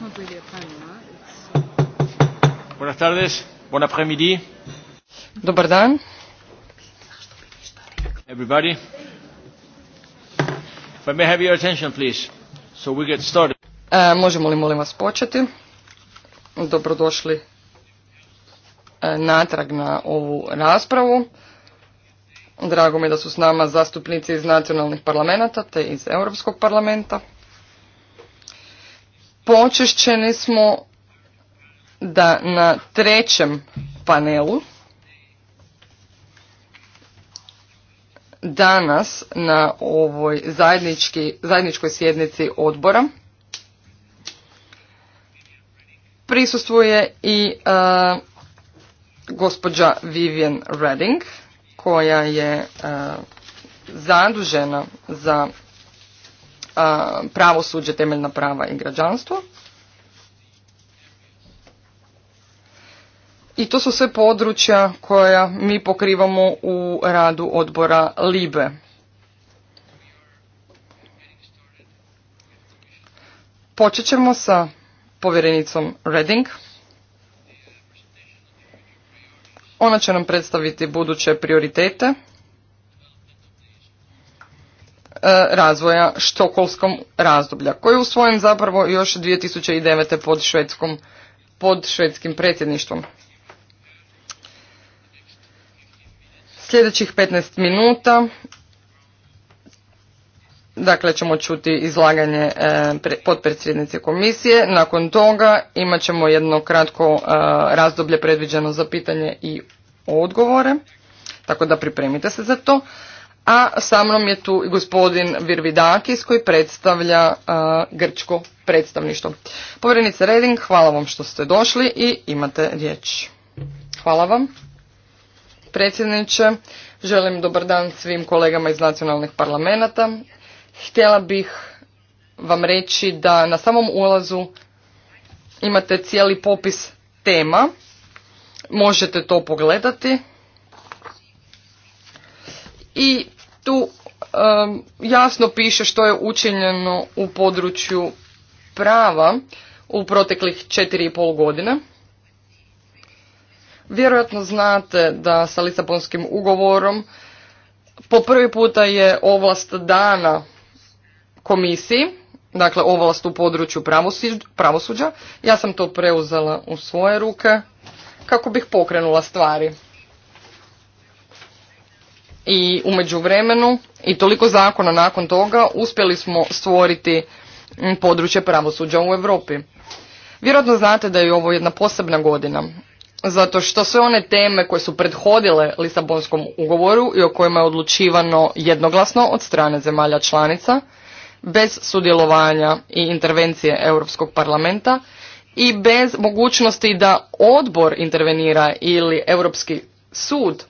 Uh, Buenas tardes, Dobar dan. možemo li, molim vas, početi? Dobrodošli e, natrag na ovu raspravu. Drago mi je da su s nama zastupnici iz nacionalnih parlamenta te iz Europskog parlamenta počešćeni smo da na trećem panelu danas na ovoj zajedničkoj sjednici odbora prisustvuje i e, gospođa Vivian Redding koja je e, zadužena za pravosuđe, temeljna prava i građanstvo. I to su sve područja koja mi pokrivamo u radu odbora LIBE. Počet ćemo sa povjerenicom Reding. Ona će nam predstaviti buduće prioritete E, razvoja štokolskom razdoblja, koji je usvojen zapravo još 2009. pod, švedskom, pod švedskim predsjedništvom. Sljedećih 15 minuta dakle ćemo čuti izlaganje e, potpredsjednice komisije. Nakon toga imat ćemo jedno kratko e, razdoblje predviđeno za pitanje i odgovore, tako da pripremite se za to a sa mnom je tu i gospodin Virvidakis koji predstavlja grčko predstavništvo. Povjerenice Reding, hvala vam što ste došli i imate riječ. Hvala vam. Predsjedniče, želim dobar dan svim kolegama iz nacionalnih parlamenta. Htjela bih vam reći da na samom ulazu imate cijeli popis tema. Možete to pogledati i tu jasno piše što je učinjeno u području prava u proteklih četiri i pol godine. Vjerojatno znate da sa Lisabonskim ugovorom po prvi puta je ovlast dana komisiji, dakle ovlast u području pravosuđa. Ja sam to preuzela u svoje ruke kako bih pokrenula stvari i u međuvremenu i toliko zakona nakon toga uspjeli smo stvoriti područje pravosuđa u Europi. Vjerojatno znate da je ovo jedna posebna godina, zato što sve one teme koje su prethodile Lisabonskom ugovoru i o kojima je odlučivano jednoglasno od strane zemalja članica, bez sudjelovanja i intervencije Europskog parlamenta i bez mogućnosti da odbor intervenira ili Europski sud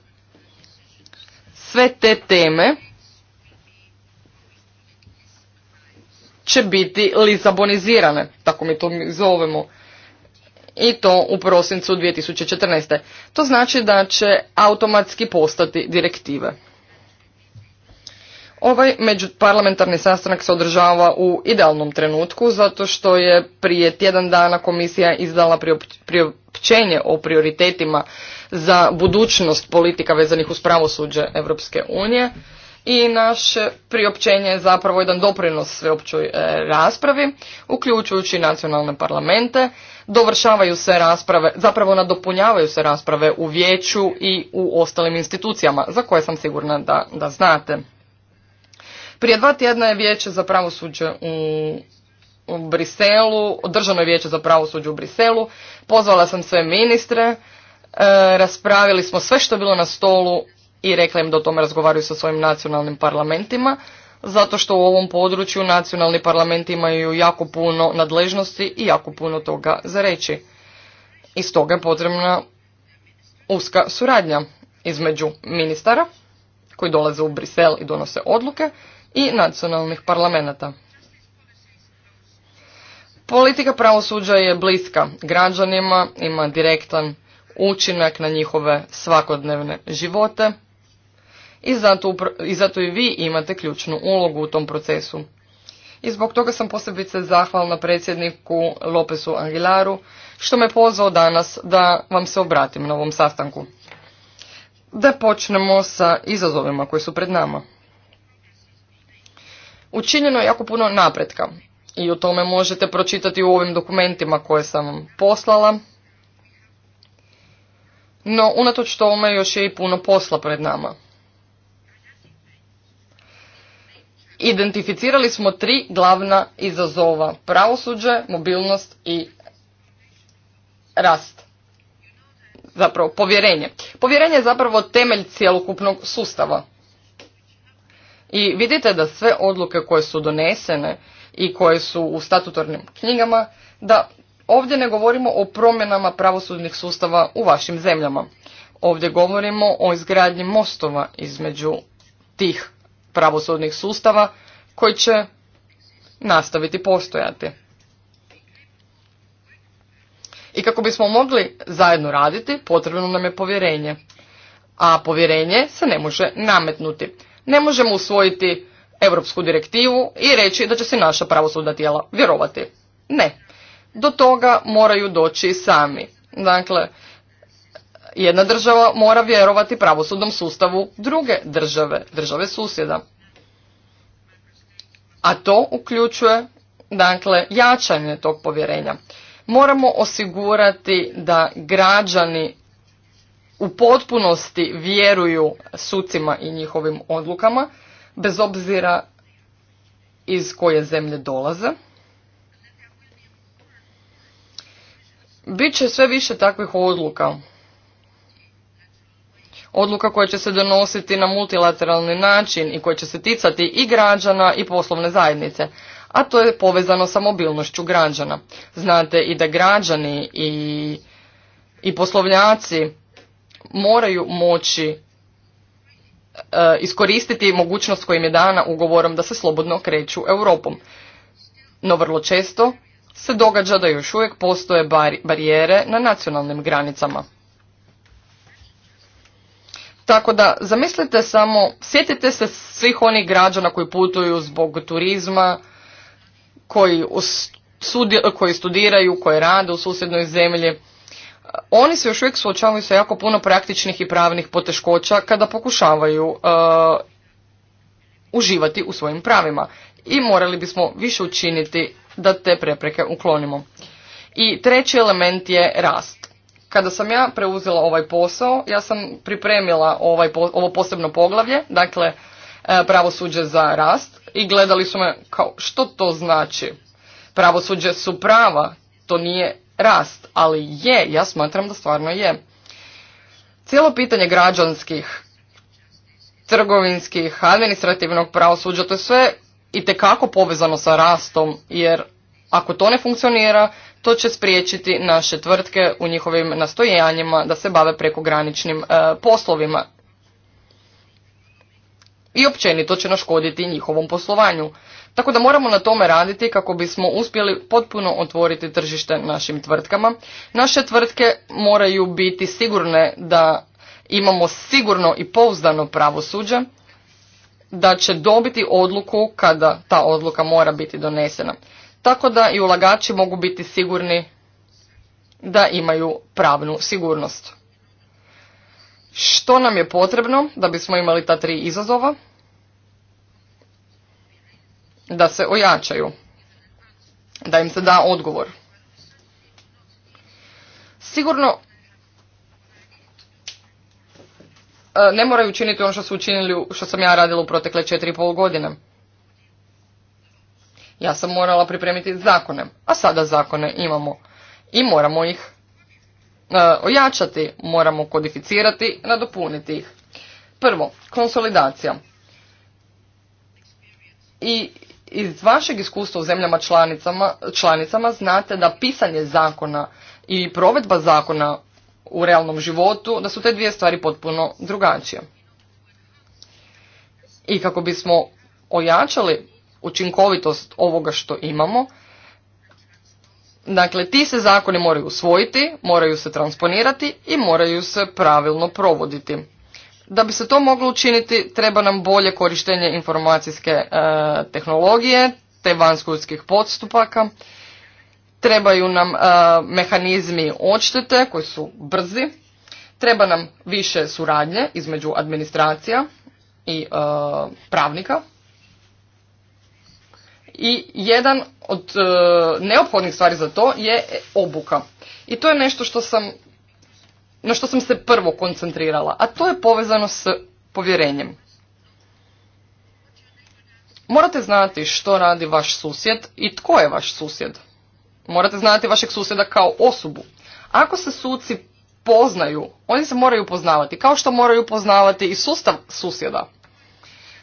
sve te teme će biti lisabonizirane, tako mi to zovemo, i to u prosincu 2014. To znači da će automatski postati direktive. Ovaj međuparlamentarni sastanak se održava u idealnom trenutku zato što je prije tjedan dana komisija izdala priopćenje o prioritetima za budućnost politika vezanih uz pravosuđe Europske unije i naše priopćenje je zapravo jedan doprinos sveopćoj e, raspravi, uključujući nacionalne parlamente, dovršavaju se rasprave, zapravo nadopunjavaju se rasprave u vijeću i u ostalim institucijama, za koje sam sigurna da, da znate. Prije dva tjedna je vijeće za pravosuđe u Briselu, održano je vijeće za pravosuđe u Briselu, pozvala sam sve ministre, e, raspravili smo sve što je bilo na stolu i rekla im da o tome razgovaraju sa svojim nacionalnim parlamentima, zato što u ovom području nacionalni parlamenti imaju jako puno nadležnosti i jako puno toga za reći. I stoga je potrebna uska suradnja između ministara koji dolaze u Brisel i donose odluke i nacionalnih parlamenta. Politika pravosuđa je bliska građanima, ima direktan učinak na njihove svakodnevne živote i zato, i zato vi imate ključnu ulogu u tom procesu. I zbog toga sam posebice zahvalna predsjedniku Lopesu Aguilaru što me pozvao danas da vam se obratim na ovom sastanku. Da počnemo sa izazovima koji su pred nama. Učinjeno je jako puno napretka i o tome možete pročitati u ovim dokumentima koje sam vam poslala. No, unatoč tome još je i puno posla pred nama. Identificirali smo tri glavna izazova: pravosuđe, mobilnost i rast. Zapravo povjerenje. Povjerenje je zapravo temelj cjelokupnog sustava. I vidite da sve odluke koje su donesene i koje su u statutornim knjigama, da ovdje ne govorimo o promjenama pravosudnih sustava u vašim zemljama. Ovdje govorimo o izgradnji mostova između tih pravosudnih sustava koji će nastaviti postojati. I kako bismo mogli zajedno raditi, potrebno nam je povjerenje. A povjerenje se ne može nametnuti. Ne možemo usvojiti europsku direktivu i reći da će se naša pravosudna tijela vjerovati. Ne. Do toga moraju doći sami. Dakle, jedna država mora vjerovati pravosudnom sustavu druge države, države susjeda. A to uključuje dakle jačanje tog povjerenja. Moramo osigurati da građani u potpunosti vjeruju sucima i njihovim odlukama, bez obzira iz koje zemlje dolaze. Biće sve više takvih odluka. Odluka koja će se donositi na multilateralni način i koja će se ticati i građana i poslovne zajednice, a to je povezano sa mobilnošću građana. Znate i da građani i, i poslovljaci moraju moći e, iskoristiti mogućnost koja je dana ugovorom da se slobodno kreću Europom. No vrlo često se događa da još uvijek postoje barijere na nacionalnim granicama. Tako da zamislite samo, sjetite se svih onih građana koji putuju zbog turizma, koji, koji studiraju, koji rade u susjednoj zemlji, oni se još uvijek suočavaju sa jako puno praktičnih i pravnih poteškoća kada pokušavaju uh, uživati u svojim pravima i morali bismo više učiniti da te prepreke uklonimo. I treći element je rast. Kada sam ja preuzela ovaj posao, ja sam pripremila ovaj, ovo posebno poglavlje, dakle uh, pravosuđe za rast i gledali su me kao što to znači. Pravosuđe su prava, to nije rast, ali je, ja smatram da stvarno je. Cijelo pitanje građanskih, trgovinskih, administrativnog pravosuđa, to je sve i tekako povezano sa rastom, jer ako to ne funkcionira, to će spriječiti naše tvrtke u njihovim nastojanjima da se bave prekograničnim e, poslovima. I općenito će naškoditi njihovom poslovanju. Tako da moramo na tome raditi kako bismo uspjeli potpuno otvoriti tržište našim tvrtkama. Naše tvrtke moraju biti sigurne da imamo sigurno i pouzdano pravosuđe, da će dobiti odluku kada ta odluka mora biti donesena. Tako da i ulagači mogu biti sigurni da imaju pravnu sigurnost. Što nam je potrebno da bismo imali ta tri izazova? da se ojačaju, da im se da odgovor. Sigurno e, ne moraju učiniti ono što su učinili, što sam ja radila u protekle četiri pol godine. Ja sam morala pripremiti zakone, a sada zakone imamo i moramo ih e, ojačati, moramo kodificirati, nadopuniti ih. Prvo, konsolidacija. I iz vašeg iskustva u zemljama članicama, znate da pisanje zakona i provedba zakona u realnom životu, da su te dvije stvari potpuno drugačije. I kako bismo ojačali učinkovitost ovoga što imamo, dakle ti se zakoni moraju usvojiti, moraju se transponirati i moraju se pravilno provoditi. Da bi se to moglo učiniti treba nam bolje korištenje informacijske e, tehnologije te vanjskudskih postupaka. Trebaju nam e, mehanizmi odštete koji su brzi. Treba nam više suradnje između administracija i e, pravnika. I jedan od neophodnih stvari za to je obuka. I to je nešto što sam na što sam se prvo koncentrirala, a to je povezano s povjerenjem. Morate znati što radi vaš susjed i tko je vaš susjed. Morate znati vašeg susjeda kao osobu. Ako se suci poznaju, oni se moraju poznavati, kao što moraju poznavati i sustav susjeda.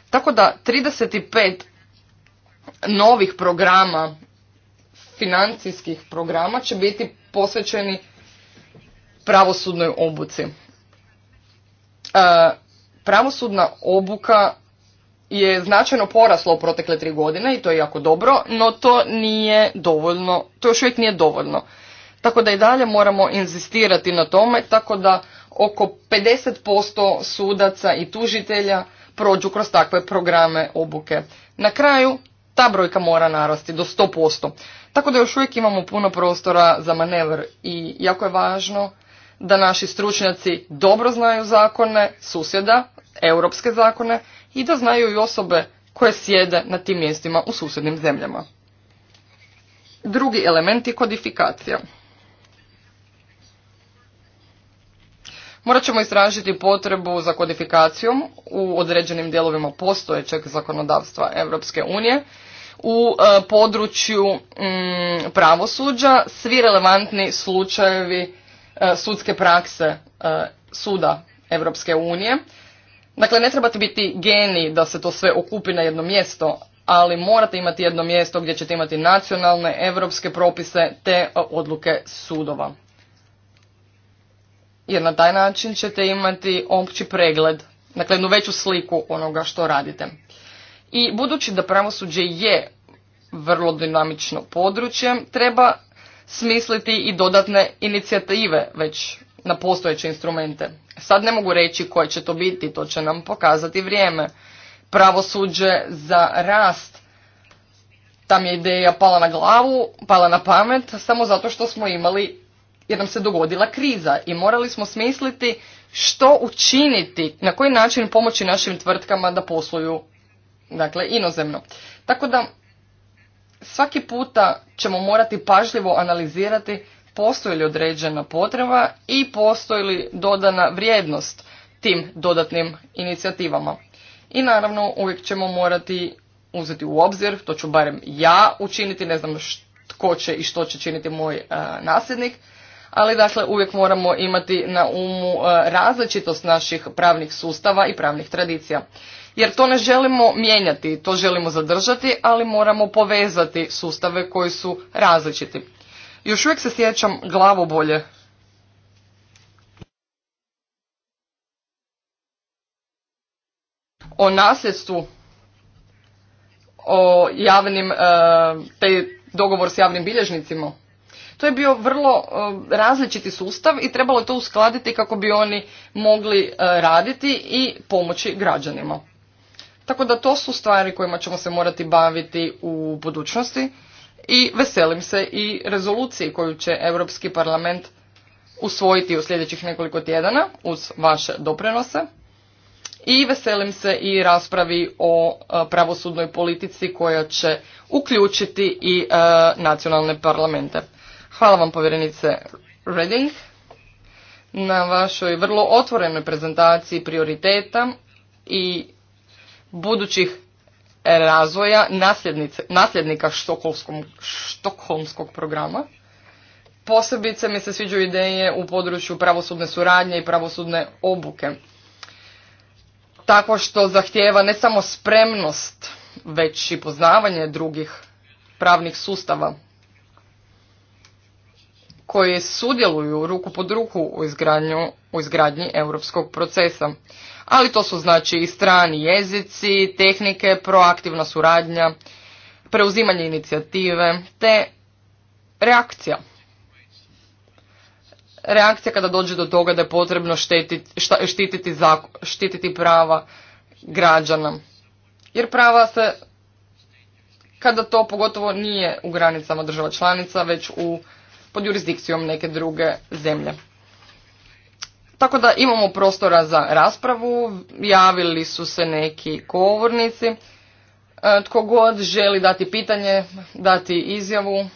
Tako da 35 novih programa, financijskih programa će biti posvećeni pravosudnoj obuci. E, pravosudna obuka je značajno porasla u protekle tri godine i to je jako dobro, no to nije dovoljno, to još uvijek nije dovoljno. Tako da i dalje moramo inzistirati na tome, tako da oko 50% sudaca i tužitelja prođu kroz takve programe obuke. Na kraju ta brojka mora narasti do 100%. Tako da još uvijek imamo puno prostora za manevr i jako je važno da naši stručnjaci dobro znaju zakone susjeda, europske zakone i da znaju i osobe koje sjede na tim mjestima u susjednim zemljama. Drugi element je kodifikacija. Morat ćemo istražiti potrebu za kodifikacijom u određenim dijelovima postojećeg zakonodavstva Europske unije u e, području mm, pravosuđa svi relevantni slučajevi E, sudske prakse e, suda Europske unije. Dakle, ne trebate biti geni da se to sve okupi na jedno mjesto, ali morate imati jedno mjesto gdje ćete imati nacionalne, europske propise te e, odluke sudova. Jer na taj način ćete imati opći pregled, dakle jednu veću sliku onoga što radite. I budući da pravosuđe je vrlo dinamično područje, treba smisliti i dodatne inicijative već na postojeće instrumente. Sad ne mogu reći koje će to biti, to će nam pokazati vrijeme. Pravosuđe za rast, tam je ideja pala na glavu, pala na pamet, samo zato što smo imali, jer nam se dogodila kriza i morali smo smisliti što učiniti, na koji način pomoći našim tvrtkama da posluju, dakle, inozemno. Tako da svaki puta ćemo morati pažljivo analizirati postoji li određena potreba i postoji li dodana vrijednost tim dodatnim inicijativama. I naravno uvijek ćemo morati uzeti u obzir, to ću barem ja učiniti, ne znam tko će i što će činiti moj nasljednik, ali dakle uvijek moramo imati na umu e, različitost naših pravnih sustava i pravnih tradicija. Jer to ne želimo mijenjati, to želimo zadržati, ali moramo povezati sustave koji su različiti. Još uvijek se sjećam bolje o nasljedstvu, o javnim, te dogovor s javnim bilježnicima. To je bio vrlo eh, različiti sustav i trebalo je to uskladiti kako bi oni mogli eh, raditi i pomoći građanima. Tako da to su stvari kojima ćemo se morati baviti u budućnosti i veselim se i rezoluciji koju će Europski parlament usvojiti u sljedećih nekoliko tjedana uz vaše doprinose i veselim se i raspravi o eh, pravosudnoj politici koja će uključiti i nacionalne parlamente. Hvala vam povjerenice Reding na vašoj vrlo otvorenoj prezentaciji prioriteta i budućih razvoja nasljednika štokholmskog programa. Posebice mi se sviđaju ideje u području pravosudne suradnje i pravosudne obuke. Tako što zahtijeva ne samo spremnost, već i poznavanje drugih pravnih sustava koje sudjeluju ruku pod ruku u, izgradnju, u izgradnji europskog procesa. Ali to su znači i strani jezici, tehnike, proaktivna suradnja, preuzimanje inicijative te reakcija. Reakcija kada dođe do toga da je potrebno štetiti, štititi, štititi prava građana. Jer prava se, kada to pogotovo nije u granicama država članica, već u pod jurisdikcijom neke druge zemlje. Tako da imamo prostora za raspravu, javili su se neki govornici, e, tko god želi dati pitanje, dati izjavu,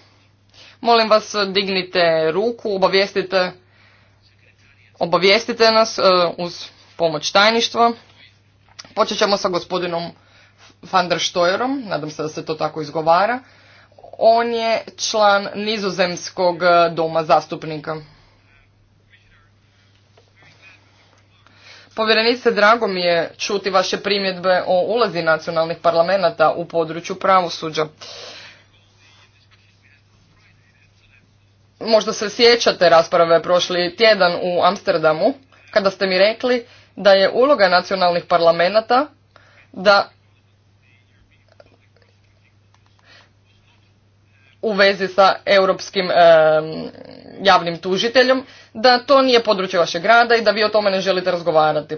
molim vas dignite ruku, obavijestite, obavijestite nas e, uz pomoć tajništva. Počet ćemo sa gospodinom van der nadam se da se to tako izgovara. On je član Nizozemskog e, doma zastupnika. Povjerenice, drago mi je čuti vaše primjedbe o ulazi nacionalnih parlamenta u području pravosuđa. Možda se sjećate rasprave prošli tjedan u Amsterdamu, kada ste mi rekli da je uloga nacionalnih parlamenta da u vezi sa europskim javnim tužiteljom da to nije područje vašeg grada i da vi o tome ne želite razgovarati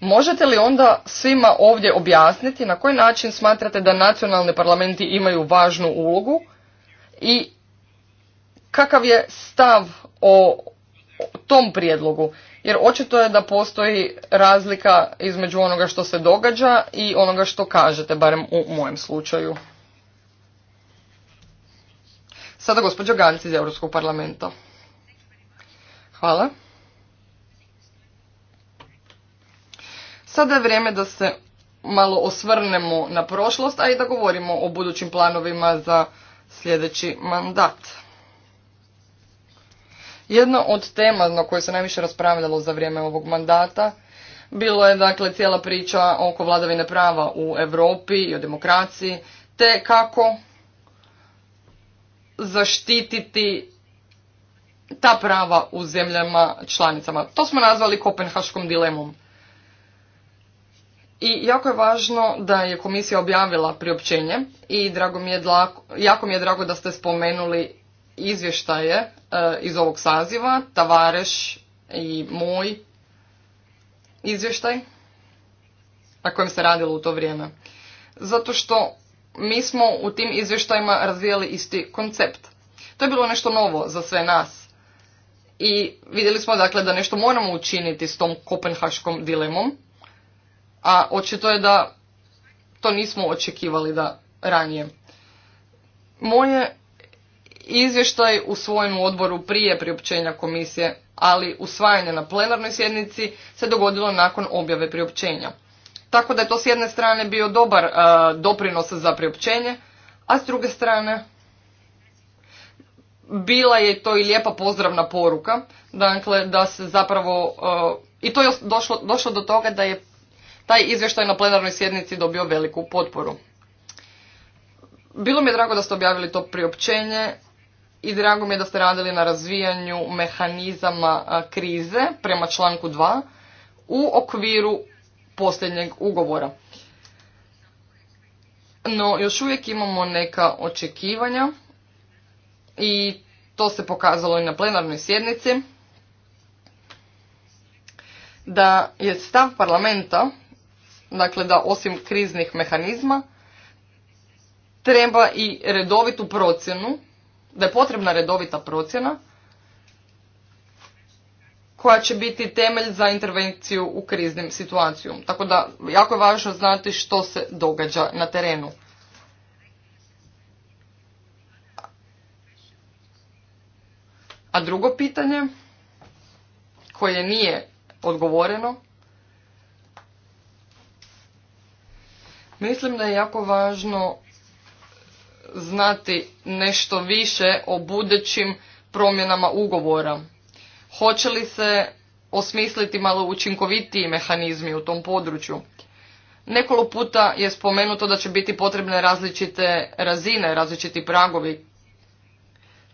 možete li onda svima ovdje objasniti na koji način smatrate da nacionalni parlamenti imaju važnu ulogu i kakav je stav o tom prijedlogu jer očito je da postoji razlika između onoga što se događa i onoga što kažete barem u mojem slučaju Sada gospođa iz Europskog parlamenta. Hvala. Sada je vrijeme da se malo osvrnemo na prošlost, a i da govorimo o budućim planovima za sljedeći mandat. Jedna od tema na kojoj se najviše raspravljalo za vrijeme ovog mandata bilo je dakle cijela priča oko vladavine prava u Europi i o demokraciji, te kako zaštititi ta prava u zemljama članicama. To smo nazvali kopenhaškom dilemom. I jako je važno da je komisija objavila priopćenje i drago mi je dlako, jako mi je drago da ste spomenuli izvještaje e, iz ovog saziva, Tavareš i moj izvještaj na kojem se radilo u to vrijeme. Zato što mi smo u tim izvještajima razvijali isti koncept. To je bilo nešto novo za sve nas. I vidjeli smo dakle da nešto moramo učiniti s tom kopenhaškom dilemom, a očito je da to nismo očekivali da ranije. Moje izvještaj u u odboru prije priopćenja komisije, ali usvajanje na plenarnoj sjednici se dogodilo nakon objave priopćenja. Tako da je to s jedne strane bio dobar e, doprinos za priopćenje, a s druge strane bila je to i lijepa pozdravna poruka, dakle da se zapravo, e, i to je došlo, došlo do toga da je taj izvještaj na plenarnoj sjednici dobio veliku potporu. Bilo mi je drago da ste objavili to priopćenje i drago mi je da ste radili na razvijanju mehanizama e, krize prema članku 2 u okviru posljednjeg ugovora. No, još uvijek imamo neka očekivanja i to se pokazalo i na plenarnoj sjednici da je stav parlamenta, dakle da osim kriznih mehanizma, treba i redovitu procjenu, da je potrebna redovita procjena koja će biti temelj za intervenciju u kriznim situacijom. Tako da jako je važno znati što se događa na terenu. A drugo pitanje koje nije odgovoreno Mislim da je jako važno znati nešto više o budućim promjenama ugovora Hoće li se osmisliti malo učinkovitiji mehanizmi u tom području? Nekolo puta je spomenuto da će biti potrebne različite razine, različiti pragovi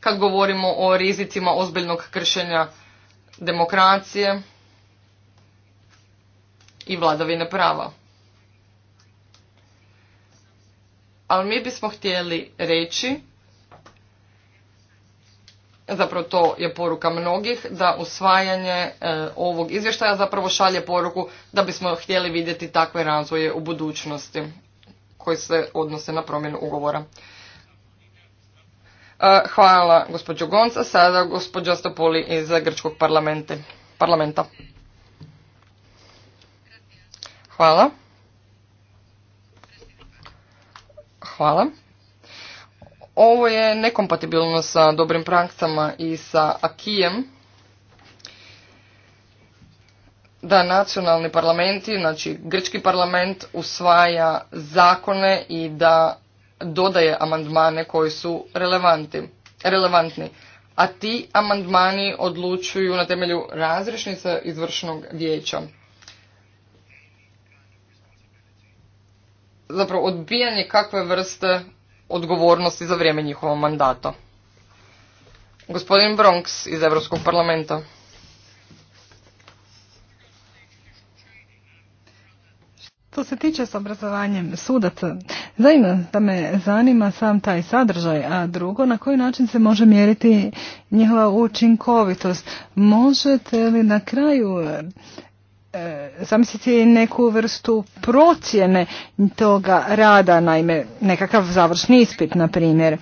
kad govorimo o rizicima ozbiljnog kršenja demokracije i vladavine prava. Ali mi bismo htjeli reći zapravo to je poruka mnogih, da usvajanje e, ovog izvještaja zapravo šalje poruku da bismo htjeli vidjeti takve razvoje u budućnosti koji se odnose na promjenu ugovora. E, hvala gospođo Gonca, sada gospođa Stopoli iz Grčkog parlamenta. Hvala. Hvala. Ovo je nekompatibilno sa dobrim praksama i sa akijem da nacionalni parlamenti, znači grčki parlament usvaja zakone i da dodaje amandmane koji su relevantni. A ti amandmani odlučuju na temelju razrešnice izvršnog vijeća. Zapravo odbijanje kakve vrste odgovornosti za vrijeme njihovog mandata. Gospodin Bronx iz Europskog parlamenta. Što se tiče s obrazovanjem sudaca, zaima da me zanima sam taj sadržaj, a drugo na koji način se može mjeriti njihova učinkovitost. Možete li na kraju E, zamisliti neku vrstu procjene toga rada, naime nekakav završni ispit, na primjer.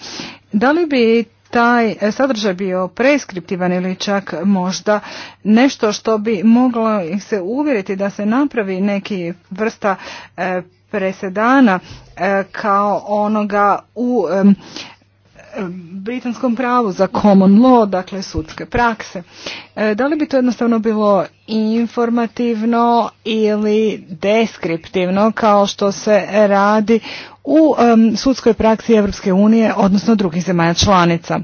Da li bi taj sadržaj bio preskriptivan ili čak možda nešto što bi moglo se uvjeriti da se napravi neki vrsta e, presedana e, kao onoga u britanskom pravu za common law, dakle sudske prakse. E, da li bi to jednostavno bilo informativno ili deskriptivno kao što se radi u sudskoj praksi Europske unije, odnosno drugih zemalja članica?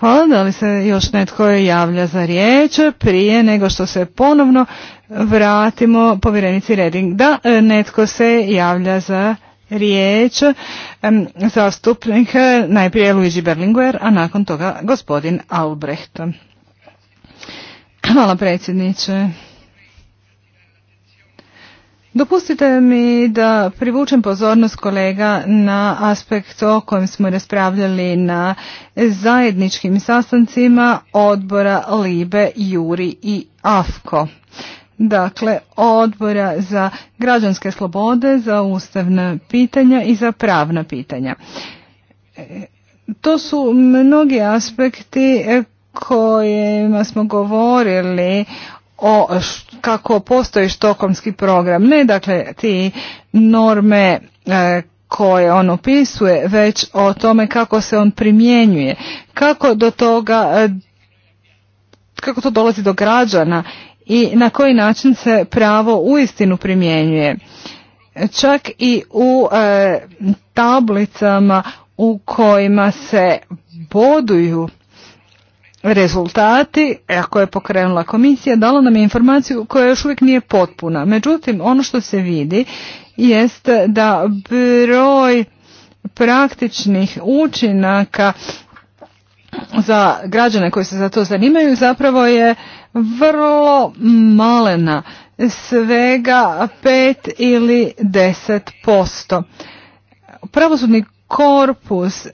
Hvala, da li se još netko javlja za riječ prije nego što se ponovno vratimo povjerenici Reding? Da, e, netko se javlja za riječ zastupnik eh, najprije Luigi Berlinguer, a nakon toga gospodin Albrecht. Hvala predsjedniče. Dopustite mi da privučem pozornost kolega na aspekt o kojem smo raspravljali na zajedničkim sastancima odbora Libe, Juri i Afko dakle odbora za građanske slobode, za ustavna pitanja i za pravna pitanja. E, to su mnogi aspekti e, kojima smo govorili o kako postoji štokomski program. Ne dakle ti norme e, koje on opisuje, već o tome kako se on primjenjuje, kako do toga kako to dolazi do građana i na koji način se pravo uistinu primjenjuje. Čak i u e, tablicama u kojima se boduju rezultati e, ako je pokrenula komisija dala nam je informaciju koja još uvijek nije potpuna. Međutim, ono što se vidi jest da broj praktičnih učinaka za građane koji se za to zanimaju zapravo je vrlo malena, svega 5 ili 10%. Pravosudni korpus e,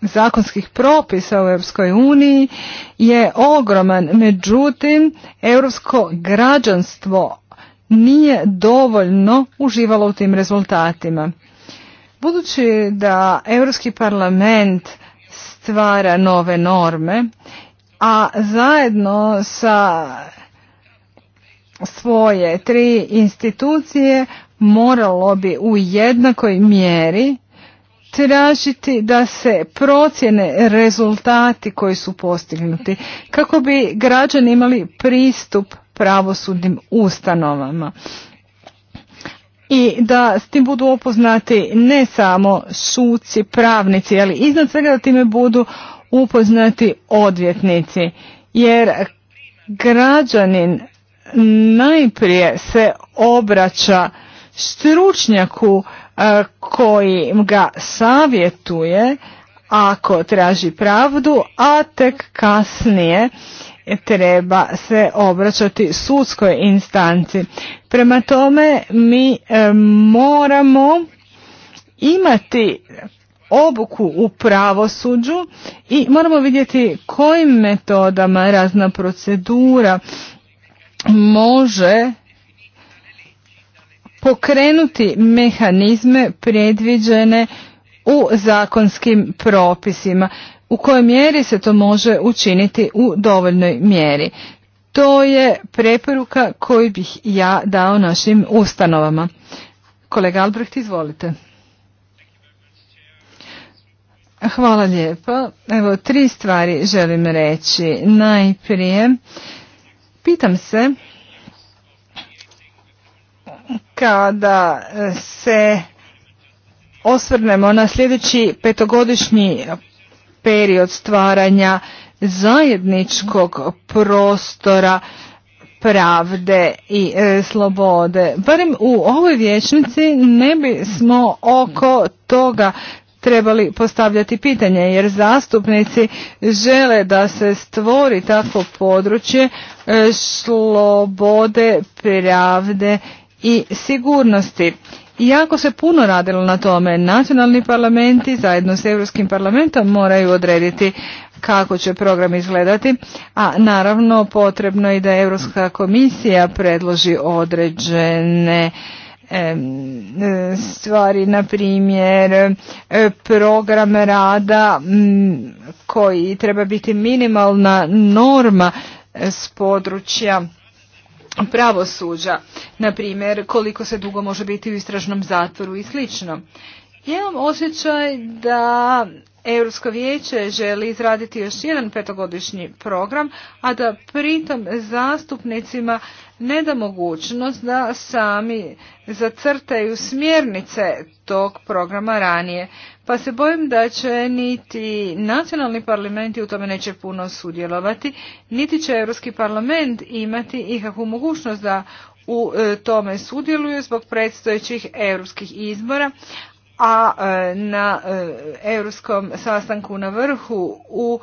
zakonskih propisa u Europskoj uniji je ogroman, međutim europsko građanstvo nije dovoljno uživalo u tim rezultatima. Budući da Europski parlament stvara nove norme, a zajedno sa svoje tri institucije moralo bi u jednakoj mjeri tražiti da se procjene rezultati koji su postignuti kako bi građani imali pristup pravosudnim ustanovama i da s tim budu opoznati ne samo suci, pravnici, ali iznad svega da time budu upoznati odvjetnici. Jer građanin najprije se obraća stručnjaku e, koji ga savjetuje ako traži pravdu, a tek kasnije treba se obraćati sudskoj instanci. Prema tome mi e, moramo imati obuku u pravosuđu i moramo vidjeti kojim metodama razna procedura može pokrenuti mehanizme predviđene u zakonskim propisima u kojoj mjeri se to može učiniti u dovoljnoj mjeri. To je preporuka koju bih ja dao našim ustanovama. Kolega Albrecht, izvolite. Hvala lijepo. Evo, tri stvari želim reći. Najprije, pitam se kada se osvrnemo na sljedeći petogodišnji period stvaranja zajedničkog prostora pravde i e, slobode. Barem u ovoj vječnici ne bismo oko toga trebali postavljati pitanje jer zastupnici žele da se stvori takvo područje e, slobode, pravde i sigurnosti. Iako se puno radilo na tome. Nacionalni parlamenti zajedno s Europskim parlamentom moraju odrediti kako će program izgledati, a naravno potrebno je da Europska komisija predloži određene stvari, na primjer e, program rada koji treba biti minimalna norma s područja pravosuđa, na primjer koliko se dugo može biti u istražnom zatvoru i slično. Ja imam osjećaj da Europsko vijeće želi izraditi još jedan petogodišnji program, a da pritom zastupnicima ne da mogućnost da sami zacrtaju smjernice tog programa ranije pa se bojim da će niti nacionalni parlamenti u tome neće puno sudjelovati, niti će Europski parlament imati ikakvu mogućnost da u e, tome sudjeluju zbog predstojećih europskih izbora, a e, na e, europskom sastanku na vrhu u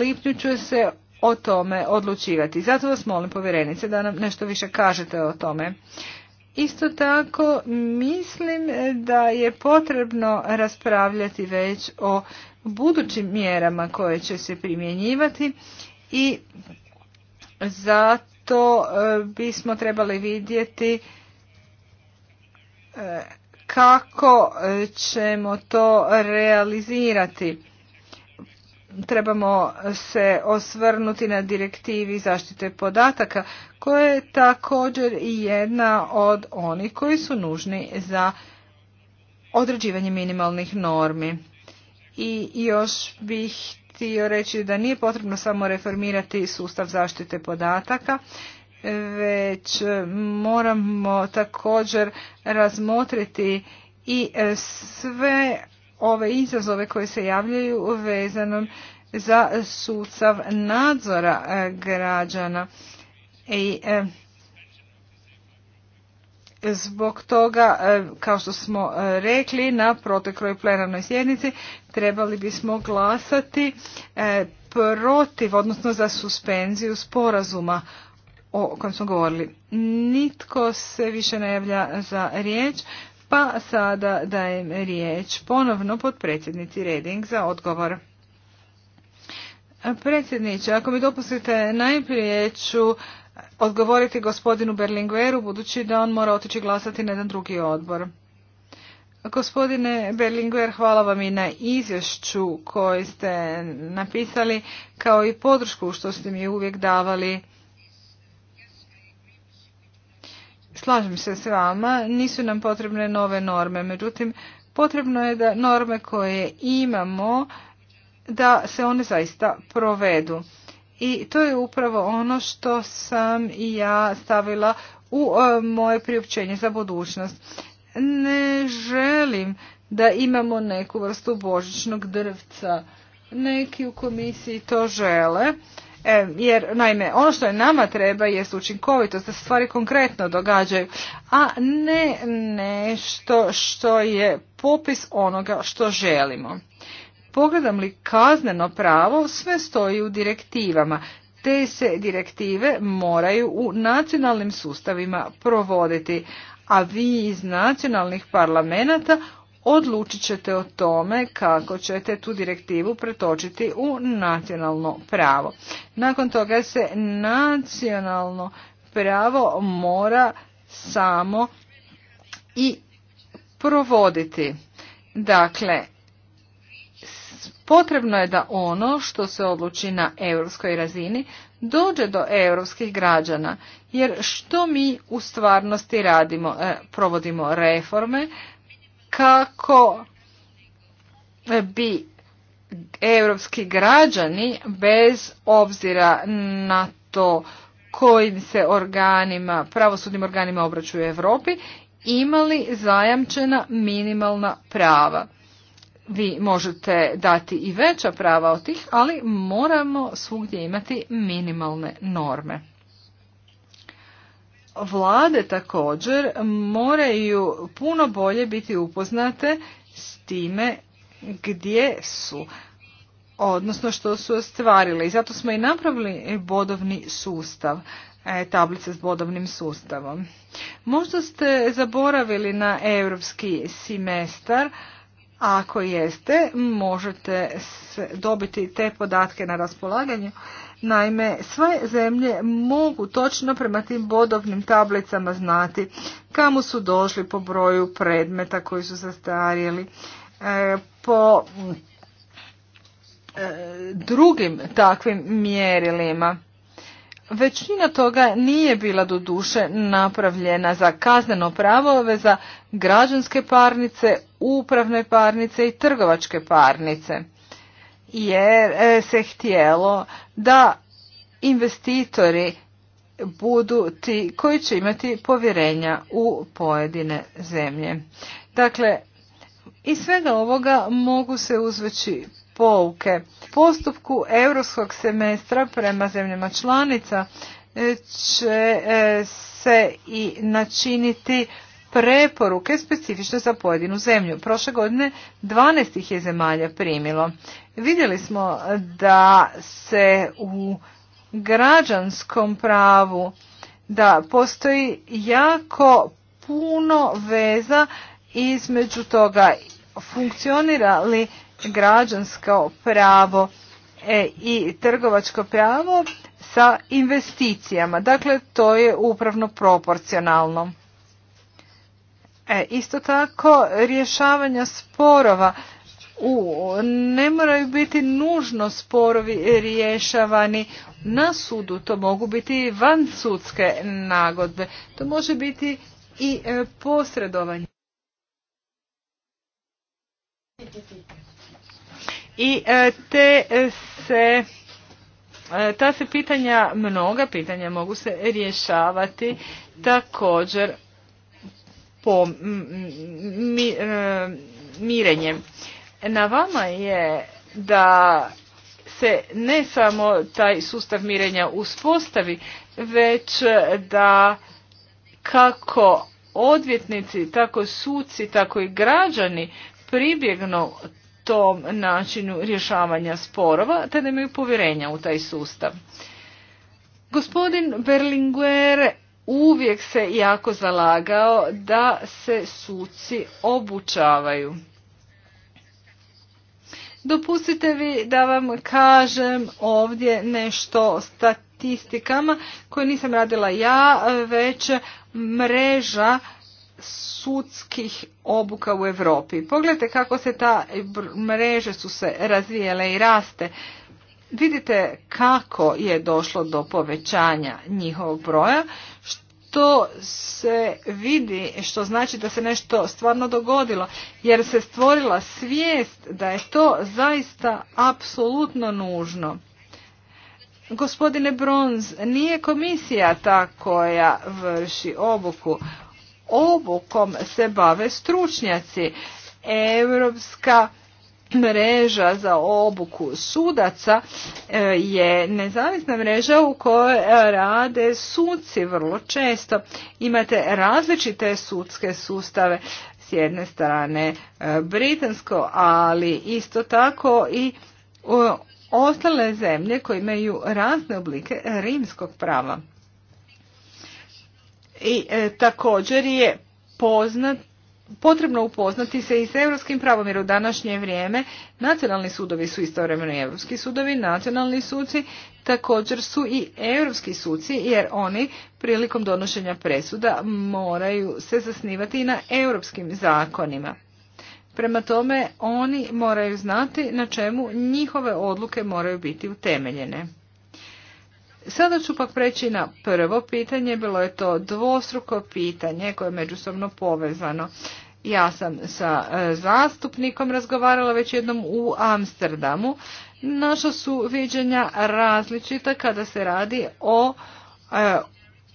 lipnju će se o tome odlučivati. Zato vas molim povjerenice da nam nešto više kažete o tome. Isto tako mislim da je potrebno raspravljati već o budućim mjerama koje će se primjenjivati i zato e, bismo trebali vidjeti e, kako ćemo to realizirati trebamo se osvrnuti na direktivi zaštite podataka koja je također i jedna od onih koji su nužni za određivanje minimalnih normi. I još bih htio reći da nije potrebno samo reformirati sustav zaštite podataka, već moramo također razmotriti i sve ove izazove koje se javljaju vezano za sucav nadzora e, građana. I e, zbog toga, e, kao što smo rekli na protekloj plenarnoj sjednici, trebali bismo glasati protiv, odnosno za suspenziju sporazuma o kojem smo govorili. Nitko se više ne javlja za riječ, pa sada dajem riječ ponovno pod predsjednici Reding za odgovor. Predsjedniče, ako mi dopustite, najprije ću odgovoriti gospodinu Berlingueru, budući da on mora otići glasati na jedan drugi odbor. Gospodine Berlinguer, hvala vam i na izvješću koji ste napisali, kao i podršku što ste mi uvijek davali Slažem se s vama, nisu nam potrebne nove norme, međutim potrebno je da norme koje imamo da se one zaista provedu. I to je upravo ono što sam i ja stavila u e, moje priopćenje za budućnost. Ne želim da imamo neku vrstu božičnog drvca. Neki u komisiji to žele, E, jer naime ono što je nama treba jest učinkovitost da se stvari konkretno događaju a ne nešto što je popis onoga što želimo pogledam li kazneno pravo sve stoji u direktivama te se direktive moraju u nacionalnim sustavima provoditi a vi iz nacionalnih parlamenata odlučit ćete o tome kako ćete tu direktivu pretočiti u nacionalno pravo. Nakon toga se nacionalno pravo mora samo i provoditi. Dakle, potrebno je da ono što se odluči na europskoj razini dođe do europskih građana. Jer što mi u stvarnosti radimo? E, provodimo reforme, kako bi europski građani bez obzira na to kojim se organima, pravosudnim organima obraćuju Europi, imali zajamčena minimalna prava. Vi možete dati i veća prava od tih, ali moramo svugdje imati minimalne norme. Vlade također moraju puno bolje biti upoznate s time gdje su, odnosno što su ostvarile. I zato smo i napravili bodovni sustav, e, tablice s bodovnim sustavom. Možda ste zaboravili na europski semestar, ako jeste, možete dobiti te podatke na raspolaganju Naime, sve zemlje mogu točno prema tim bodovnim tablicama znati kamo su došli po broju predmeta koji su zastarjeli, e, po e, drugim takvim mjerilima. Većina toga nije bila do duše napravljena za kazneno pravo, za građanske parnice, upravne parnice i trgovačke parnice jer e, se htjelo da investitori budu ti koji će imati povjerenja u pojedine zemlje. Dakle, iz svega ovoga mogu se uzveći pouke. Postupku europskog semestra prema zemljama članica e, će e, se i načiniti preporuke specifične za pojedinu zemlju. Prošle godine 12 je zemalja primilo. Vidjeli smo da se u građanskom pravu da postoji jako puno veza između toga funkcionira li građansko pravo e, i trgovačko pravo sa investicijama. Dakle, to je upravno proporcionalno. E, isto tako, rješavanja sporova u, ne moraju biti nužno sporovi rješavani na sudu, to mogu biti van sudske nagodbe, to može biti i e, posredovanje. I e, te se e, ta se pitanja, mnoga pitanja mogu se rješavati također po mirenjem. Na vama je da se ne samo taj sustav mirenja uspostavi, već da kako odvjetnici, tako suci, tako i građani pribjegnu tom načinu rješavanja sporova, te da imaju povjerenja u taj sustav. Gospodin Berlinguer uvijek se jako zalagao da se suci obučavaju. Dopustite vi da vam kažem ovdje nešto o statistikama koje nisam radila ja, već mreža sudskih obuka u Europi. Pogledajte kako se ta mreže su se razvijele i raste. Vidite kako je došlo do povećanja njihovog broja to se vidi što znači da se nešto stvarno dogodilo jer se stvorila svijest da je to zaista apsolutno nužno. Gospodine Bronz, nije komisija ta koja vrši obuku. Obukom se bave stručnjaci. Europska mreža za obuku sudaca e, je nezavisna mreža u kojoj rade suci vrlo često. Imate različite sudske sustave s jedne strane e, britansko, ali isto tako i e, ostale zemlje koje imaju razne oblike rimskog prava. I također je poznat potrebno upoznati se i s europskim pravom jer u današnje vrijeme nacionalni sudovi su istovremeno i europski sudovi, nacionalni suci također su i europski suci jer oni prilikom donošenja presuda moraju se zasnivati i na europskim zakonima. Prema tome oni moraju znati na čemu njihove odluke moraju biti utemeljene. Sada ću pak preći na prvo pitanje, bilo je to dvostruko pitanje koje je međusobno povezano. Ja sam sa e, zastupnikom razgovarala već jednom u Amsterdamu. Naša su viđenja različita kada se radi o e,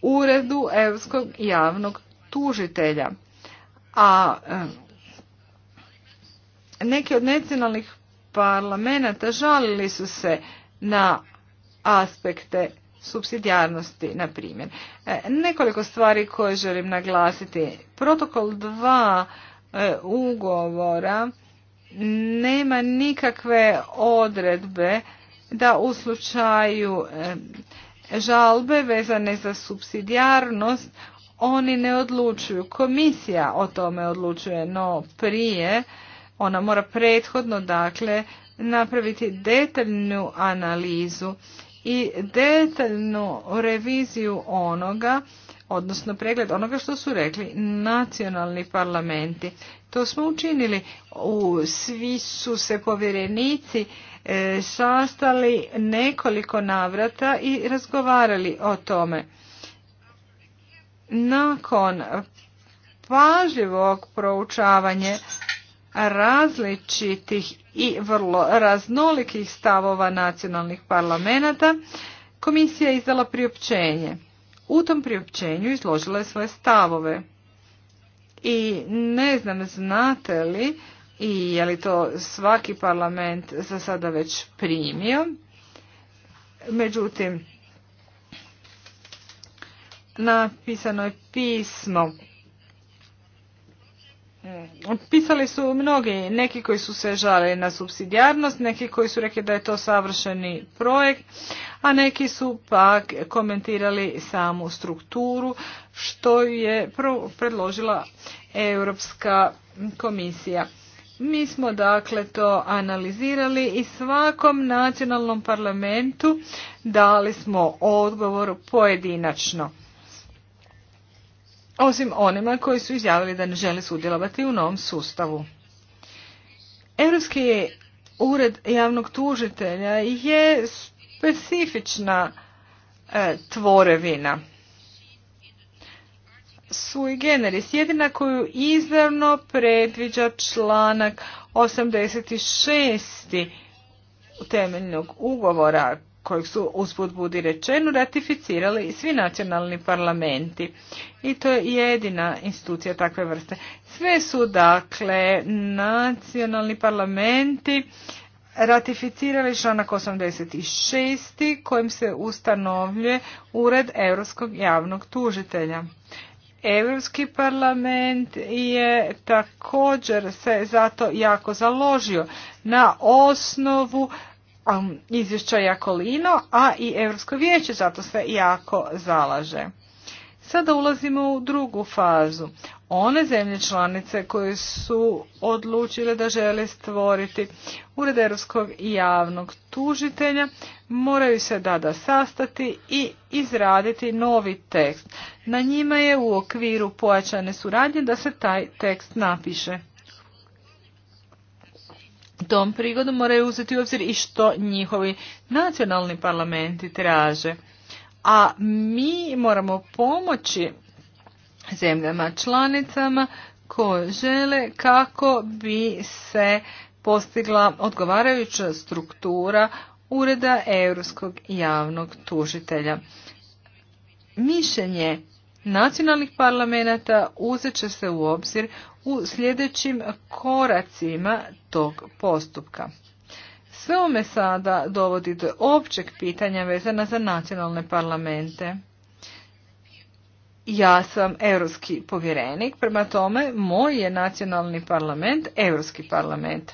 uredu Europskog javnog tužitelja. A e, neki od nacionalnih parlamenta žalili su se na aspekte subsidijarnosti, na primjer. E, nekoliko stvari koje želim naglasiti. Protokol 2 e, ugovora nema nikakve odredbe da u slučaju e, žalbe vezane za subsidijarnost oni ne odlučuju. Komisija o tome odlučuje, no prije ona mora prethodno dakle napraviti detaljnu analizu i detaljnu reviziju onoga, odnosno pregled onoga što su rekli nacionalni parlamenti. To smo učinili. U, svi su se povjerenici e, sastali nekoliko navrata i razgovarali o tome. Nakon pažljivog proučavanja različitih i vrlo raznolikih stavova nacionalnih parlamenata, komisija je izdala priopćenje. U tom priopćenju izložila je svoje stavove. I ne znam, znate li i je li to svaki parlament za sada već primio. Međutim, napisano je pismo Mm. Pisali su mnogi, neki koji su se žalili na subsidijarnost, neki koji su rekli da je to savršeni projekt, a neki su pak komentirali samu strukturu što je predložila Europska komisija. Mi smo dakle to analizirali i svakom nacionalnom parlamentu dali smo odgovor pojedinačno osim onima koji su izjavili da ne žele sudjelovati u novom sustavu. Europski ured javnog tužitelja je specifična e, tvorevina. Sui generis, jedina koju izravno predviđa članak 86. temeljnog ugovora kojeg su usput budi rečeno ratificirali i svi nacionalni parlamenti. I to je jedina institucija takve vrste. Sve su dakle nacionalni parlamenti ratificirali članak 86. kojim se ustanovljuje Ured Europskog javnog tužitelja. Europski parlament je također se zato jako založio na osnovu Um, izvješća Jakolino, a i Europsko vijeće zato se jako zalaže. Sada ulazimo u drugu fazu. One zemlje članice koje su odlučile da žele stvoriti ured europskog i javnog tužitelja moraju se dada sastati i izraditi novi tekst. Na njima je u okviru pojačane suradnje da se taj tekst napiše tom prigodom moraju uzeti u obzir i što njihovi nacionalni parlamenti traže. A mi moramo pomoći zemljama članicama koje žele kako bi se postigla odgovarajuća struktura Ureda Europskog javnog tužitelja. Mišljenje nacionalnih parlamenta uzet će se u obzir u sljedećim koracima tog postupka. Sve ome sada dovodi do općeg pitanja vezana za nacionalne parlamente. Ja sam europski povjerenik, prema tome moj je nacionalni parlament europski parlament.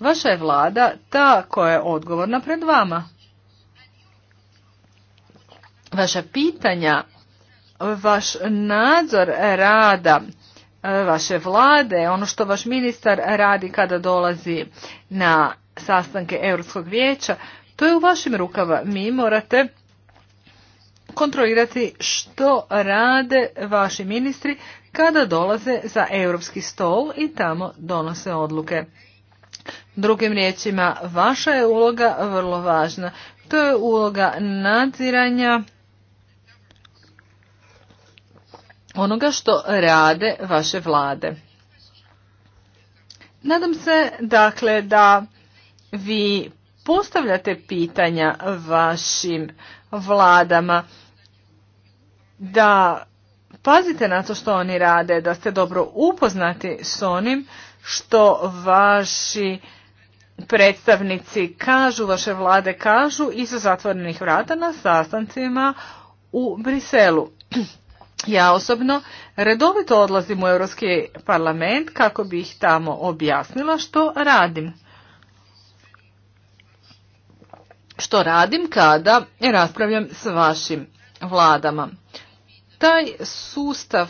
Vaša je vlada ta koja je odgovorna pred vama. Vaša pitanja vaš nadzor rada e, vaše vlade, ono što vaš ministar radi kada dolazi na sastanke Europskog vijeća, to je u vašim rukama. Mi morate kontrolirati što rade vaši ministri kada dolaze za europski stol i tamo donose odluke. Drugim riječima, vaša je uloga vrlo važna. To je uloga nadziranja onoga što rade vaše vlade. Nadam se dakle da vi postavljate pitanja vašim vladama da pazite na to što oni rade, da ste dobro upoznati s onim što vaši predstavnici kažu, vaše vlade kažu iza zatvorenih vrata na sastancima u Briselu. Ja osobno redovito odlazim u Europski parlament kako bih tamo objasnila što radim. Što radim kada raspravljam s vašim vladama. Taj sustav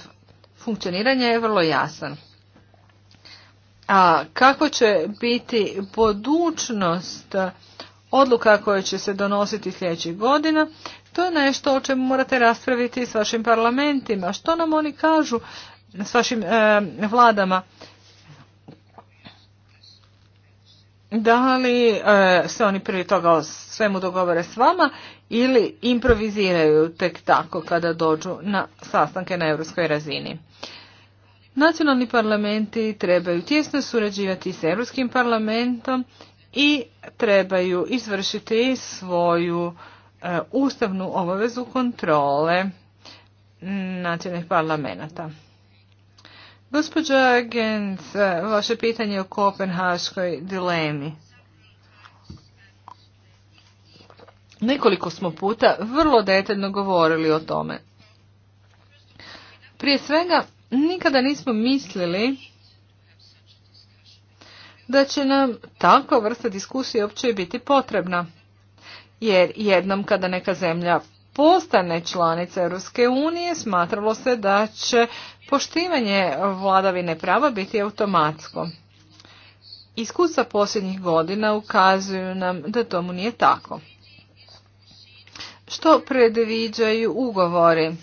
funkcioniranja je vrlo jasan. A kako će biti budućnost odluka koje će se donositi sljedećih godina, to je nešto o čemu morate raspraviti s vašim parlamentima. Što nam oni kažu s vašim e, vladama? Da li e, se oni prije toga o svemu dogovore s vama ili improviziraju tek tako kada dođu na sastanke na europskoj razini? Nacionalni parlamenti trebaju tjesno surađivati s Europskim parlamentom i trebaju izvršiti svoju E, ustavnu obavezu kontrole nacionalnih parlamenta. Gospođa Gens, e, vaše pitanje o kopenhaškoj dilemi. Nekoliko smo puta vrlo detaljno govorili o tome. Prije svega, nikada nismo mislili da će nam takva vrsta diskusije uopće biti potrebna jer jednom kada neka zemlja postane članica Europske unije smatralo se da će poštivanje vladavine prava biti automatsko. Iskustva posljednjih godina ukazuju nam da tomu nije tako. Što predviđaju ugovori?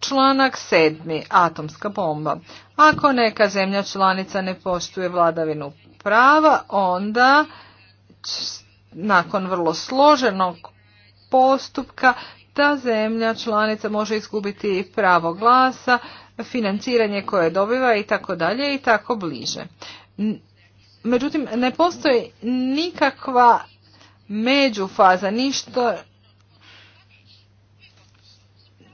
Članak 7. Atomska bomba. Ako neka zemlja članica ne poštuje vladavinu prava, onda nakon vrlo složenog postupka ta zemlja članica može izgubiti pravo glasa, financiranje koje dobiva i tako dalje i tako bliže. Međutim, ne postoji nikakva međufaza, ništa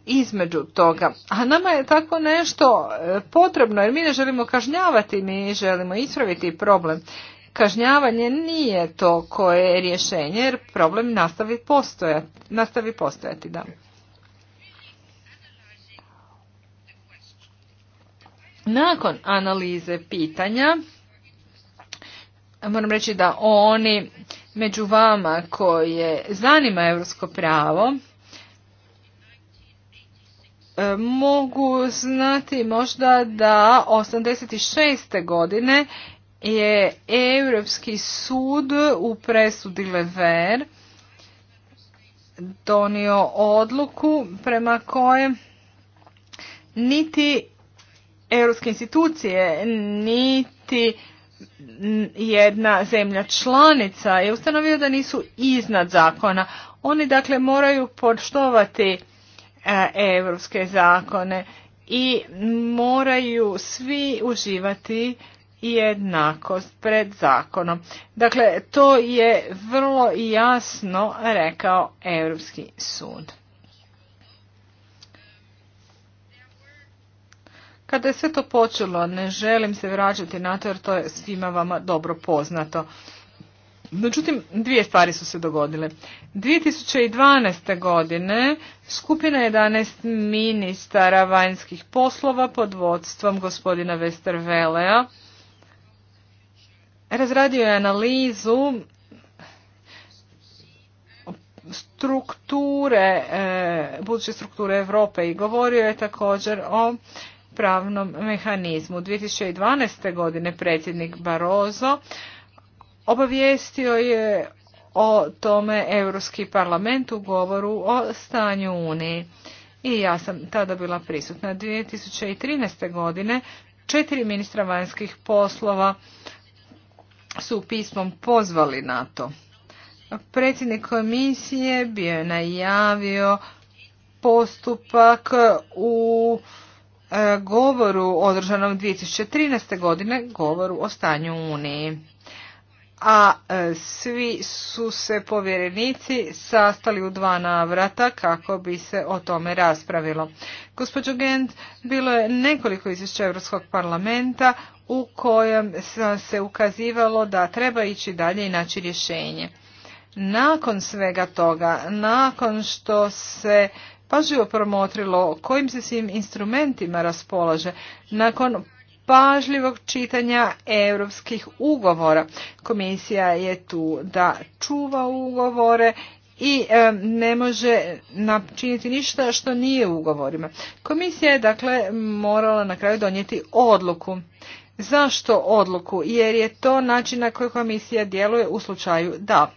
između toga. A nama je tako nešto e, potrebno jer mi ne želimo kažnjavati, mi želimo ispraviti problem kažnjavanje nije to koje je rješenje jer problem nastavi postojati. Nastavi postojati da. Nakon analize pitanja, moram reći da oni među vama koje zanima europsko pravo, e, mogu znati možda da 86. godine je Europski sud u presudi Lever donio odluku prema kojem niti europske institucije, niti jedna zemlja članica je ustanovio da nisu iznad zakona. Oni dakle moraju poštovati e, europske zakone i moraju svi uživati jednakost pred zakonom. Dakle, to je vrlo jasno rekao Europski sud. Kada je sve to počelo, ne želim se vraćati na to jer to je svima vama dobro poznato. Međutim, dvije stvari su se dogodile. 2012. godine skupina 11 ministara vanjskih poslova pod vodstvom gospodina Westervelea Razradio je analizu strukture, e, buduće strukture Europe i govorio je također o pravnom mehanizmu. 2012. godine predsjednik Barozo obavijestio je o tome Europski parlament u govoru o stanju Uniji. I ja sam tada bila prisutna. 2013. godine četiri ministra vanjskih poslova su pismom pozvali na to. Predsjednik komisije bio je najavio postupak u e, govoru održanom 2013. godine, govoru o stanju Uniji a e, svi su se povjerenici sastali u dva navrata kako bi se o tome raspravilo. Gospođo Gent, bilo je nekoliko izvješća Europskog parlamenta u kojem se ukazivalo da treba ići dalje i naći rješenje. Nakon svega toga, nakon što se pažljivo promotrilo kojim se svim instrumentima raspolaže, nakon pažljivog čitanja europskih ugovora. Komisija je tu da čuva ugovore i e, ne može načiniti ništa što nije u ugovorima. Komisija je dakle morala na kraju donijeti odluku. Zašto odluku? Jer je to način na koji komisija djeluje u slučaju da.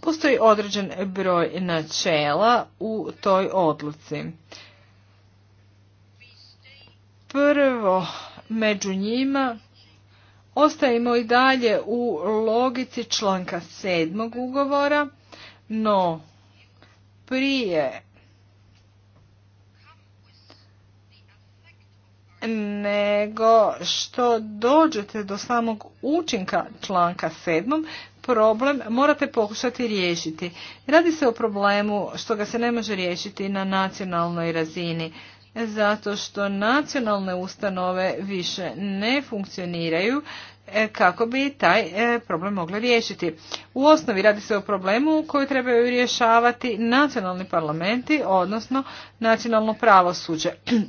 Postoji određen broj načela u toj odluci prvo među njima ostajemo i dalje u logici članka sedmog ugovora, no prije nego što dođete do samog učinka članka sedmom, problem morate pokušati riješiti. Radi se o problemu što ga se ne može riješiti na nacionalnoj razini zato što nacionalne ustanove više ne funkcioniraju e, kako bi taj e, problem mogli riješiti. U osnovi radi se o problemu koju trebaju rješavati nacionalni parlamenti, odnosno nacionalno pravosuđe.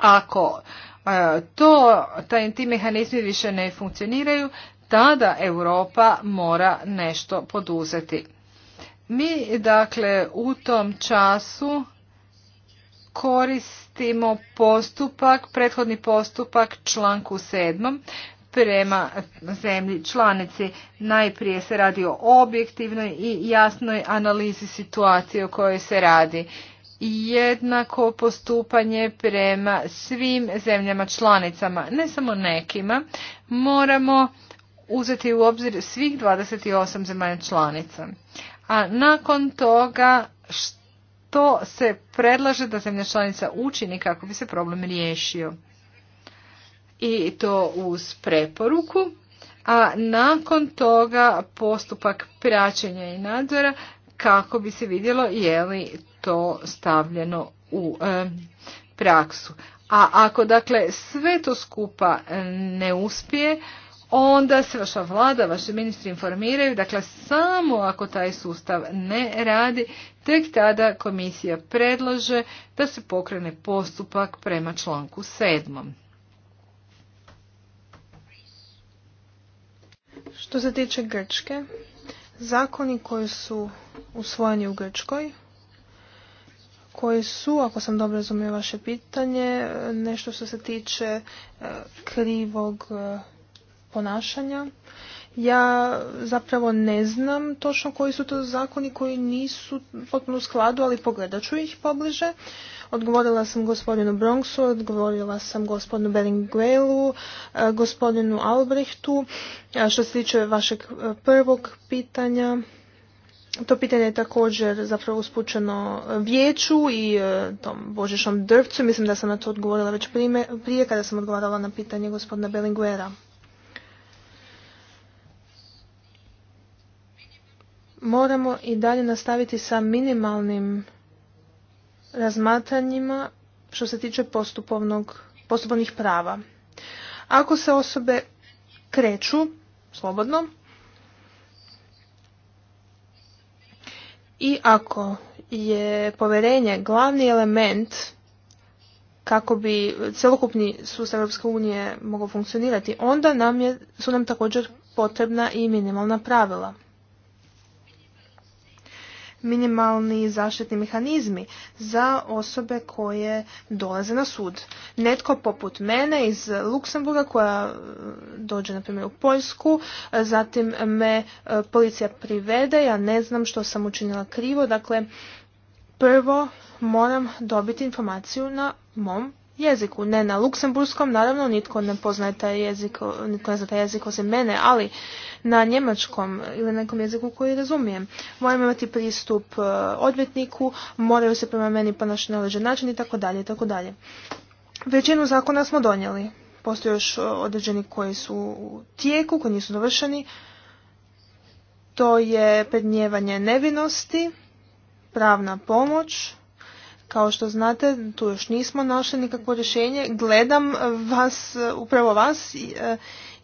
Ako e, to, taj, ti mehanizmi više ne funkcioniraju, tada Europa mora nešto poduzeti. Mi, dakle, u tom času koristimo postupak, prethodni postupak članku 7 prema zemlji članici. Najprije se radi o objektivnoj i jasnoj analizi situacije o kojoj se radi. Jednako postupanje prema svim zemljama članicama, ne samo nekima, moramo uzeti u obzir svih 28 zemalja članica. A nakon toga što to se predlaže da zemlja članica učini kako bi se problem riješio. I to uz preporuku, a nakon toga postupak praćenja i nadzora kako bi se vidjelo je li to stavljeno u e, praksu. A ako dakle sve to skupa ne uspije, onda se vaša vlada, vaši ministri informiraju, dakle samo ako taj sustav ne radi, tek tada komisija predlaže da se pokrene postupak prema članku sedmom. Što se tiče Grčke, zakoni koji su usvojeni u Grčkoj, koji su, ako sam dobro razumio vaše pitanje, nešto što se tiče e, krivog e, ponašanja. Ja zapravo ne znam točno koji su to zakoni koji nisu potpuno u skladu, ali pogledat ću ih pobliže. Odgovorila sam gospodinu Bronxu, odgovorila sam gospodinu Beringuelu, e, gospodinu Albrechtu. Što se tiče vašeg e, prvog pitanja, to pitanje je također zapravo uspučeno vijeću i e, tom božišnom drvcu. Mislim da sam na to odgovorila već prije kada sam odgovarala na pitanje gospodina Bellinguera. moramo i dalje nastaviti sa minimalnim razmatranjima što se tiče postupovnog, postupovnih prava. Ako se osobe kreću slobodno i ako je povjerenje glavni element kako bi celokupni sustav Europske unije mogao funkcionirati, onda nam su nam također potrebna i minimalna pravila minimalni zaštitni mehanizmi za osobe koje dolaze na sud. Netko poput mene iz Luksemburga koja e, dođe na primjer u Poljsku, e, zatim me e, policija privede, ja ne znam što sam učinila krivo, dakle prvo moram dobiti informaciju na mom jeziku. Ne na luksemburskom, naravno, nitko ne poznaje taj jezik, nitko ne zna taj jezik osim mene, ali na njemačkom ili nekom jeziku koji razumijem. Moram imati pristup e, odvjetniku, moraju se prema meni ponašati na određen način i tako dalje i tako dalje. Većinu zakona smo donijeli. Postoje još e, određeni koji su u tijeku, koji nisu dovršeni. To je prednjevanje nevinosti, pravna pomoć, kao što znate, tu još nismo našli nikakvo rješenje. Gledam vas, e, upravo vas i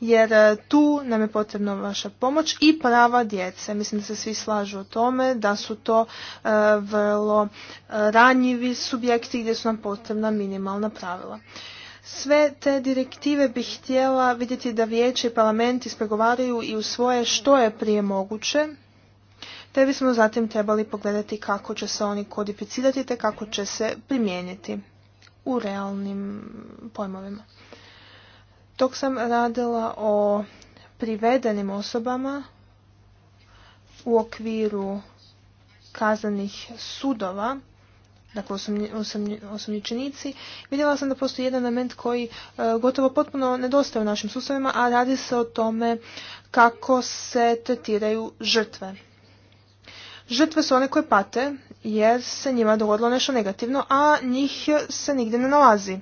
jer e, tu nam je potrebna vaša pomoć i prava djece. Mislim da se svi slažu o tome da su to e, vrlo e, ranjivi subjekti gdje su nam potrebna minimalna pravila. Sve te direktive bih htjela vidjeti da vijeće i parlament ispregovaraju i usvoje što je prije moguće, te bismo zatim trebali pogledati kako će se oni kodificirati te kako će se primijeniti u realnim pojmovima dok sam radila o privedenim osobama u okviru kazanih sudova, dakle osumnjičenici, vidjela sam da postoji jedan element koji e, gotovo potpuno nedostaje u našim sustavima, a radi se o tome kako se tretiraju žrtve. Žrtve su one koje pate jer se njima dogodilo nešto negativno, a njih se nigdje ne nalazi.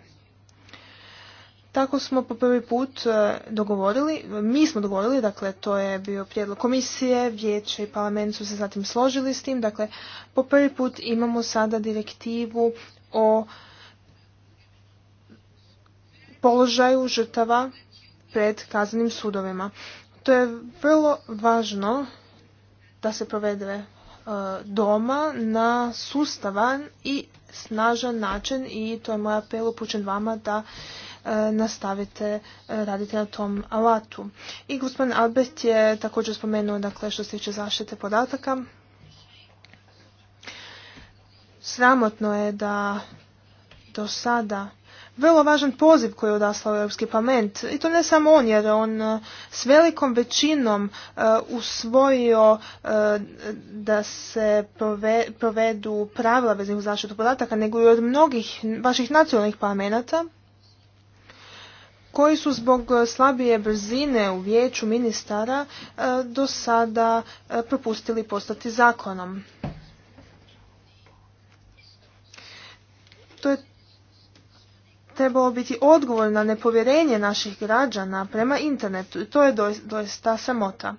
Tako smo po prvi put e, dogovorili, mi smo dogovorili, dakle to je bio prijedlog komisije, vijeće i parlament su se zatim složili s tim, dakle po prvi put imamo sada direktivu o položaju žrtava pred kaznenim sudovima. To je vrlo važno da se provede e, doma na sustavan i snažan način i to je moj apel upućen vama da E, nastavite e, raditi na tom alatu. I gospodin Albert je također spomenuo dakle, što se tiče zaštite podataka. Sramotno je da do sada vrlo važan poziv koji je odaslao Europski parlament. I to ne samo on, jer on e, s velikom većinom usvojio da se prove, provedu pravila veznih zaštitu podataka, nego i od mnogih vaših nacionalnih parlamenta koji su zbog e, slabije brzine u vijeću ministara e, do sada e, propustili postati zakonom. To je trebalo biti odgovor na nepovjerenje naših građana prema internetu i to je doista samota.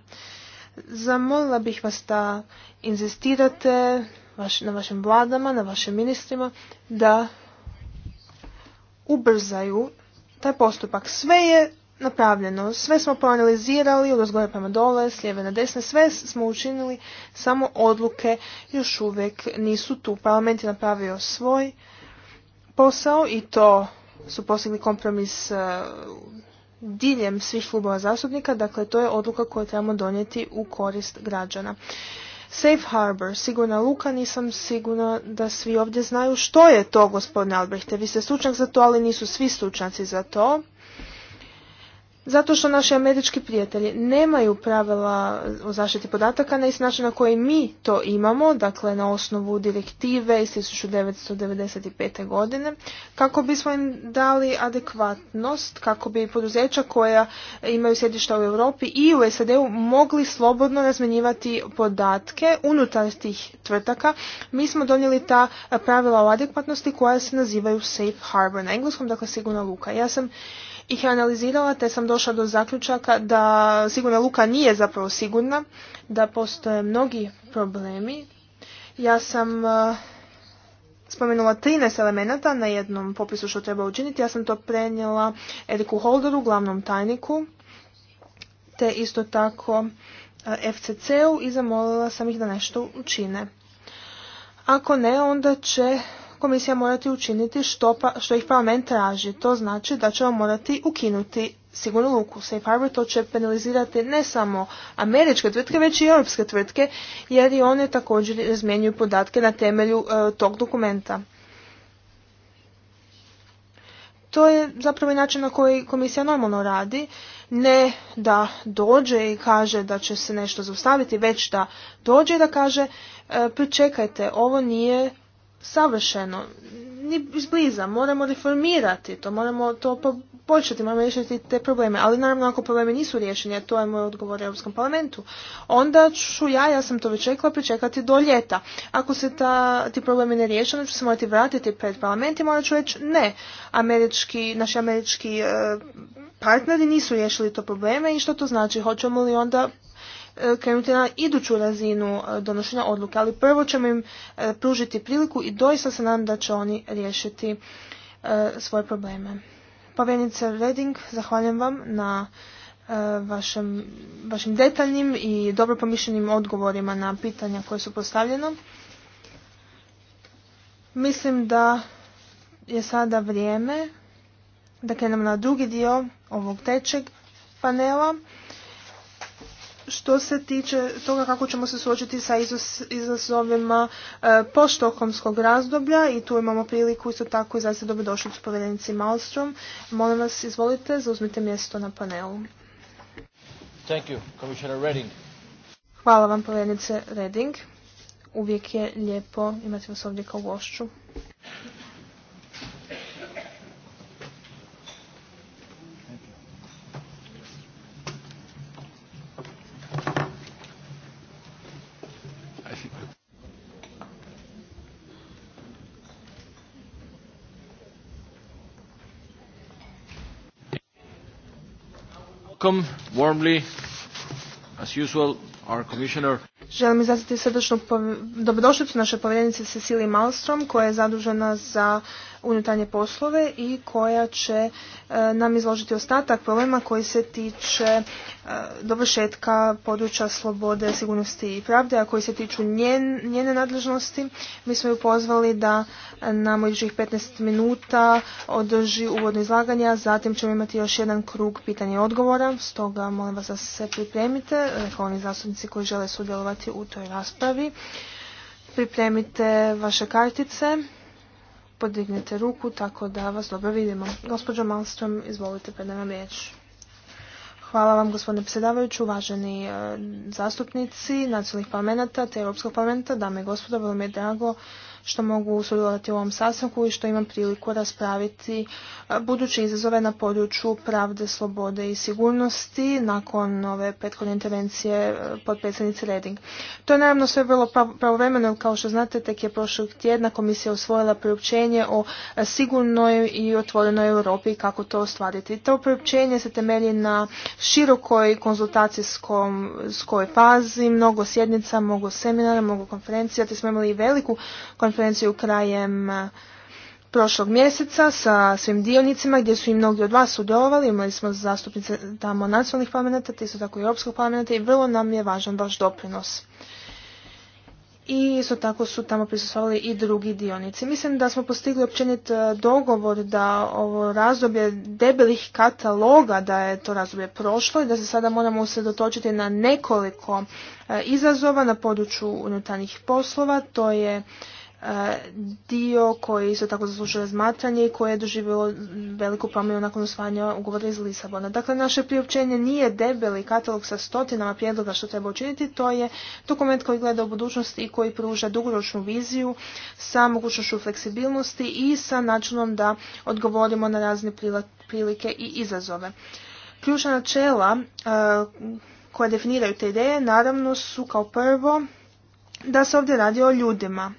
Zamolila bih vas da inzistirate na vašim vladama, na vašim ministrima da ubrzaju taj postupak. Sve je napravljeno, sve smo poanalizirali od ozgore prema dole, s lijeve na desne, sve smo učinili, samo odluke još uvijek nisu tu. Parlament je napravio svoj posao i to su postigli kompromis e, diljem svih klubova zastupnika, dakle to je odluka koju trebamo donijeti u korist građana. Safe harbor, sigurna luka, nisam sigurna da svi ovdje znaju što je to, gospodine Albrechte. Vi ste stručnjak za to, ali nisu svi stručnjaci za to. Zato što naši američki prijatelji nemaju pravila o zaštiti podataka na isti način na koji mi to imamo, dakle na osnovu direktive iz 1995. godine, kako bismo im dali adekvatnost, kako bi poduzeća koja imaju sjedišta u Europi i u SAD-u mogli slobodno razmenjivati podatke unutar tih tvrtaka. Mi smo donijeli ta pravila o adekvatnosti koja se nazivaju safe harbor na engleskom, dakle sigurna luka. Ja sam ih je analizirala te sam došla do zaključaka da sigurna luka nije zapravo sigurna, da postoje mnogi problemi. Ja sam e, spomenula 13 elemenata na jednom popisu što treba učiniti. Ja sam to prenijela Eriku Holderu, glavnom tajniku, te isto tako e, FCC-u i zamolila sam ih da nešto učine. Ako ne, onda će komisija morati učiniti što, pa, što ih parlament traži. To znači da ćemo morati ukinuti sigurnu luku. Safe Harbor to će penalizirati ne samo američke tvrtke, već i europske tvrtke, jer i one također razmjenjuju podatke na temelju e, tog dokumenta. To je zapravo i način na koji komisija normalno radi, ne da dođe i kaže da će se nešto zaustaviti, već da dođe i da kaže e, pričekajte, ovo nije savršeno, ni izbliza, moramo reformirati to, moramo to poboljšati, moramo riješiti te probleme. Ali naravno ako probleme nisu riješeni, a to je moj odgovor Europskom parlamentu, onda ću ja, ja sam to već rekla, pričekati do ljeta. Ako se ta, ti problemi ne riješe, onda ću se morati vratiti pred parlament i morat ću reći ne. Američki, naši američki e, partneri nisu riješili to probleme i što to znači? Hoćemo li onda E, krenuti na iduću razinu e, donošenja odluke, ali prvo ćemo im e, pružiti priliku i doista se nadam da će oni riješiti svoje probleme. Povjerenice Reding, zahvaljujem vam na vašem, vašim detaljnim i dobro pomišljenim odgovorima na pitanja koje su postavljena. Mislim da je sada vrijeme da krenemo na drugi dio ovog tečeg panela. Što se tiče toga kako ćemo se suočiti sa izazovima e, poštokomskog razdoblja i tu imamo priliku isto tako i se dobrodošli s povjerenici Malstrom. Molim vas, izvolite, zauzmite mjesto na panelu. Thank you, Hvala vam, povjerenice Reding. Uvijek je lijepo imati vas ovdje kao gošću. welcome warmly, as usual, our Commissioner. Želim izraziti srdečnu dobrodošlicu naše povjerenice Cecilije Malstrom koja je zadužena za unutarnje poslove i koja će e, nam izložiti ostatak problema koji se tiče dobrošetka dovršetka područja slobode, sigurnosti i pravde, a koji se tiču njene nadležnosti. Mi smo ju pozvali da nam u 15 minuta održi uvodno izlaganje, a zatim ćemo imati još jedan krug pitanja i odgovora. Stoga molim vas da se pripremite, oni e, zastupnici koji žele sudjelovati sudjelovati u toj raspravi. Pripremite vaše kartice, podignite ruku tako da vas dobro vidimo. Gospođo Malstrom, izvolite pred riječ. Hvala vam gospodine predsjedavajući, uvaženi e, zastupnici nacionalnih parlamenta te Europskog parlamenta, dame i gospodo, vrlo mi je drago što mogu sudjelovati u ovom sastanku i što imam priliku raspraviti e, buduće izazove na području pravde, slobode i sigurnosti nakon ove prethodne intervencije e, potpredsjednice Reding. To je naravno sve bilo pravovremeno, kao što znate, tek je prošlog tjedna komisija usvojila priopćenje o sigurnoj i otvorenoj Europi kako to ostvariti. to priopćenje se temelji na širokoj konzultacijskoj fazi, mnogo sjednica, mnogo seminara, mnogo konferencija, te smo imali i veliku konferenciju konferenciju krajem eh, prošlog mjeseca sa svim dionicima gdje su i mnogi od vas sudjelovali, imali smo zastupnice tamo nacionalnih parlamenta, te isto tako i Europskog parlamenta i vrlo nam je važan vaš doprinos. I isto tako su tamo prisustvovali i drugi dionici. Mislim da smo postigli općenit eh, dogovor da ovo razdoblje debelih kataloga, da je to razdoblje prošlo i da se sada moramo usredotočiti na nekoliko eh, izazova na području unutarnjih poslova. To je dio koji isto tako zaslužuje razmatranje i koje je doživjelo veliku promjenu nakon usvajanja ugovora iz Lisabona. Dakle, naše priopćenje nije debeli katalog sa stotinama prijedloga što treba učiniti, to je dokument koji gleda u budućnosti i koji pruža dugoročnu viziju sa mogućnošću fleksibilnosti i sa načinom da odgovorimo na razne prilike i izazove. Ključna načela e, koja definiraju te ideje naravno su kao prvo da se ovdje radi o ljudima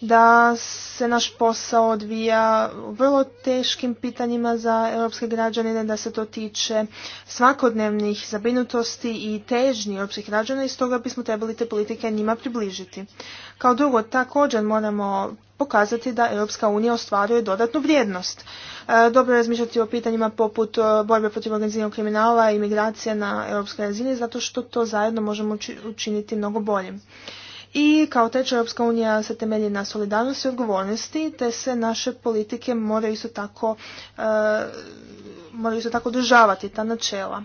da se naš posao odvija vrlo teškim pitanjima za europske građanine, da se to tiče svakodnevnih zabrinutosti i težnji europskih građana i stoga bismo trebali te politike njima približiti. Kao drugo, također moramo pokazati da Europska unija ostvaruje dodatnu vrijednost. E, dobro je razmišljati o pitanjima poput e, borbe protiv organiziranog kriminala i migracija na europskoj razini zato što to zajedno možemo učiniti mnogo boljim. I kao treća Europska unija se temelji na solidarnosti i odgovornosti, te se naše politike moraju isto tako, e, moraju isto tako održavati ta načela.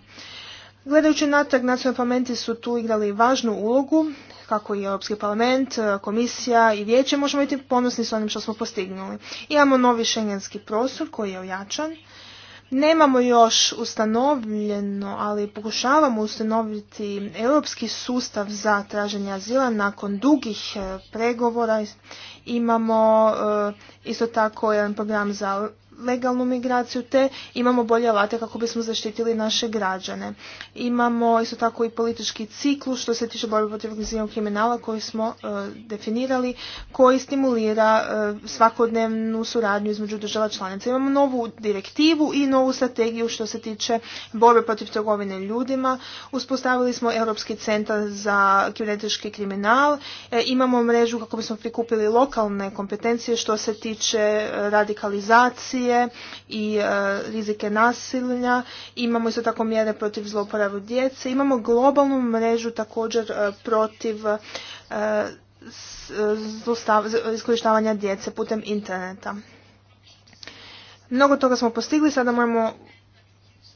Gledajući natrag, nacionalni parlamenti su tu igrali važnu ulogu, kako i Europski parlament, e, komisija i vijeće, možemo biti ponosni s onim što smo postignuli. Imamo novi šengenski prostor koji je ojačan, Nemamo još ustanovljeno, ali pokušavamo ustanoviti europski sustav za traženje azila nakon dugih e, pregovora. Imamo e, isto tako jedan program za legalnu migraciju, te imamo bolje alate kako bismo zaštitili naše građane. Imamo isto tako i politički ciklu što se tiče borbe protiv organiziranog kriminala koji smo e, definirali, koji stimulira e, svakodnevnu suradnju između država članica. Imamo novu direktivu i novu strategiju što se tiče borbe protiv trgovine ljudima. Uspostavili smo Europski centar za kibernetički kriminal. E, imamo mrežu kako bismo prikupili lokalne kompetencije što se tiče radikalizacije i e, rizike nasilja, imamo isto tako mjere protiv zloporavu djece, imamo globalnu mrežu također e, protiv e, iskorištavanja djece putem interneta. Mnogo toga smo postigli, sada moramo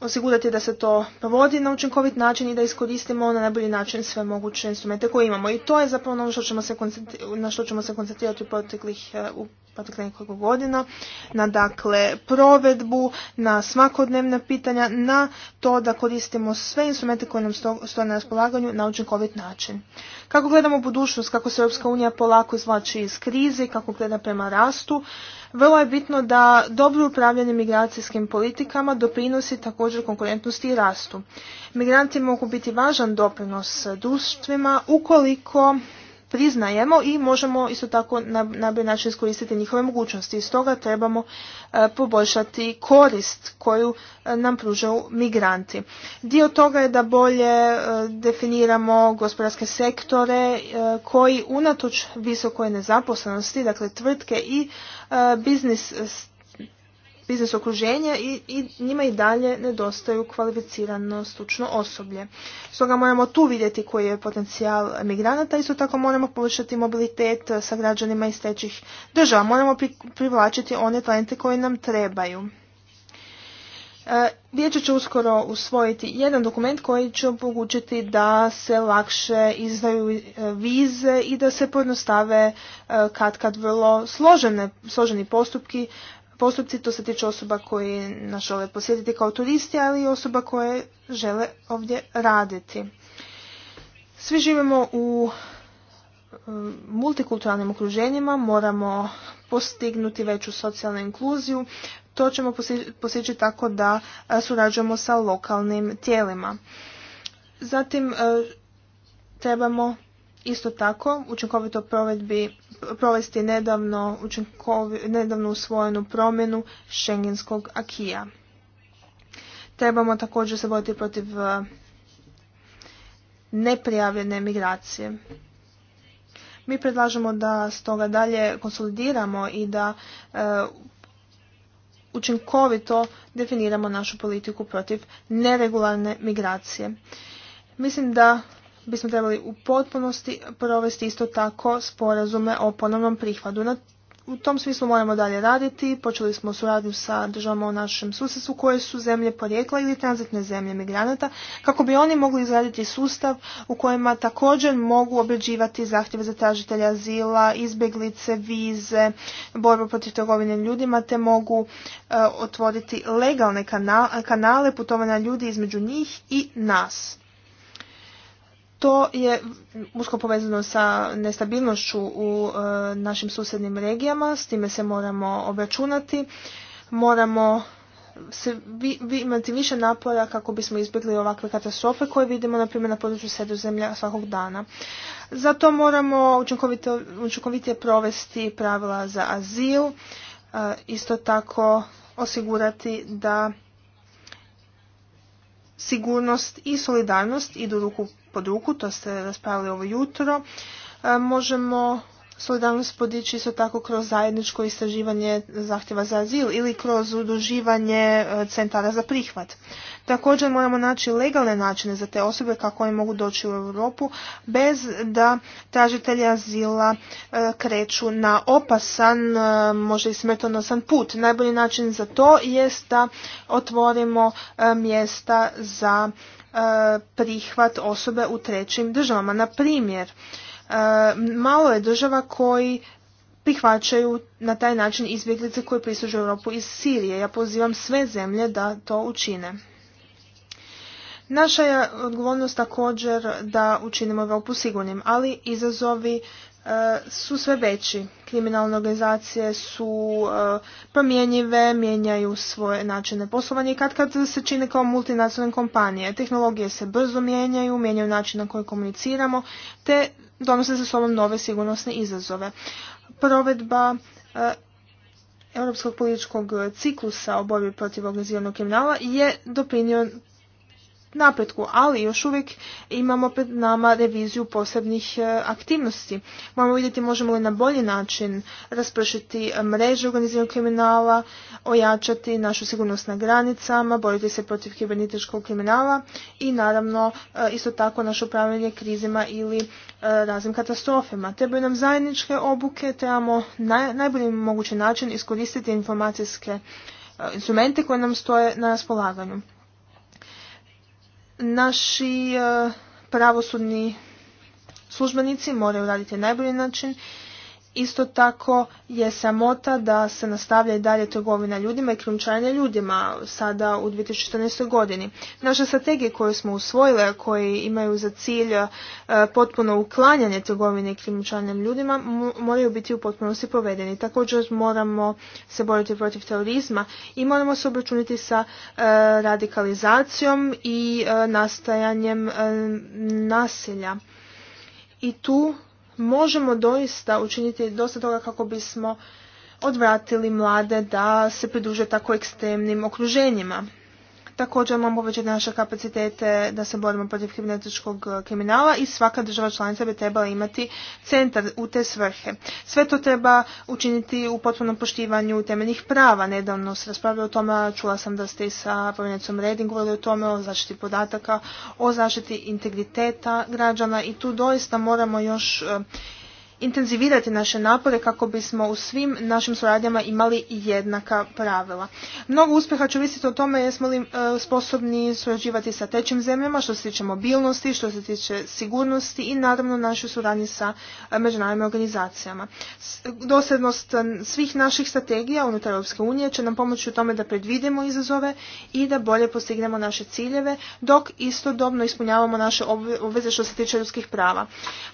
osigurati da se to provodi na učinkovit način i da iskoristimo na najbolji način sve moguće instrumente koje imamo. I to je zapravo ono ćemo se na što ćemo se koncentrirati u proteklih u proteklih pa nekoliko godina, na dakle provedbu, na svakodnevna pitanja, na to da koristimo sve instrumente koje nam stoje na raspolaganju na učinkovit način. Kako gledamo budućnost, kako se Europska unija polako izvlači iz krize, kako gleda prema rastu, vrlo je bitno da dobro upravljanje migracijskim politikama doprinosi također konkurentnosti i rastu. Migranti mogu biti važan doprinos društvima ukoliko priznajemo i možemo isto tako na najbolji način iskoristiti njihove mogućnosti. I stoga trebamo e, poboljšati korist koju e, nam pružaju migranti. Dio toga je da bolje e, definiramo gospodarske sektore koji unatoč visokoj nezaposlenosti, dakle tvrtke i biznis biznes okruženja i, njima i dalje nedostaju kvalificirano stručno osoblje. Stoga moramo tu vidjeti koji je potencijal migranata, isto tako moramo poboljšati mobilitet eh, sa građanima iz trećih država, moramo privlačiti one talente koje nam trebaju. Eh, vijeće će uskoro usvojiti jedan dokument koji će omogućiti da se lakše izdaju eh, vize i da se pojednostave kad kad vrlo složene, složeni postupki postupci. To se tiče osoba koji nas žele posjetiti kao turisti, ali i osoba koje žele ovdje raditi. Svi živimo u e, multikulturalnim okruženjima, moramo postignuti veću socijalnu inkluziju. To ćemo postići tako da e, surađujemo sa lokalnim tijelima. Zatim e, trebamo isto tako učinkovito provedbi provesti nedavno, nedavno usvojenu promjenu šengenskog akija. Trebamo također se boriti protiv e, neprijavljene migracije. Mi predlažemo da stoga dalje konsolidiramo i da e, učinkovito definiramo našu politiku protiv neregularne migracije. Mislim da bismo trebali u potpunosti provesti isto tako sporazume o ponovnom prihvadu. Na u tom smislu moramo dalje raditi. Počeli smo suradnju sa državama u našem susjedstvu koje su zemlje porijekla ili tranzitne zemlje migranata kako bi oni mogli izraditi sustav u kojima također mogu obrađivati zahtjeve za tražitelja azila, izbjeglice, vize, borbu protiv trgovine ljudima te mogu e, otvoriti legalne kanale, kanale putovanja ljudi između njih i nas to je usko povezano sa nestabilnošću u e, našim susjednim regijama, s time se moramo obračunati, moramo se vi, imati više napora kako bismo izbjegli ovakve katastrofe koje vidimo na primjer na području sredozemlja svakog dana. Zato moramo učinkovitije provesti pravila za azil, e, isto tako osigurati da sigurnost i solidarnost idu ruku pod ruku, to ste raspravili ovo jutro, e, možemo solidarnost podići isto tako kroz zajedničko istraživanje zahtjeva za azil ili kroz udruživanje e, centara za prihvat. Također moramo naći legalne načine za te osobe kako oni mogu doći u Europu bez da tražitelji azila e, kreću na opasan, e, možda i smrtonosan put. Najbolji način za to jest da otvorimo mjesta za prihvat osobe u trećim državama. Na primjer, E, malo je država koji prihvaćaju na taj način izbjeglice koje prisužu Europu iz Sirije. Ja pozivam sve zemlje da to učine. Naša je odgovornost također da učinimo Europu sigurnim, ali izazovi e, su sve veći. Kriminalne organizacije su e, promjenjive, mijenjaju svoje načine poslovanja i kad kad se čine kao multinacionalne kompanije. Tehnologije se brzo mijenjaju, mijenjaju način na koji komuniciramo, te donose za sobom nove sigurnosne izazove. Provedba e, europskog političkog ciklusa o borbi protiv organiziranog kriminala je doprinio napretku, ali još uvijek imamo pred nama reviziju posebnih e, aktivnosti. Moramo vidjeti možemo li na bolji način raspršiti e, mreže organiziranog kriminala, ojačati našu sigurnost na granicama, boriti se protiv kibernetičkog kriminala i naravno e, isto tako naše upravljanje krizima ili raznim katastrofama. Trebaju nam zajedničke obuke, trebamo na najbolji mogući način iskoristiti informacijske instrumente koje nam stoje na raspolaganju naši e, pravosudni službenici moraju raditi na najbolji način Isto tako je samota da se nastavlja i dalje trgovina ljudima i krijumčarenje ljudima sada u 2014. godini. Naše strategije koje smo usvojile, koje imaju za cilj e, potpuno uklanjanje trgovine i krijumčarenje ljudima, moraju biti u potpunosti provedeni. Također moramo se boriti protiv terorizma i moramo se obračuniti sa e, radikalizacijom i e, nastajanjem nasilja. I tu možemo doista učiniti dosta toga kako bismo odvratili mlade da se pridruže tako ekstremnim okruženjima. Također imamo uveđene naše kapacitete da se borimo protiv kibernetičkog eh, kriminala i svaka država članica bi trebala imati centar u te svrhe. Sve to treba učiniti u potpunom poštivanju temeljnih prava. Nedavno se raspravlja o tome, čula sam da ste i sa povjerenicom Reding govorili o tome, o zaštiti podataka, o zaštiti integriteta građana i tu doista moramo još eh, intenzivirati naše napore kako bismo u svim našim suradnjama imali jednaka pravila. Mnogo uspjeha će visiti o tome jesmo li e, sposobni surađivati sa trećim zemljama što se tiče mobilnosti, što se tiče sigurnosti i naravno našoj suradnji sa e, međunarodnim organizacijama. Dosljednost e, svih naših strategija unutar Europske unije će nam pomoći u tome da predvidimo izazove i da bolje postignemo naše ciljeve dok istodobno ispunjavamo naše obveze što se tiče ljudskih prava.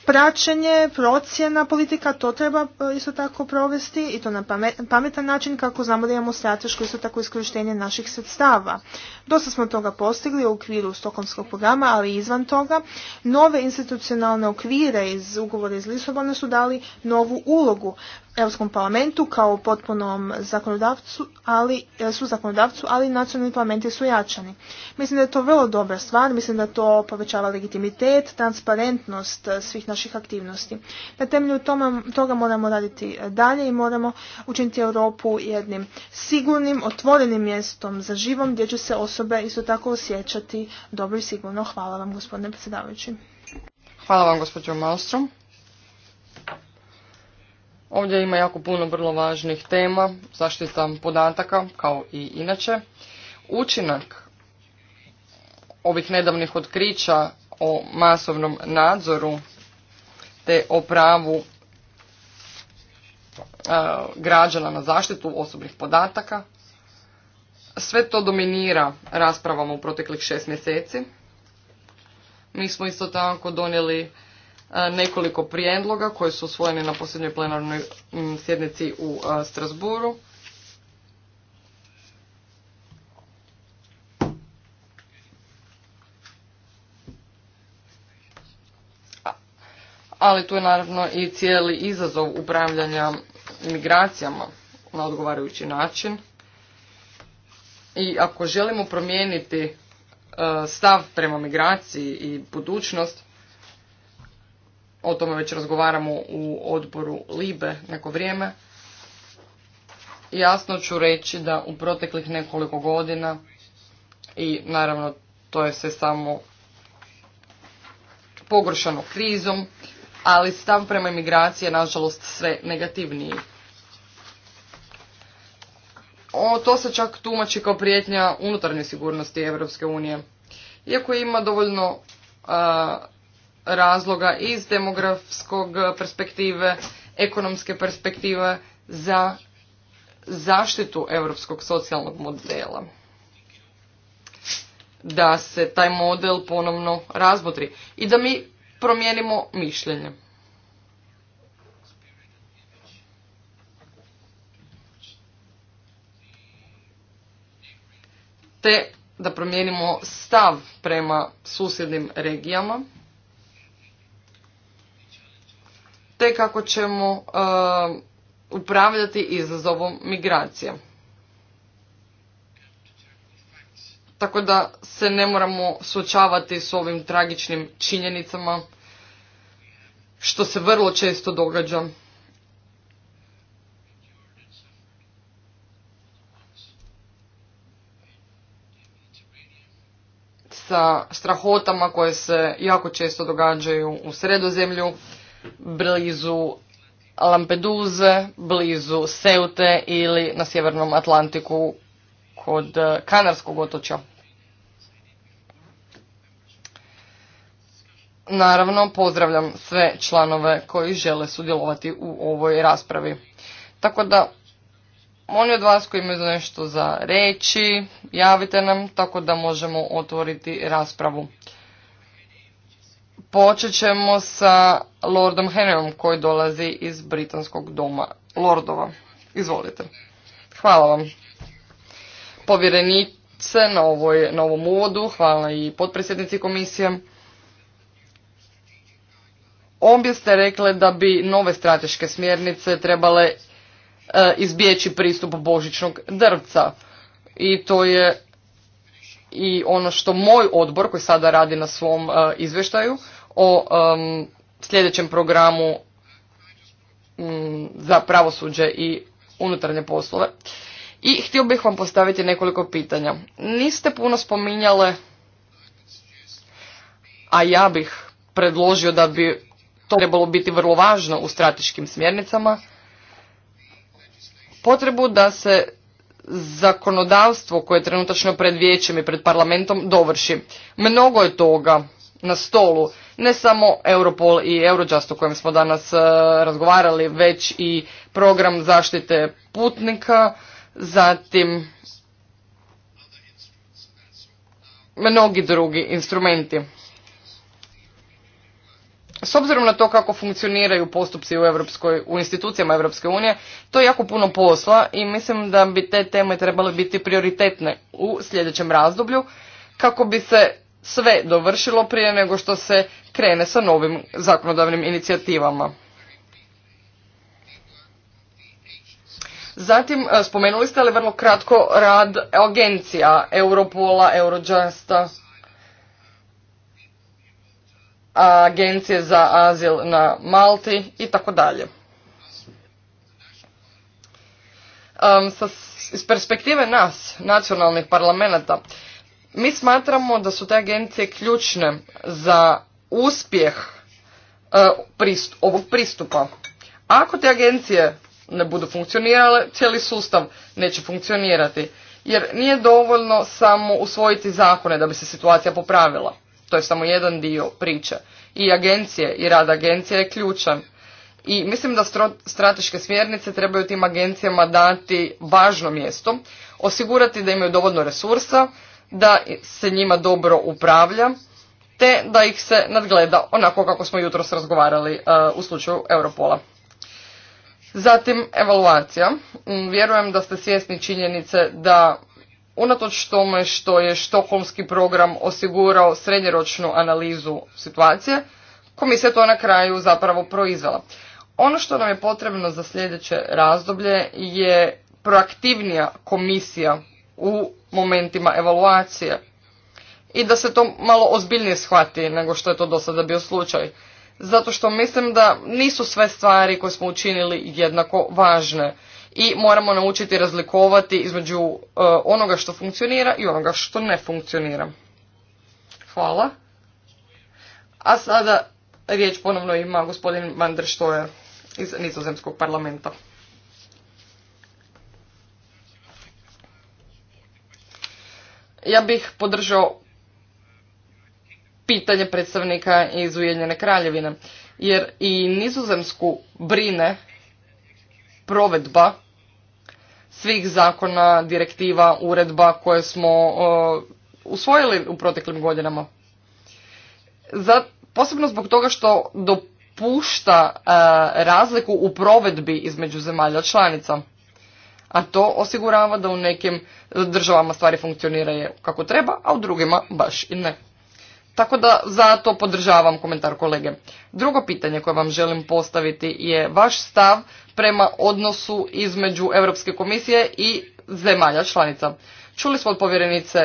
Praćenje, procjena razvojna politika, to treba e, isto tako provesti i to na pametan način kako znamo da imamo strateško isto tako iskorištenje naših sredstava. Dosta smo toga postigli u okviru stokomskog programa, ali i izvan toga. Nove institucionalne okvire iz ugovora iz Lisobona su dali novu ulogu Europskom parlamentu kao potpunom zakonodavcu, ali, e, su zakonodavcu, ali nacionalni parlamenti su jačani. Mislim da je to vrlo dobra stvar, mislim da to povećava legitimitet, transparentnost e, svih naših aktivnosti. Na temelju toga, toga moramo raditi e, dalje i moramo učiniti Europu jednim sigurnim, otvorenim mjestom za živom gdje će se osobe isto tako osjećati dobro i sigurno. Hvala vam gospodine predsjedavajući. Hvala vam gospođo Malstrom. Ovdje ima jako puno vrlo važnih tema, zaštita podataka, kao i inače. Učinak ovih nedavnih otkrića o masovnom nadzoru te o pravu građana na zaštitu osobnih podataka. Sve to dominira raspravama u proteklih šest mjeseci. Mi smo isto tako donijeli E, nekoliko prijedloga koji su usvojeni na posljednjoj plenarnoj sjednici u e, Strasburu. Ali tu je naravno i cijeli izazov upravljanja migracijama na odgovarajući način. I ako želimo promijeniti e, stav prema migraciji i budućnost, o tome već razgovaramo u odboru Libe neko vrijeme, jasno ću reći da u proteklih nekoliko godina i naravno to je sve samo pogoršano krizom, ali stav prema imigracije je nažalost sve negativniji. O, to se čak tumači kao prijetnja unutarnje sigurnosti Europske unije. Iako ima dovoljno razloga iz demografskog perspektive, ekonomske perspektive za zaštitu europskog socijalnog modela. Da se taj model ponovno razmotri i da mi promijenimo mišljenje. Te da promijenimo stav prema susjednim regijama. te kako ćemo uh, upravljati izazovom migracije. Tako da se ne moramo suočavati s ovim tragičnim činjenicama što se vrlo često događa. sa strahotama koje se jako često događaju u sredozemlju blizu Lampeduze, blizu Seute ili na Sjevernom Atlantiku kod e, Kanarskog otoča. Naravno, pozdravljam sve članove koji žele sudjelovati u ovoj raspravi. Tako da, oni od vas koji imaju nešto za reći, javite nam tako da možemo otvoriti raspravu. Počet ćemo sa Lordom Henryom koji dolazi iz Britanskog doma Lordova. Izvolite. Hvala vam. Povjerenice na, ovom uvodu, hvala i potpredsjednici komisije. Obje ste rekle da bi nove strateške smjernice trebale e, izbjeći pristup božičnog drvca. I to je i ono što moj odbor koji sada radi na svom izveštaju... izvještaju o um, sljedećem programu mm, za pravosuđe i unutarnje poslove. I htio bih vam postaviti nekoliko pitanja. Niste puno spominjale, a ja bih predložio da bi to trebalo biti vrlo važno u strateškim smjernicama, potrebu da se zakonodavstvo koje je trenutačno pred vijećem i pred parlamentom dovrši. Mnogo je toga na stolu ne samo Europol i Eurojust o kojem smo danas e, razgovarali, već i program zaštite putnika, zatim mnogi drugi instrumenti. S obzirom na to kako funkcioniraju postupci u, Evropskoj, u institucijama Europske unije, to je jako puno posla i mislim da bi te teme trebale biti prioritetne u sljedećem razdoblju kako bi se sve dovršilo prije nego što se krene sa novim zakonodavnim inicijativama. Zatim e, spomenuli ste ali vrlo kratko rad agencija Europola, Eurojusta, agencije za azil na Malti i tako dalje. Iz perspektive nas, nacionalnih parlamenta, mi smatramo da su te agencije ključne za uspjeh e, ovog pristupa. Ako te agencije ne budu funkcionirale, cijeli sustav neće funkcionirati. Jer nije dovoljno samo usvojiti zakone da bi se situacija popravila. To je samo jedan dio priče. I agencije i rad agencije je ključan. I mislim da strateške smjernice trebaju tim agencijama dati važno mjesto, osigurati da imaju dovoljno resursa, da se njima dobro upravlja, te da ih se nadgleda onako kako smo jutros razgovarali e, u slučaju Europola. Zatim, evaluacija. Mm, vjerujem da ste svjesni činjenice da unatoč tome što je štokholmski program osigurao srednjeročnu analizu situacije, komisija to na kraju zapravo proizvela. Ono što nam je potrebno za sljedeće razdoblje je proaktivnija komisija u momentima evaluacije i da se to malo ozbiljnije shvati nego što je to do sada bio slučaj. Zato što mislim da nisu sve stvari koje smo učinili jednako važne i moramo naučiti razlikovati između e, onoga što funkcionira i onoga što ne funkcionira. Hvala. A sada riječ ponovno ima gospodin Van der iz Nizozemskog parlamenta. ja bih podržao pitanje predstavnika iz Ujedinjene kraljevine, jer i nizozemsku brine provedba svih zakona, direktiva, uredba koje smo usvojili u proteklim godinama. Za, posebno zbog toga što dopušta razliku u provedbi između zemalja članica a to osigurava da u nekim državama stvari funkcioniraju kako treba, a u drugima baš i ne. Tako da zato podržavam komentar kolege. Drugo pitanje koje vam želim postaviti je vaš stav prema odnosu između Europske komisije i zemalja članica. Čuli smo od povjerenice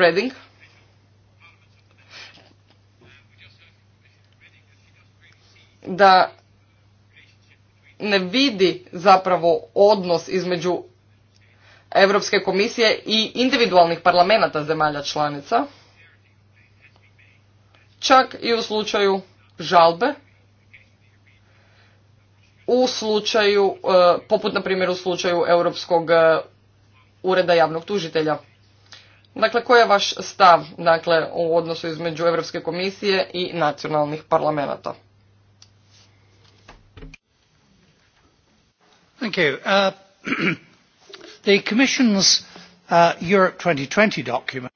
Reding da ne vidi zapravo odnos između Europske komisije i individualnih parlamenata zemalja članica, čak i u slučaju žalbe, u slučaju, e, poput na primjer u slučaju Europskog e, ureda javnog tužitelja. Dakle, koji je vaš stav dakle, u odnosu između Europske komisije i nacionalnih parlamenta? Thank uh, The Commission's uh, Europe 2020 document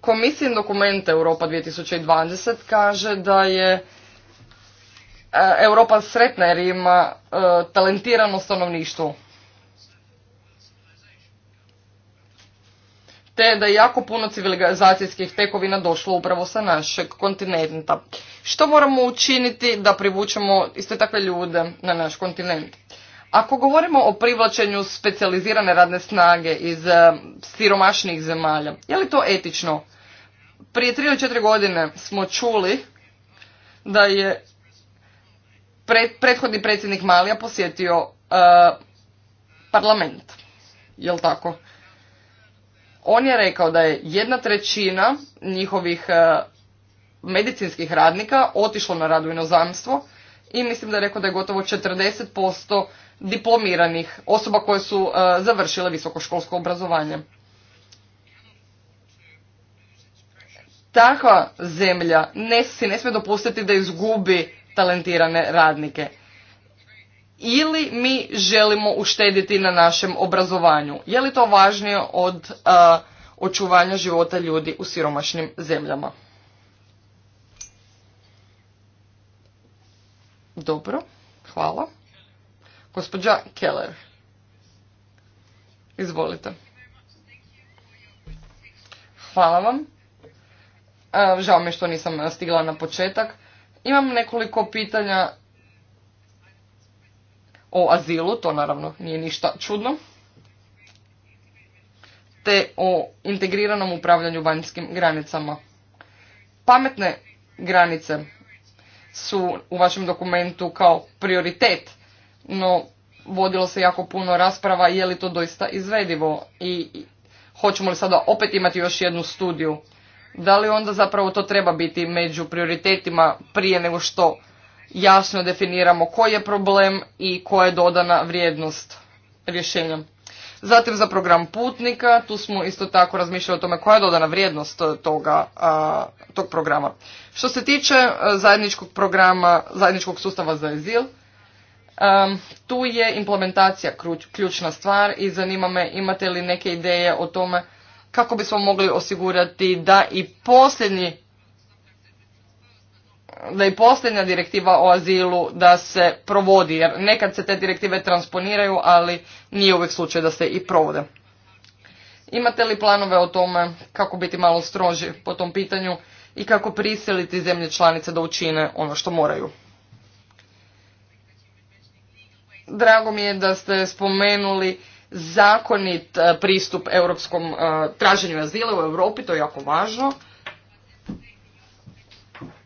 Komisijin dokument Europa 2020 kaže da je uh, Europa sretna jer ima uh, talentirano stanovništvo. Te da je jako puno civilizacijskih tekovina došlo upravo sa našeg kontinenta. Što moramo učiniti da privučemo iste takve ljude na naš kontinent? Ako govorimo o privlačenju specijalizirane radne snage iz eh, siromašnih zemalja, je li to etično? Prije 3 ili 4 godine smo čuli da je prethodni predsjednik Malija posjetio eh, parlament. Jel tako? On je rekao da je jedna trećina njihovih eh, medicinskih radnika otišlo na rad u i mislim da je rekao da je gotovo 40% diplomiranih osoba koje su e, završile visokoškolsko obrazovanje. Takva zemlja ne, si ne smije dopustiti da izgubi talentirane radnike. Ili mi želimo uštediti na našem obrazovanju. Je li to važnije od e, očuvanja života ljudi u siromašnim zemljama? Dobro, hvala. Gospođa Keller. Izvolite. Hvala vam. E, žao mi što nisam stigla na početak. Imam nekoliko pitanja o azilu, to naravno nije ništa čudno, te o integriranom upravljanju vanjskim granicama. Pametne granice su u vašem dokumentu kao prioritet no vodilo se jako puno rasprava je li to doista izvedivo i hoćemo li sada opet imati još jednu studiju. Da li onda zapravo to treba biti među prioritetima prije nego što jasno definiramo koji je problem i koja je dodana vrijednost rješenja. Zatim za program putnika, tu smo isto tako razmišljali o tome koja je dodana vrijednost toga, tog programa. Što se tiče zajedničkog programa, zajedničkog sustava za azil, Um, tu je implementacija ključna stvar i zanima me imate li neke ideje o tome kako bismo mogli osigurati da i posljednji da i posljednja direktiva o azilu da se provodi, jer nekad se te direktive transponiraju, ali nije uvijek slučaj da se i provode. Imate li planove o tome kako biti malo stroži po tom pitanju i kako prisiliti zemlje članice da učine ono što moraju? Drago mi je da ste spomenuli zakonit e, pristup europskom e, traženju azila u Europi, to je jako važno.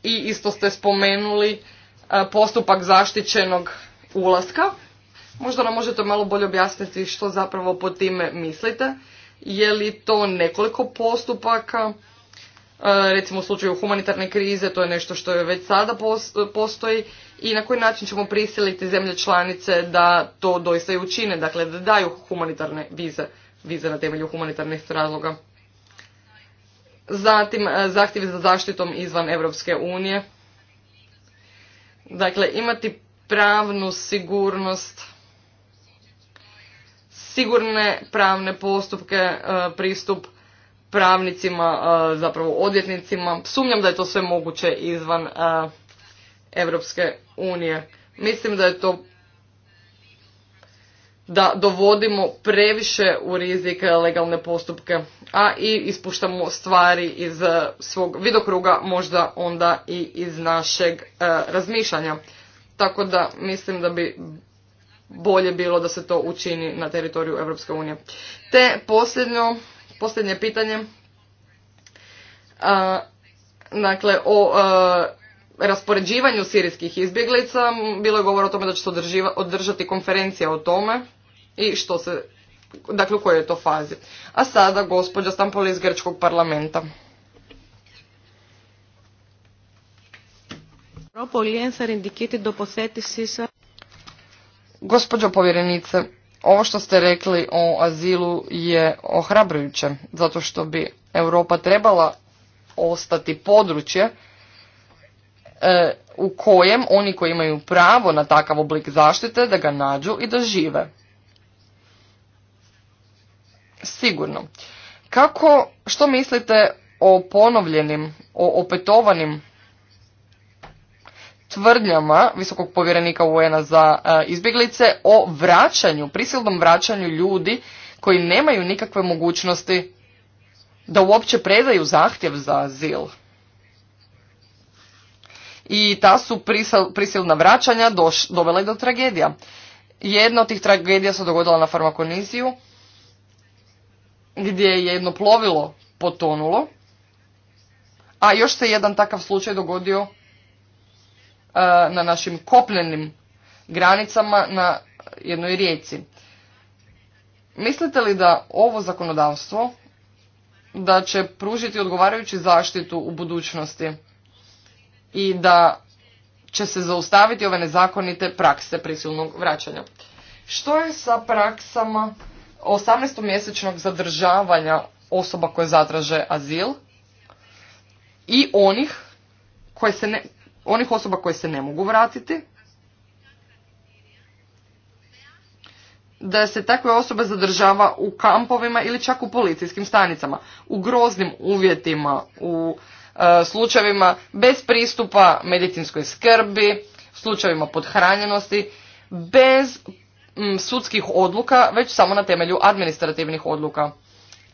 I isto ste spomenuli e, postupak zaštićenog ulaska. Možda nam možete malo bolje objasniti što zapravo po time mislite. Je li to nekoliko postupaka? Recimo u slučaju humanitarne krize to je nešto što je već sada postoji i na koji način ćemo prisiliti zemlje članice da to doista i učine, dakle da daju humanitarne vize, vize na temelju humanitarnih razloga. Zatim e, zahtjevi za zaštitom izvan Europske unije. Dakle, imati pravnu sigurnost, sigurne pravne postupke, e, pristup pravnicima, e, zapravo odvjetnicima. Sumnjam da je to sve moguće izvan Europske unije. Mislim da je to da dovodimo previše u rizik legalne postupke, a i ispuštamo stvari iz eh, svog vidokruga, možda onda i iz našeg eh, razmišljanja. Tako da mislim da bi bolje bilo da se to učini na teritoriju Europske unije. Te posljednjo, posljednje pitanje, a, eh, dakle o raspoređivanju sirijskih izbjeglica. Bilo je govor o tome da će se održati konferencija o tome i što se, dakle u kojoj je to fazi. A sada gospođa Stampoli iz Grčkog parlamenta. Gospođo povjerenice, ovo što ste rekli o azilu je ohrabrujuće, zato što bi Europa trebala ostati područje E, u kojem oni koji imaju pravo na takav oblik zaštite da ga nađu i da žive. Sigurno. Kako, što mislite o ponovljenim, o opetovanim tvrdnjama visokog povjerenika UNA za e, izbjeglice o vraćanju, prisilnom vraćanju ljudi koji nemaju nikakve mogućnosti da uopće predaju zahtjev za azil? i ta su prisilna vraćanja doš, dovela do tragedija. Jedna od tih tragedija se dogodila na farmakoniziju gdje je jedno plovilo potonulo, a još se jedan takav slučaj dogodio e, na našim kopljenim granicama na jednoj rijeci. Mislite li da ovo zakonodavstvo da će pružiti odgovarajuću zaštitu u budućnosti? i da će se zaustaviti ove nezakonite prakse prisilnog vraćanja. Što je sa praksama 18-mjesečnog zadržavanja osoba koje zatraže azil i onih, koje se ne, onih osoba koje se ne mogu vratiti, da se takve osobe zadržava u kampovima ili čak u policijskim stanicama, u groznim uvjetima, u E, slučajevima bez pristupa medicinskoj skrbi, slučajevima podhranjenosti, bez sudskih odluka, već samo na temelju administrativnih odluka.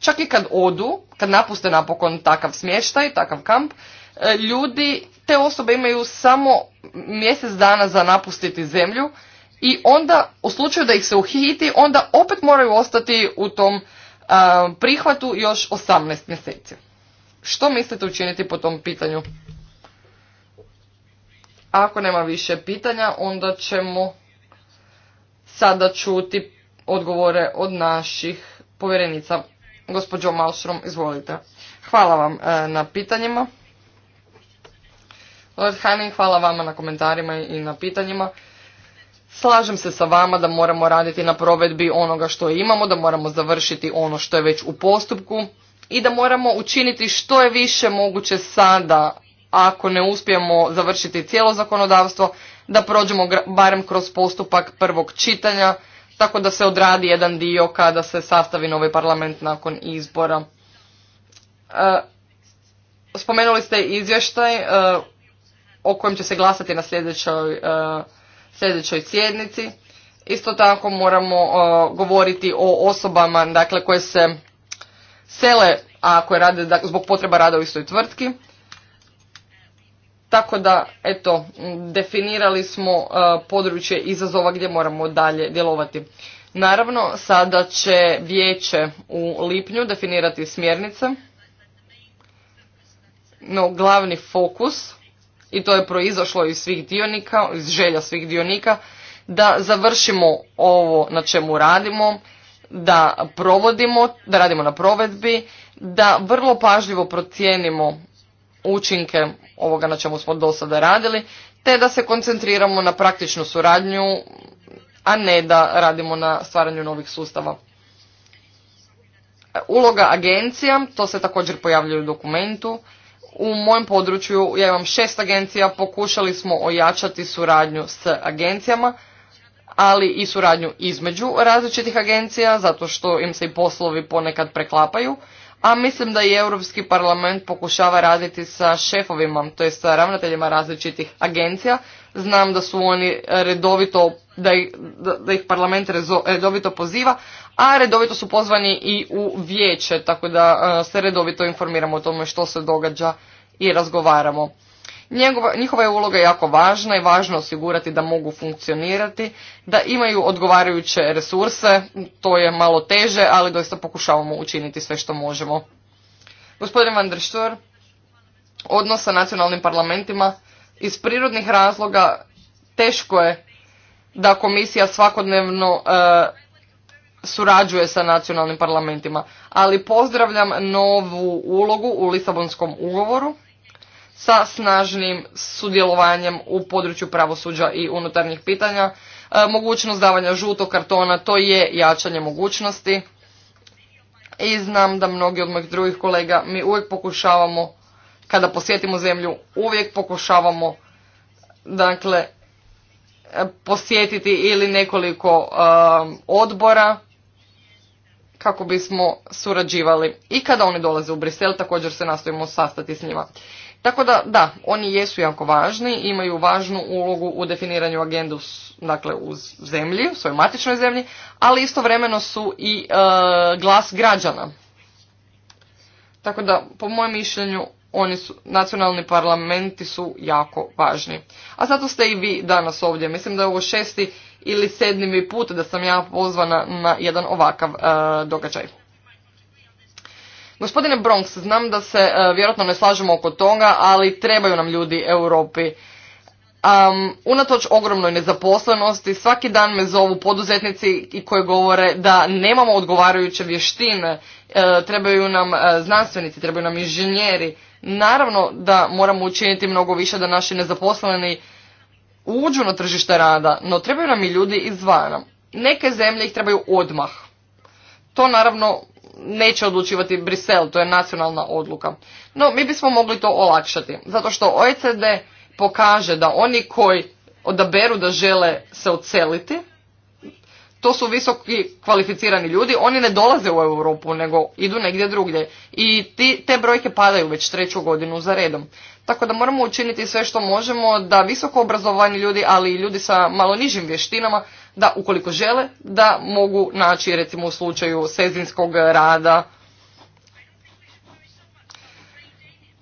Čak i kad odu, kad napuste napokon takav smještaj, takav kamp, e, ljudi, te osobe imaju samo mjesec dana za napustiti zemlju i onda u slučaju da ih se uhiti, onda opet moraju ostati u tom prihvatu još 18 mjeseci. Što mislite učiniti po tom pitanju? Ako nema više pitanja, onda ćemo sada čuti odgovore od naših povjerenica. Gospođo Malstrom, izvolite. Hvala vam e, na pitanjima. Lord Hanning, hvala vama na komentarima i na pitanjima. Slažem se sa vama da moramo raditi na provedbi onoga što imamo, da moramo završiti ono što je već u postupku i da moramo učiniti što je više moguće sada, ako ne uspijemo završiti cijelo zakonodavstvo, da prođemo barem kroz postupak prvog čitanja, tako da se odradi jedan dio kada se sastavi novi parlament nakon izbora. E, spomenuli ste izvještaj e, o kojem će se glasati na sljedećoj, e, sljedećoj sjednici. Isto tako moramo govoriti o osobama dakle, koje se sele ako je rade zbog potreba rada u istoj tvrtki. Tako da, eto, definirali smo e, područje izazova gdje moramo dalje djelovati. Naravno, sada će vijeće u lipnju definirati smjernice, no glavni fokus, i to je proizašlo iz svih dionika, iz želja svih dionika, da završimo ovo na čemu radimo, da provodimo, da radimo na provedbi, da vrlo pažljivo procijenimo učinke ovoga na čemu smo do sada radili, te da se koncentriramo na praktičnu suradnju, a ne da radimo na stvaranju novih sustava. Uloga agencija, to se također pojavljuje u dokumentu. U mojem području ja imam šest agencija, pokušali smo ojačati suradnju s agencijama, ali i suradnju između različitih agencija, zato što im se i poslovi ponekad preklapaju, a mislim da i Europski parlament pokušava raditi sa šefovima, to je sa ravnateljima različitih agencija. Znam da su oni redovito, da ih, da ih parlament redovito poziva, a redovito su pozvani i u vijeće, tako da e, se redovito informiramo o tome što se događa i razgovaramo. Njegova, njihova je uloga jako važna i važno osigurati da mogu funkcionirati, da imaju odgovarajuće resurse, to je malo teže, ali doista pokušavamo učiniti sve što možemo. Gospodin Van der Stur, odnos sa nacionalnim parlamentima iz prirodnih razloga teško je da komisija svakodnevno e, surađuje sa nacionalnim parlamentima, ali pozdravljam novu ulogu u Lisabonskom ugovoru sa snažnim sudjelovanjem u području pravosuđa i unutarnjih pitanja. E, mogućnost davanja žutog kartona, to je jačanje mogućnosti. I znam da mnogi od mojih drugih kolega, mi uvijek pokušavamo, kada posjetimo zemlju, uvijek pokušavamo, dakle, e, posjetiti ili nekoliko e, odbora kako bismo surađivali. I kada oni dolaze u Brisel, također se nastojimo sastati s njima. Tako da, da, oni jesu jako važni, imaju važnu ulogu u definiranju agendu dakle, u zemlji, u svojoj matičnoj zemlji, ali istovremeno su i e, glas građana. Tako da, po mojem mišljenju, oni su, nacionalni parlamenti su jako važni. A zato ste i vi danas ovdje. Mislim da je ovo šesti ili sedmi put da sam ja pozvana na jedan ovakav e, događaj. Gospodine Bronx, znam da se e, vjerojatno ne slažemo oko toga, ali trebaju nam ljudi Europi. Um, unatoč ogromnoj nezaposlenosti, svaki dan me zovu poduzetnici i koje govore da nemamo odgovarajuće vještine, e, trebaju nam e, znanstvenici, trebaju nam inženjeri. Naravno da moramo učiniti mnogo više da naši nezaposleni uđu na tržište rada, no trebaju nam i ljudi izvana. Neke zemlje ih trebaju odmah. To naravno neće odlučivati Brisel, to je nacionalna odluka. No, mi bismo mogli to olakšati, zato što OECD pokaže da oni koji odaberu da žele se oceliti, to su visoki kvalificirani ljudi, oni ne dolaze u Europu, nego idu negdje drugdje. I ti, te brojke padaju već treću godinu za redom. Tako da moramo učiniti sve što možemo da visoko obrazovani ljudi, ali i ljudi sa malo nižim vještinama, da ukoliko žele da mogu naći recimo u slučaju sezinskog rada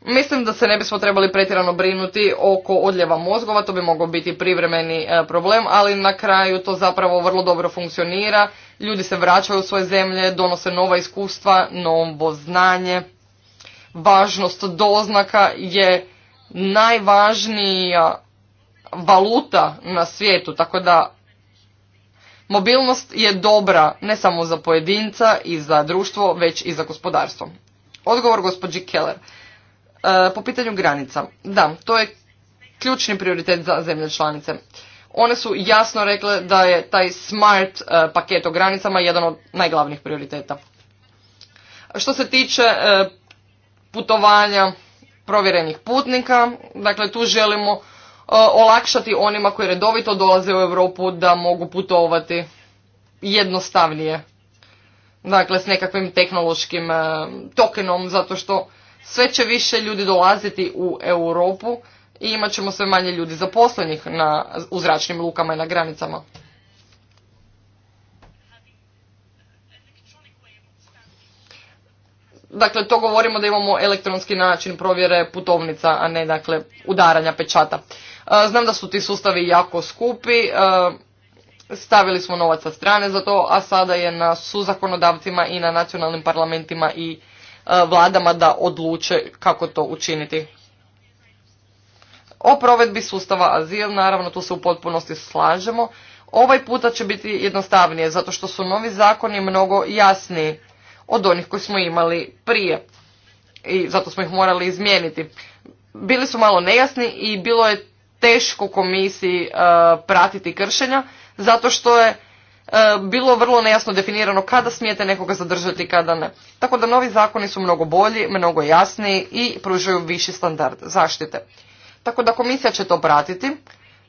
Mislim da se ne bismo trebali pretjerano brinuti oko odljeva mozgova, to bi mogao biti privremeni e, problem, ali na kraju to zapravo vrlo dobro funkcionira. Ljudi se vraćaju u svoje zemlje, donose nova iskustva, novo znanje. Važnost doznaka je najvažnija valuta na svijetu, tako da Mobilnost je dobra ne samo za pojedinca i za društvo, već i za gospodarstvo. Odgovor gospođi Keller. E, po pitanju granica. Da, to je ključni prioritet za zemlje članice. One su jasno rekle da je taj smart e, paket o granicama jedan od najglavnijih prioriteta. Što se tiče e, putovanja provjerenih putnika, dakle tu želimo E, olakšati onima koji redovito dolaze u Europu da mogu putovati jednostavnije. Dakle, s nekakvim tehnološkim e, tokenom, zato što sve će više ljudi dolaziti u Europu i imat ćemo sve manje ljudi zaposlenih na, u zračnim lukama i na granicama. Dakle, to govorimo da imamo elektronski način provjere putovnica, a ne dakle udaranja pečata. Znam da su ti sustavi jako skupi, stavili smo novac sa strane za to, a sada je na suzakonodavcima i na nacionalnim parlamentima i vladama da odluče kako to učiniti. O provedbi sustava azil, naravno tu se u potpunosti slažemo. Ovaj puta će biti jednostavnije, zato što su novi zakoni mnogo jasniji od onih koji smo imali prije. I zato smo ih morali izmijeniti. Bili su malo nejasni i bilo je teško komisiji e, pratiti kršenja zato što je e, bilo vrlo nejasno definirano kada smijete nekoga zadržati, kada ne. Tako da novi zakoni su mnogo bolji, mnogo jasniji i pružaju viši standard zaštite. Tako da komisija će to pratiti.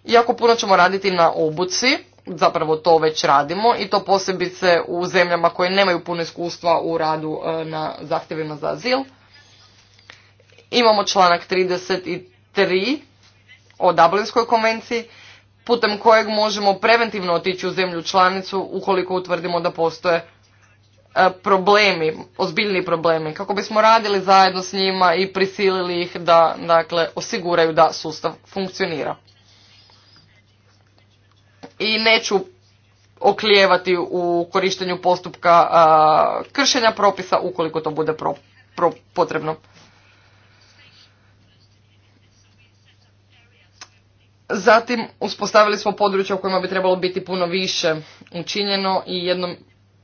Jako puno ćemo raditi na obuci, zapravo to već radimo i to posebice u zemljama koje nemaju puno iskustva u radu e, na zahtjevima za azil. Imamo članak 33 o Dublinskoj konvenciji putem kojeg možemo preventivno otići u zemlju članicu ukoliko utvrdimo da postoje e, problemi, ozbiljni problemi, kako bismo radili zajedno s njima i prisilili ih da dakle, osiguraju da sustav funkcionira. I neću oklijevati u korištenju postupka e, kršenja propisa ukoliko to bude potrebno. Zatim uspostavili smo područja u kojima bi trebalo biti puno više učinjeno i jednom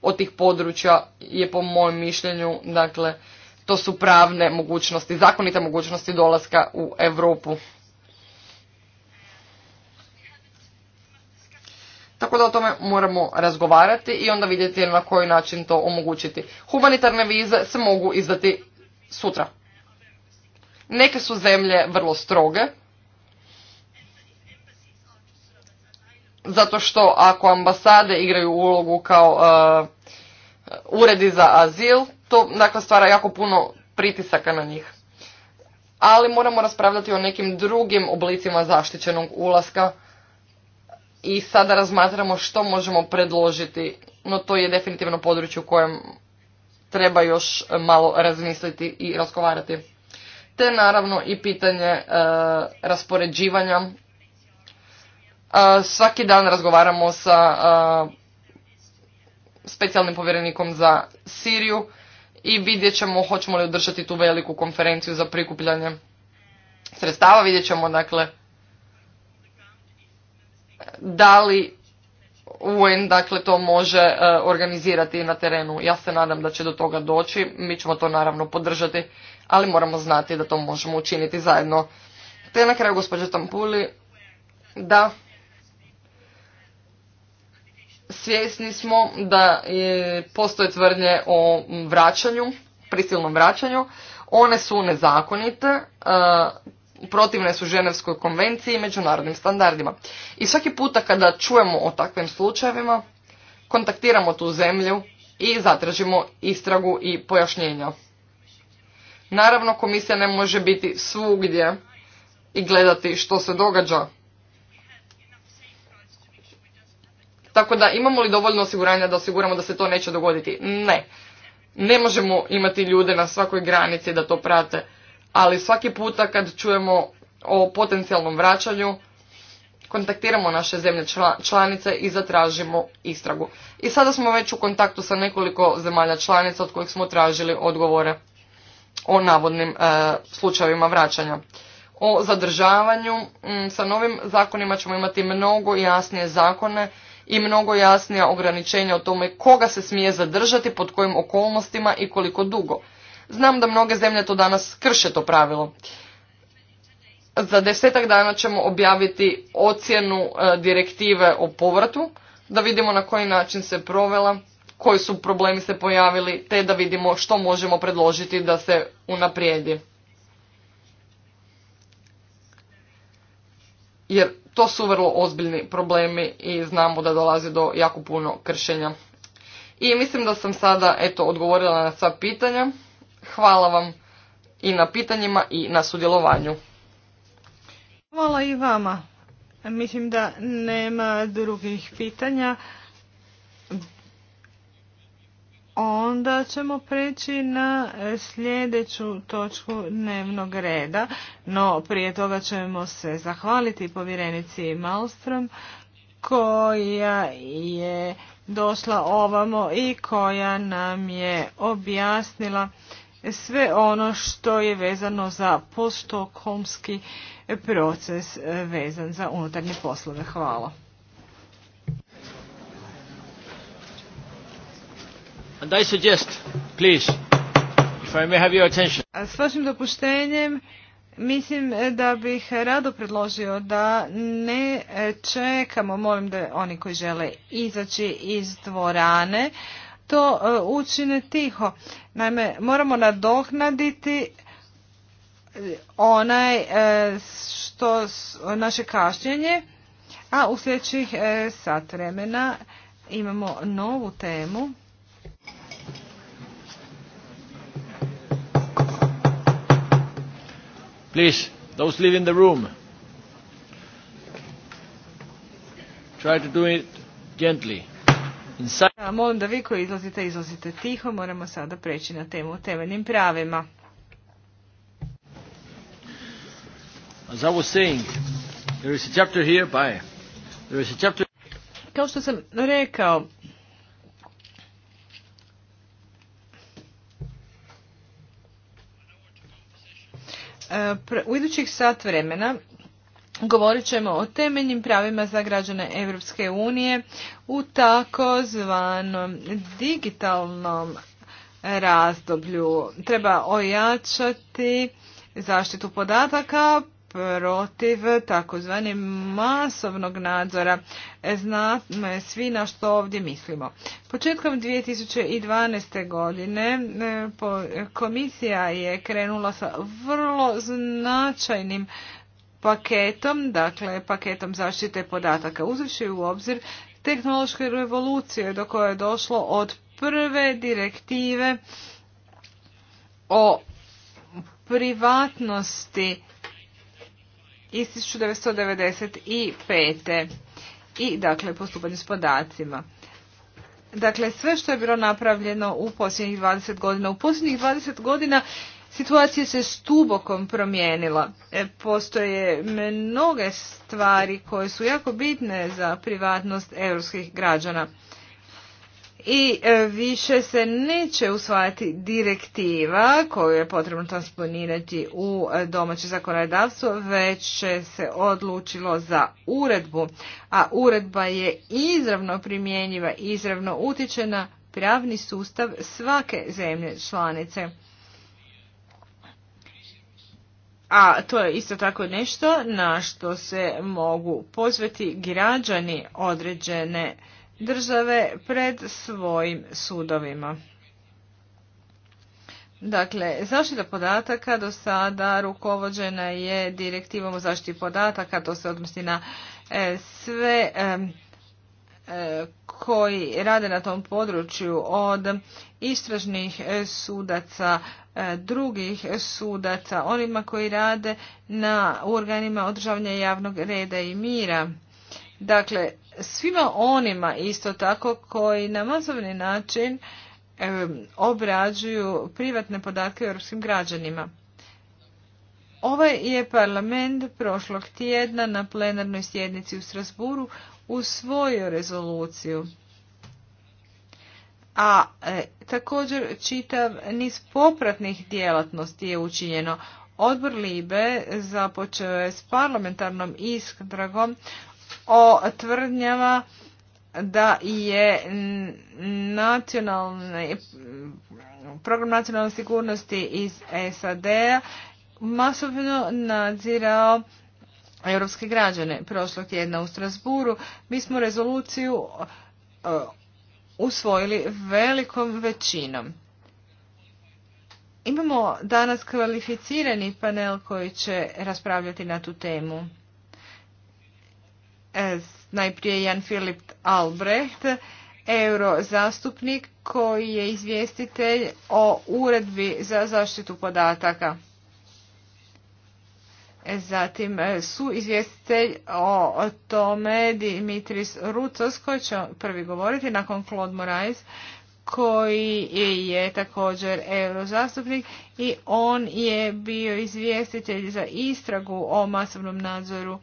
od tih područja je po mojem mišljenju, dakle, to su pravne mogućnosti, zakonite mogućnosti dolaska u Europu. Tako da o tome moramo razgovarati i onda vidjeti na koji način to omogućiti. Humanitarne vize se mogu izdati sutra. Neke su zemlje vrlo stroge, zato što ako ambasade igraju ulogu kao e, uredi za azil, to dakle stvara jako puno pritisaka na njih. Ali moramo raspravljati o nekim drugim oblicima zaštićenog ulaska i sada razmatramo što možemo predložiti, no to je definitivno područje u kojem treba još malo razmisliti i razgovarati. Te naravno i pitanje e, raspoređivanja Svaki dan razgovaramo sa specijalnim povjerenikom za Siriju i vidjet ćemo hoćemo li održati tu veliku konferenciju za prikupljanje sredstava. Vidjet ćemo dakle da li UN dakle to može e, organizirati na terenu. Ja se nadam da će do toga doći, mi ćemo to naravno podržati, ali moramo znati da to možemo učiniti zajedno. Te na kraju gospođa Tampuli, da, Svjesni smo da postoje tvrdnje o vraćanju, prisilnom vraćanju. One su nezakonite, e, protivne su Ženevskoj konvenciji i međunarodnim standardima. I svaki puta kada čujemo o takvim slučajevima, kontaktiramo tu zemlju i zatražimo istragu i pojašnjenja. Naravno, komisija ne može biti svugdje i gledati što se događa Tako da imamo li dovoljno osiguranja da osiguramo da se to neće dogoditi? Ne. Ne možemo imati ljude na svakoj granici da to prate. Ali svaki puta kad čujemo o potencijalnom vraćanju, kontaktiramo naše zemlje članice i zatražimo istragu. I sada smo već u kontaktu sa nekoliko zemalja članica od kojih smo tražili odgovore o navodnim e, slučajevima vraćanja. O zadržavanju sa novim zakonima ćemo imati mnogo jasnije zakone i mnogo jasnija ograničenja o tome koga se smije zadržati, pod kojim okolnostima i koliko dugo. Znam da mnoge zemlje to danas krše to pravilo. Za desetak dana ćemo objaviti ocjenu e, direktive o povratu, da vidimo na koji način se provela, koji su problemi se pojavili, te da vidimo što možemo predložiti da se unaprijedi. Jer to su vrlo ozbiljni problemi i znamo da dolazi do jako puno kršenja. I mislim da sam sada eto odgovorila na sva pitanja. Hvala vam i na pitanjima i na sudjelovanju. Hvala i vama. Mislim da nema drugih pitanja onda ćemo preći na sljedeću točku dnevnog reda. No prije toga ćemo se zahvaliti povjerenici Malstrom koja je došla ovamo i koja nam je objasnila sve ono što je vezano za postokomski proces vezan za unutarnje poslove. Hvala. And I suggest, please, if I may have your attention. S vašim dopuštenjem mislim e, da bih rado predložio da ne e, čekamo, molim da oni koji žele izaći iz dvorane, to e, učine tiho. Naime, moramo nadoknaditi onaj što naše kašnjenje, a u sljedećih sat vremena imamo novu temu. Please, those leaving the room, try to do it gently. Inside... Ja, molim da vi koji izlazite, izlazite tiho. Moramo sada preći na temu o temeljnim pravima. As I was saying, there is a chapter here by... There is a chapter... Kao što sam rekao, E, u idućih sat vremena govorit ćemo o temeljnim pravima za građane Europske unije u takozvanom digitalnom razdoblju. Treba ojačati zaštitu podataka protiv takozvani masovnog nadzora. E, Znamo svi na što ovdje mislimo. Početkom 2012. godine e, komisija je krenula sa vrlo značajnim paketom, dakle paketom zaštite podataka, uzevši u obzir tehnološke revolucije do koje je došlo od prve direktive o privatnosti iz 1995. i dakle postupanju s podacima. Dakle, sve što je bilo napravljeno u posljednjih 20 godina. U posljednjih 20 godina situacija se stubokom promijenila. E, postoje mnoge stvari koje su jako bitne za privatnost europskih građana i e, više se neće usvajati direktiva koju je potrebno transponirati u e, domaće zakonodavstvo, već se odlučilo za uredbu, a uredba je izravno primjenjiva, izravno utječe na pravni sustav svake zemlje članice. A to je isto tako nešto na što se mogu pozvati građani određene države pred svojim sudovima. Dakle, zaštita podataka do sada rukovođena je direktivom o zaštiti podataka, to se odnosi na e, sve e, e, koji rade na tom području od istražnih sudaca, drugih sudaca, onima koji rade na organima održavanja javnog reda i mira. Dakle, svima onima isto tako koji na mazovni način obrađuju privatne podatke europskim građanima. Ovaj je parlament prošlog tjedna na plenarnoj sjednici u Strasburu usvojio rezoluciju. A e, također čitav niz popratnih djelatnosti je učinjeno. Odbor Libe započeo je s parlamentarnom istragom o tvrdnjama da je nacionalni, program nacionalne sigurnosti iz SAD-a masovno nadzirao europske građane. Prošlog tjedna u Strasburu mi smo rezoluciju e, usvojili velikom većinom. Imamo danas kvalificirani panel koji će raspravljati na tu temu. E, najprije Jan Filip Albrecht, euro zastupnik koji je izvjestitelj o uredbi za zaštitu podataka. E, zatim e, su izvjestitelj o tome Dimitris Rucos koji će prvi govoriti nakon Claude Moraes koji je također eurozastupnik i on je bio izvjestitelj za istragu o masovnom nadzoru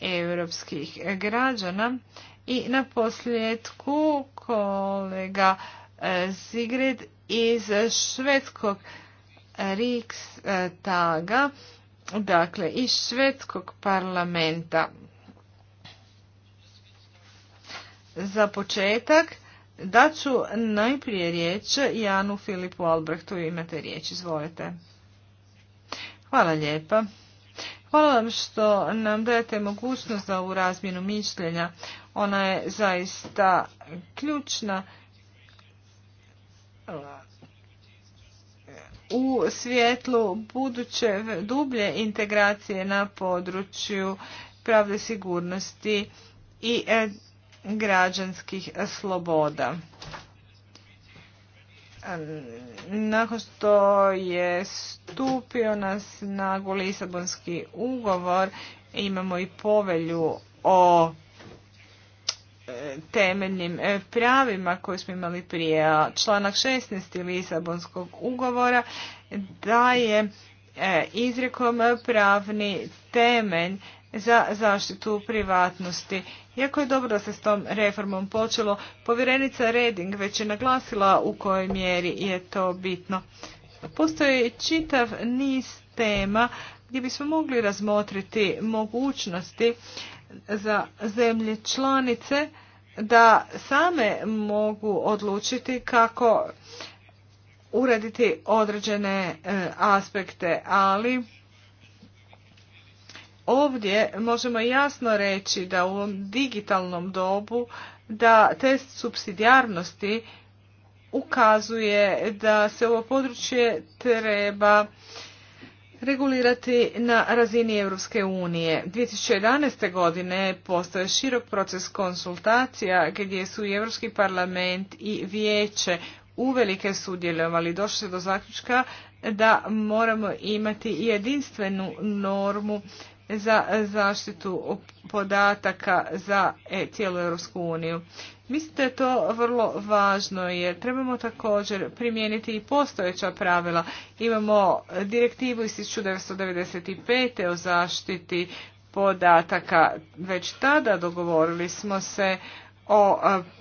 europskih građana. I na posljedku kolega e, Sigrid iz švedskog Rikstaga, dakle iz švedskog parlamenta. Za početak daću najprije riječ Janu Filipu Albrechtu, imate riječ, izvolite. Hvala lijepa. Hvala vam što nam dajete mogućnost za ovu razmjenu mišljenja. Ona je zaista ključna u svjetlu buduće dublje integracije na području pravde sigurnosti i e, građanskih sloboda nakon što je stupio na snagu Lisabonski ugovor, imamo i povelju o e, temeljnim e, pravima koje smo imali prije. Članak 16. Lisabonskog ugovora da je E, izrijekom pravni temelj za zaštitu privatnosti. Iako je dobro da se s tom reformom počelo, povjerenica Reding već je naglasila u kojoj mjeri je to bitno. Postoji čitav niz tema gdje bismo mogli razmotriti mogućnosti za zemlje članice da same mogu odlučiti kako urediti određene e, aspekte, ali ovdje možemo jasno reći da u ovom digitalnom dobu da test subsidijarnosti ukazuje da se ovo područje treba regulirati na razini Europske unije. 2011. godine postoje širok proces konsultacija gdje su i Europski parlament i vijeće uvelike sudjelovali. Došli do zaključka da moramo imati jedinstvenu normu za zaštitu podataka za e, cijelu Europsku uniju. Mislim da je to vrlo važno jer trebamo također primijeniti i postojeća pravila. Imamo direktivu iz 1995. o zaštiti podataka. Već tada dogovorili smo se o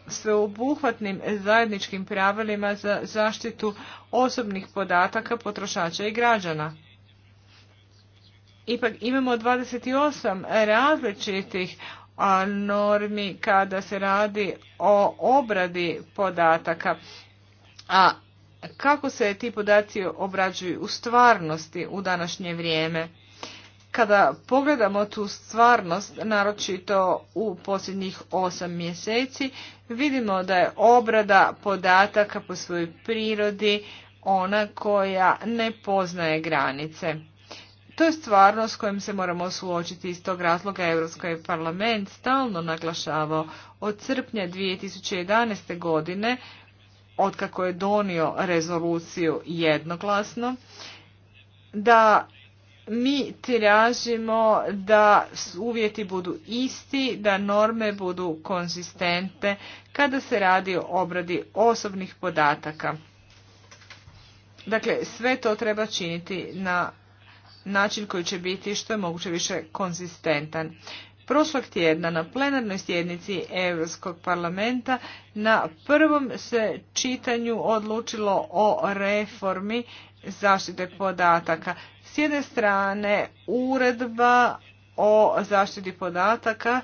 sveobuhvatnim zajedničkim pravilima za zaštitu osobnih podataka potrošača i građana. Ipak imamo 28 različitih normi kada se radi o obradi podataka. A kako se ti podaci obrađuju u stvarnosti u današnje vrijeme? Kada pogledamo tu stvarnost, naročito u posljednjih osam mjeseci, vidimo da je obrada podataka po svojoj prirodi ona koja ne poznaje granice. To je stvarnost s kojom se moramo suočiti iz tog razloga Europski parlament stalno naglašavao od srpnja 2011. godine, otkako je donio rezoluciju jednoglasno, da mi tražimo da uvjeti budu isti, da norme budu konzistente kada se radi o obradi osobnih podataka. Dakle, sve to treba činiti na način koji će biti što je moguće više konzistentan. Prošlog tjedna na plenarnoj sjednici Europskog parlamenta na prvom se čitanju odlučilo o reformi zaštite podataka. S jedne strane uredba o zaštiti podataka,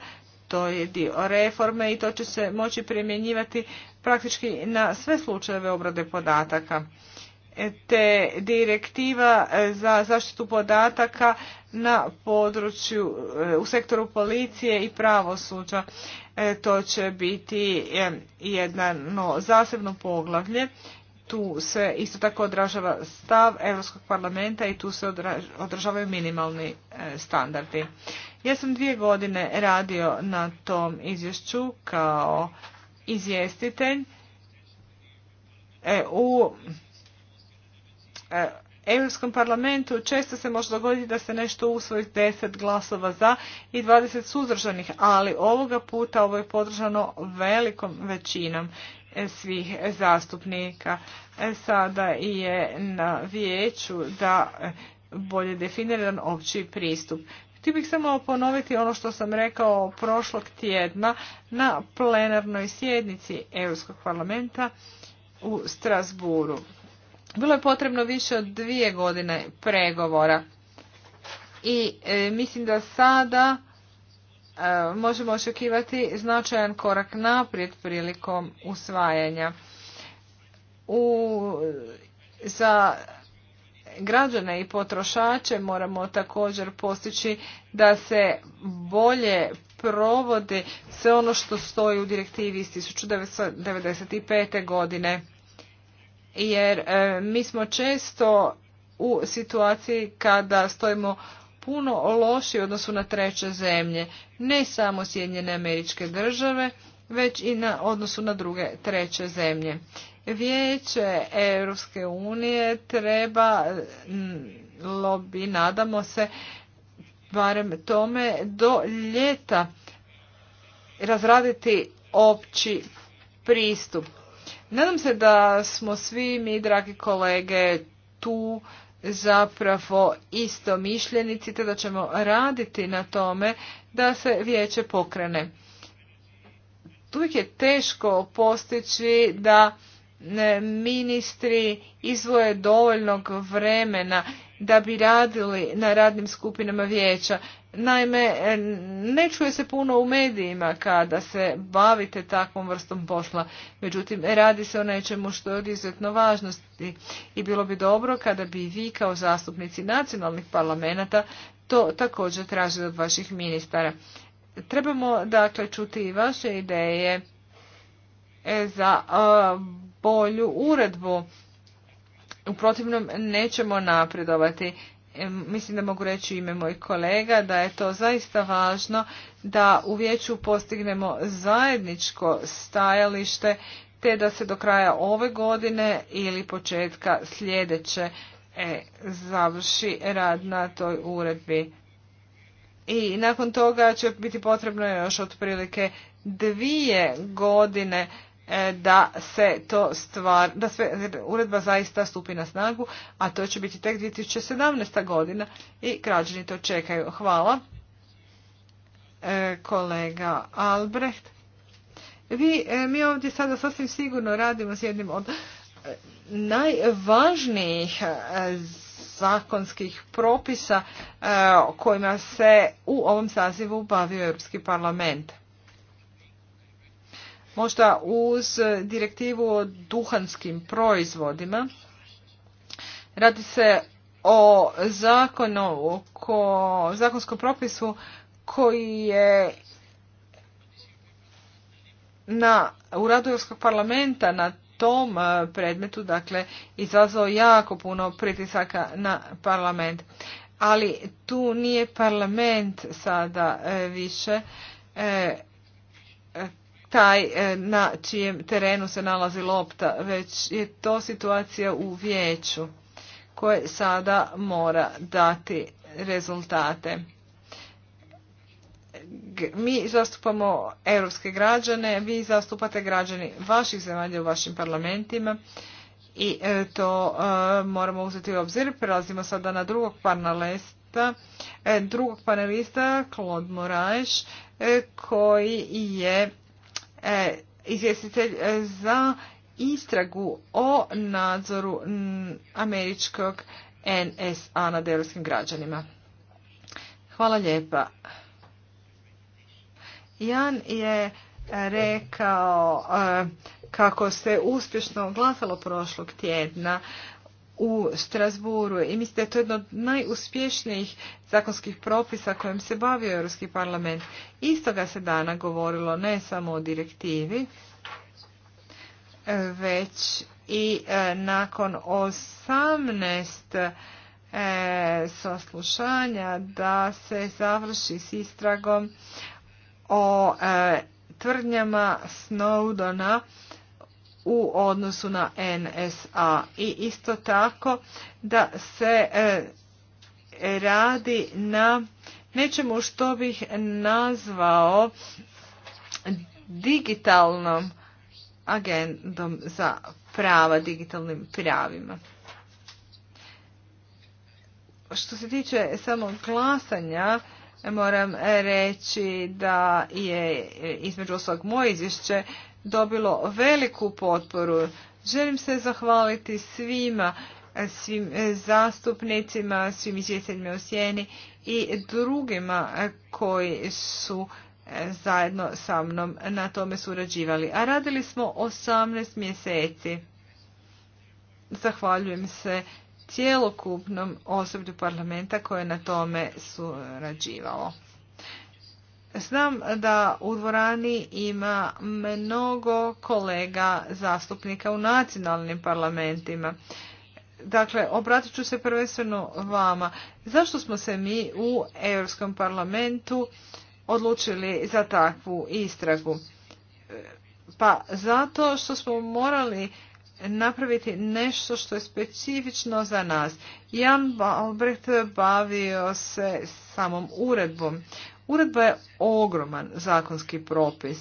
to je dio reforme i to će se moći primjenjivati praktički na sve slučajeve obrade podataka. E, te direktiva e, za zaštitu podataka na području, e, u sektoru policije i pravosuđa. To će biti jedno zasebno poglavlje tu se isto tako odražava stav Europskog parlamenta i tu se odražavaju minimalni e, standardi. Ja sam dvije godine radio na tom izvješću kao izvjestitelj e, u e, Europskom parlamentu često se može dogoditi da se nešto usvoji 10 glasova za i 20 suzdržanih, ali ovoga puta ovo je podržano velikom većinom svih zastupnika. E, sada je na vijeću da e, bolje definiran opći pristup. Htio bih samo ponoviti ono što sam rekao prošlog tjedna na plenarnoj sjednici Europskog parlamenta u Strasburu. Bilo je potrebno više od dvije godine pregovora i e, mislim da sada E, možemo očekivati značajan korak naprijed prilikom usvajanja. U, za građane i potrošače moramo također postići da se bolje provode sve ono što stoji u direktivi iz 1995. godine. Jer e, mi smo često u situaciji kada stojimo puno loši u odnosu na treće zemlje, ne samo Sjedinjene američke države, već i na odnosu na druge treće zemlje. Vijeće Europske unije treba, lobi, nadamo se, barem tome, do ljeta razraditi opći pristup. Nadam se da smo svi mi, dragi kolege, tu zapravo isto mišljenici, te da ćemo raditi na tome da se vijeće pokrene. tu je teško postići da ministri izvoje dovoljnog vremena da bi radili na radnim skupinama vijeća. Naime, ne čuje se puno u medijima kada se bavite takvom vrstom posla. Međutim, radi se o nečemu što je od izuzetno važnosti i bilo bi dobro kada bi vi kao zastupnici nacionalnih parlamenta to također tražili od vaših ministara. Trebamo dakle čuti i vaše ideje e, za bolju uredbu. U protivnom nećemo napredovati mislim da mogu reći ime mojih kolega da je to zaista važno da u vijeću postignemo zajedničko stajalište te da se do kraja ove godine ili početka sljedeće e, završi rad na toj uredbi. I nakon toga će biti potrebno još otprilike dvije godine E, da se to stvar, da sve uredba zaista stupi na snagu, a to će biti tek 2017. godina i građani to čekaju. Hvala. E, kolega Albrecht. Vi, e, mi ovdje sada sasvim sigurno radimo s jednim od najvažnijih zakonskih propisa kojima se u ovom sazivu bavio Europski parlament možda uz direktivu o duhanskim proizvodima. Radi se o zakonu, ko, zakonskom propisu koji je na, u radu Europskog parlamenta na tom e, predmetu dakle, izazvao jako puno pritisaka na parlament. Ali tu nije parlament sada e, više e, taj e, na čijem terenu se nalazi lopta, već je to situacija u vijeću koje sada mora dati rezultate. Mi zastupamo europske građane, vi zastupate građani vaših zemalja u vašim parlamentima i e, to e, moramo uzeti u obzir. Prelazimo sada na drugog panelista, drugog panelista Claude Moraes koji je E, izvjestitelj e, za istragu o nadzoru američkog NSA nad europskim građanima. Hvala lijepa. Jan je rekao e, kako se uspješno glasalo prošlog tjedna u Strasburu i mislim da je to jedno od najuspješnijih zakonskih propisa kojim se bavio Europski parlament. Istoga se dana govorilo ne samo o direktivi, već i e, nakon 18 e, saslušanja da se završi s istragom o e, tvrdnjama Snowdona u odnosu na NSA i isto tako da se e, radi na nečemu što bih nazvao digitalnom agendom za prava, digitalnim pravima. Što se tiče samog glasanja, moram reći da je između ostalog moje izvješće dobilo veliku potporu. Želim se zahvaliti svima, svim zastupnicima, svim izvjeteljima u sjeni i drugima koji su zajedno sa mnom na tome surađivali. A radili smo 18 mjeseci. Zahvaljujem se cjelokupnom osoblju parlamenta koje na tome surađivalo. Znam da u dvorani ima mnogo kolega zastupnika u nacionalnim parlamentima. Dakle, obratit ću se prvenstveno vama. Zašto smo se mi u Europskom parlamentu odlučili za takvu istragu? Pa zato što smo morali napraviti nešto što je specifično za nas. Jan Albrecht bavio se samom uredbom. Uredba je ogroman zakonski propis,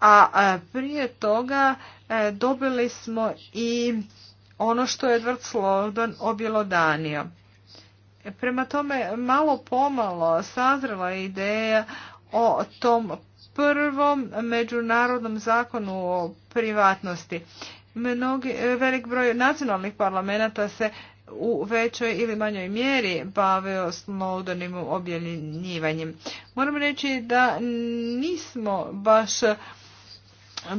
a prije toga e, dobili smo i ono što je Edward objelo objelodanio. Prema tome, malo pomalo sazrela ideja o tom prvom međunarodnom zakonu o privatnosti. Mnogi, e, velik broj nacionalnih parlamenta se u većoj ili manjoj mjeri bavio Snowdenim objeljenjivanjem. Moram reći da nismo baš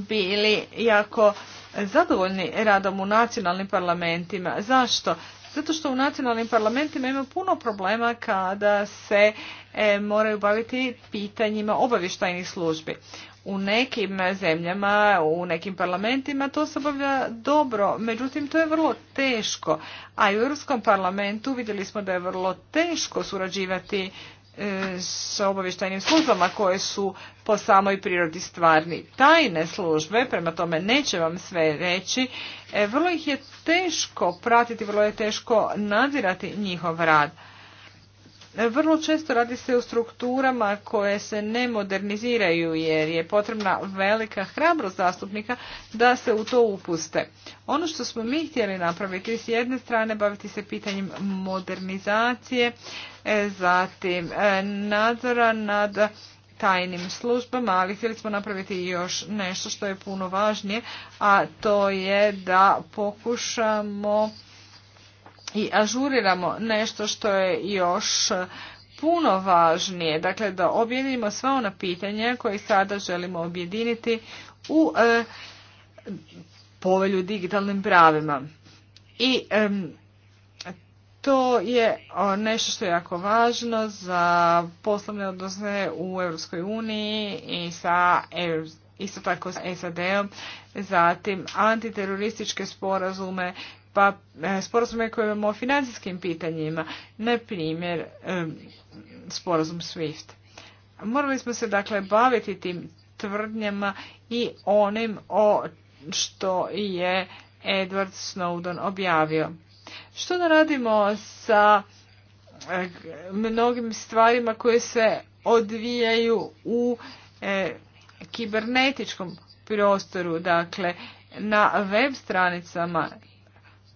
bili jako zadovoljni radom u nacionalnim parlamentima. Zašto? Zato što u nacionalnim parlamentima ima puno problema kada se e, moraju baviti pitanjima obavještajnih službi. U nekim zemljama, u nekim parlamentima to se obavlja dobro, međutim to je vrlo teško. A u Europskom parlamentu vidjeli smo da je vrlo teško surađivati e, s obavještajnim službama koje su po samoj prirodi stvarni tajne službe, prema tome neće vam sve reći, e, vrlo ih je teško pratiti, vrlo je teško nadzirati njihov rad. Vrlo često radi se o strukturama koje se ne moderniziraju jer je potrebna velika hrabrost zastupnika da se u to upuste. Ono što smo mi htjeli napraviti s jedne strane baviti se pitanjem modernizacije, e, zatim e, nadzora nad tajnim službama, ali htjeli smo napraviti još nešto što je puno važnije, a to je da pokušamo i ažuriramo nešto što je još puno važnije, dakle da objedinimo sva ona pitanja koje sada želimo objediniti u e, povelju digitalnim pravima. I to je nešto što je jako važno za poslovne odnose u Europskoj uniji i sa isto tako sa SAD-om, zatim antiterorističke sporazume pa e, sporazume koje imamo o financijskim pitanjima, na primjer e, sporazum SWIFT. Morali smo se dakle baviti tim tvrdnjama i onim o što je Edward Snowden objavio. Što da radimo sa e, mnogim stvarima koje se odvijaju u kibernetičkom prostoru, dakle na web stranicama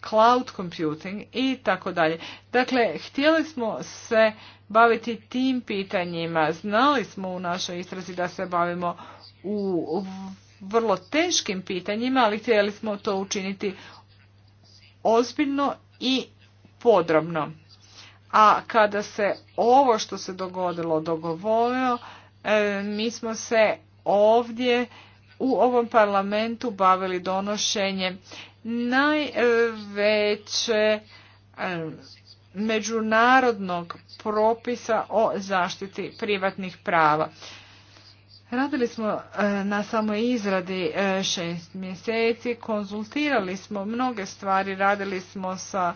cloud computing i tako dalje. Dakle, htjeli smo se baviti tim pitanjima. Znali smo u našoj istrazi da se bavimo u vrlo teškim pitanjima, ali htjeli smo to učiniti ozbiljno i podrobno. A kada se ovo što se dogodilo dogovorio, e, mi smo se ovdje u ovom parlamentu bavili donošenjem najveće e, međunarodnog propisa o zaštiti privatnih prava. Radili smo e, na samoj izradi e, šest mjeseci, konzultirali smo mnoge stvari, radili smo sa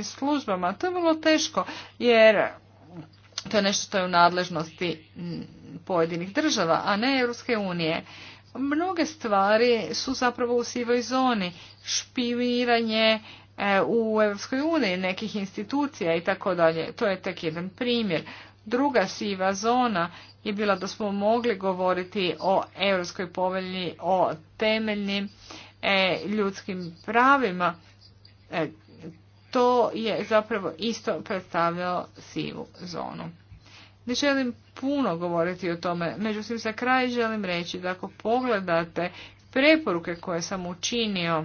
i službama. To je vrlo teško jer to je nešto što je u nadležnosti pojedinih država, a ne Europske unije mnoge stvari su zapravo u sivoj zoni. Špiviranje e, u EU nekih institucija i tako dalje. To je tek jedan primjer. Druga siva zona je bila da smo mogli govoriti o Europskoj povelji, o temeljnim e, ljudskim pravima. E, to je zapravo isto predstavljao sivu zonu. Ne želim puno govoriti o tome, međutim za kraj želim reći da ako pogledate preporuke koje sam učinio,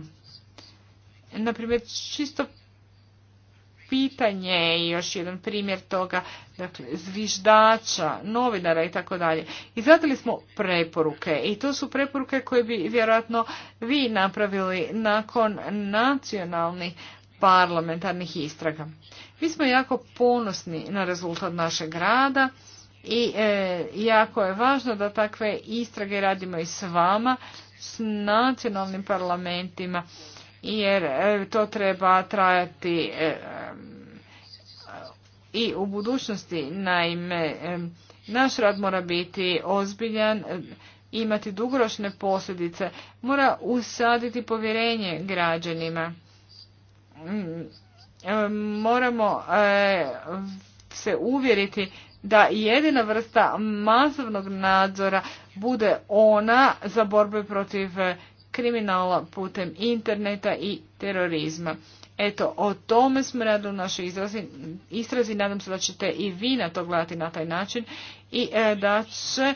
na primjer čisto pitanje i još jedan primjer toga, dakle, zviždača, novinara i tako dalje. izradili smo preporuke i to su preporuke koje bi vjerojatno vi napravili nakon nacionalnih parlamentarnih istraga. Mi smo jako ponosni na rezultat našeg rada i e, jako je važno da takve istrage radimo i s vama, s nacionalnim parlamentima, jer e, to treba trajati e, i u budućnosti. Naime, naš rad mora biti ozbiljan, imati dugoročne posljedice, mora usaditi povjerenje građanima. Mm. moramo e, se uvjeriti da jedina vrsta masovnog nadzora bude ona za borbu protiv e, kriminala putem interneta i terorizma. Eto, o tome smo radili u našoj izrazi, Nadam se da ćete i vi na to gledati na taj način i e, da će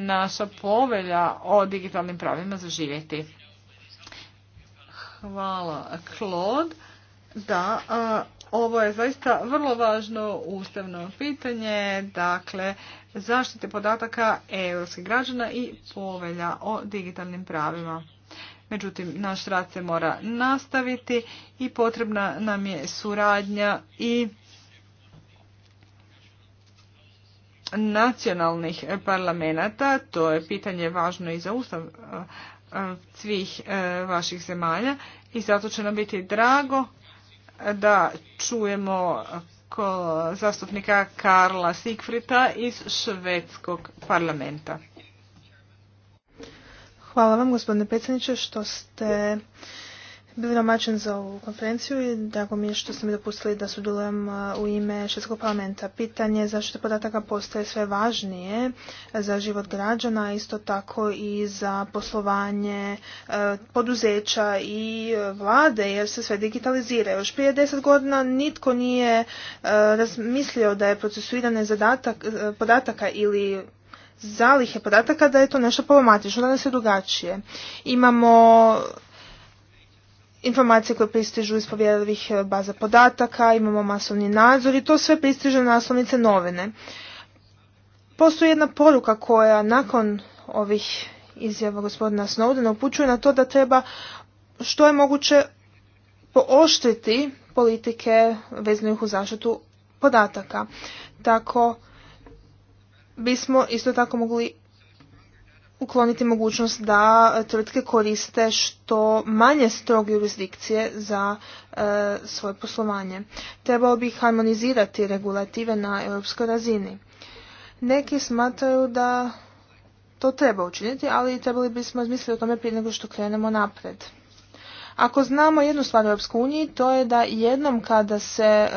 naša povelja o digitalnim pravima zaživjeti. Hvala, Claude. Da, ovo je zaista vrlo važno ustavno pitanje, dakle, zaštite podataka europskih građana i povelja o digitalnim pravima. Međutim, naš rad se mora nastaviti i potrebna nam je suradnja i nacionalnih parlamenta. To je pitanje važno i za Ustav svih e, vaših zemalja i zato će nam biti drago da čujemo zastupnika Karla Sigfrita iz švedskog parlamenta. Hvala vam gospodine predsjedniče što ste bili domaćen za ovu konferenciju i drago mi je što ste mi dopustili da sudjelujem u ime Švedskog parlamenta. Pitanje zaštite podataka postaje sve važnije za život građana, isto tako i za poslovanje poduzeća i vlade, jer se sve digitalizira. Još prije deset godina nitko nije razmislio da je procesuirane podataka ili zalihe podataka da je to nešto problematično, danas je drugačije. Imamo informacije koje pristižu iz povjerljivih e, baza podataka, imamo masovni nadzor i to sve pristiže na naslovnice novine. Postoji jedna poruka koja nakon ovih izjava gospodina Snowdena upućuje na to da treba što je moguće pooštriti politike veznih u zaštitu podataka. Tako bismo isto tako mogli ukloniti mogućnost da e, tvrtke koriste što manje stroge jurisdikcije za e, svoje poslovanje. Trebao bi harmonizirati regulative na europskoj razini. Neki smatraju da to treba učiniti, ali trebali bismo razmisliti o tome prije nego što krenemo napred. Ako znamo jednu stvar u Europskoj uniji, to je da jednom kada se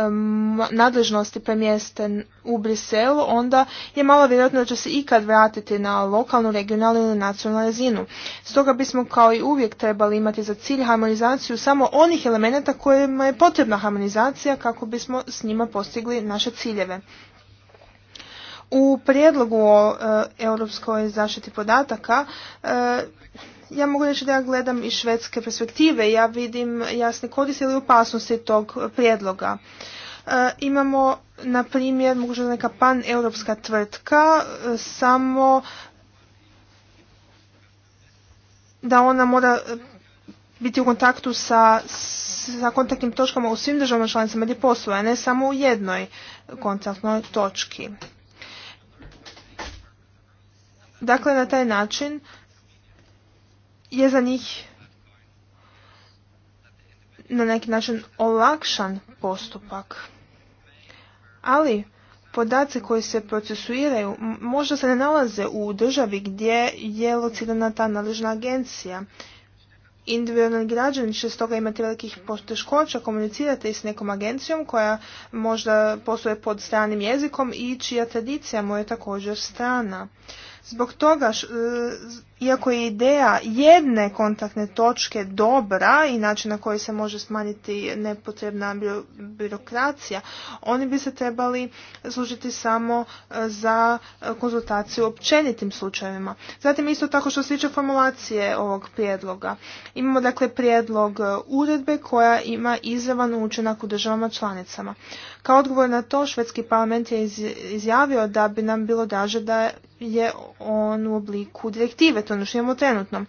nadležnosti premjeste u Briselu, onda je malo vjerojatno da će se ikad vratiti na lokalnu, regionalnu ili nacionalnu razinu. Stoga bismo kao i uvijek trebali imati za cilj harmonizaciju samo onih elemenata kojima je potrebna harmonizacija kako bismo s njima postigli naše ciljeve. U prijedlogu o e, europskoj zaštiti podataka e, ja mogu reći da ja gledam iz švedske perspektive, ja vidim jasne koriste ili opasnosti tog prijedloga. E, imamo, na primjer, možda neka pan-europska tvrtka, e, samo da ona mora e, biti u kontaktu sa, sa kontaktnim točkama u svim državama članicama gdje posluje, a ne samo u jednoj kontaktnoj točki. Dakle, na taj način je za njih na neki način olakšan postupak. Ali podaci koji se procesuiraju možda se ne nalaze u državi gdje je locirana ta nadležna agencija. Individualni građani će stoga imati velikih poteškoća komunicirati s nekom agencijom koja možda posluje pod stranim jezikom i čija tradicija mu je također strana. Zbog toga e, iako je ideja jedne kontaktne točke dobra i način na koji se može smanjiti nepotrebna birokracija, oni bi se trebali služiti samo e, za e, konzultaciju općenitim slučajevima. Zatim isto tako što se tiče formulacije ovog prijedloga. Imamo dakle prijedlog e, uredbe koja ima izravan učinak u državama članicama. Kao odgovor na to švedski parlament je izjavio da bi nam bilo daže da je on u obliku direktive ono što imamo trenutno.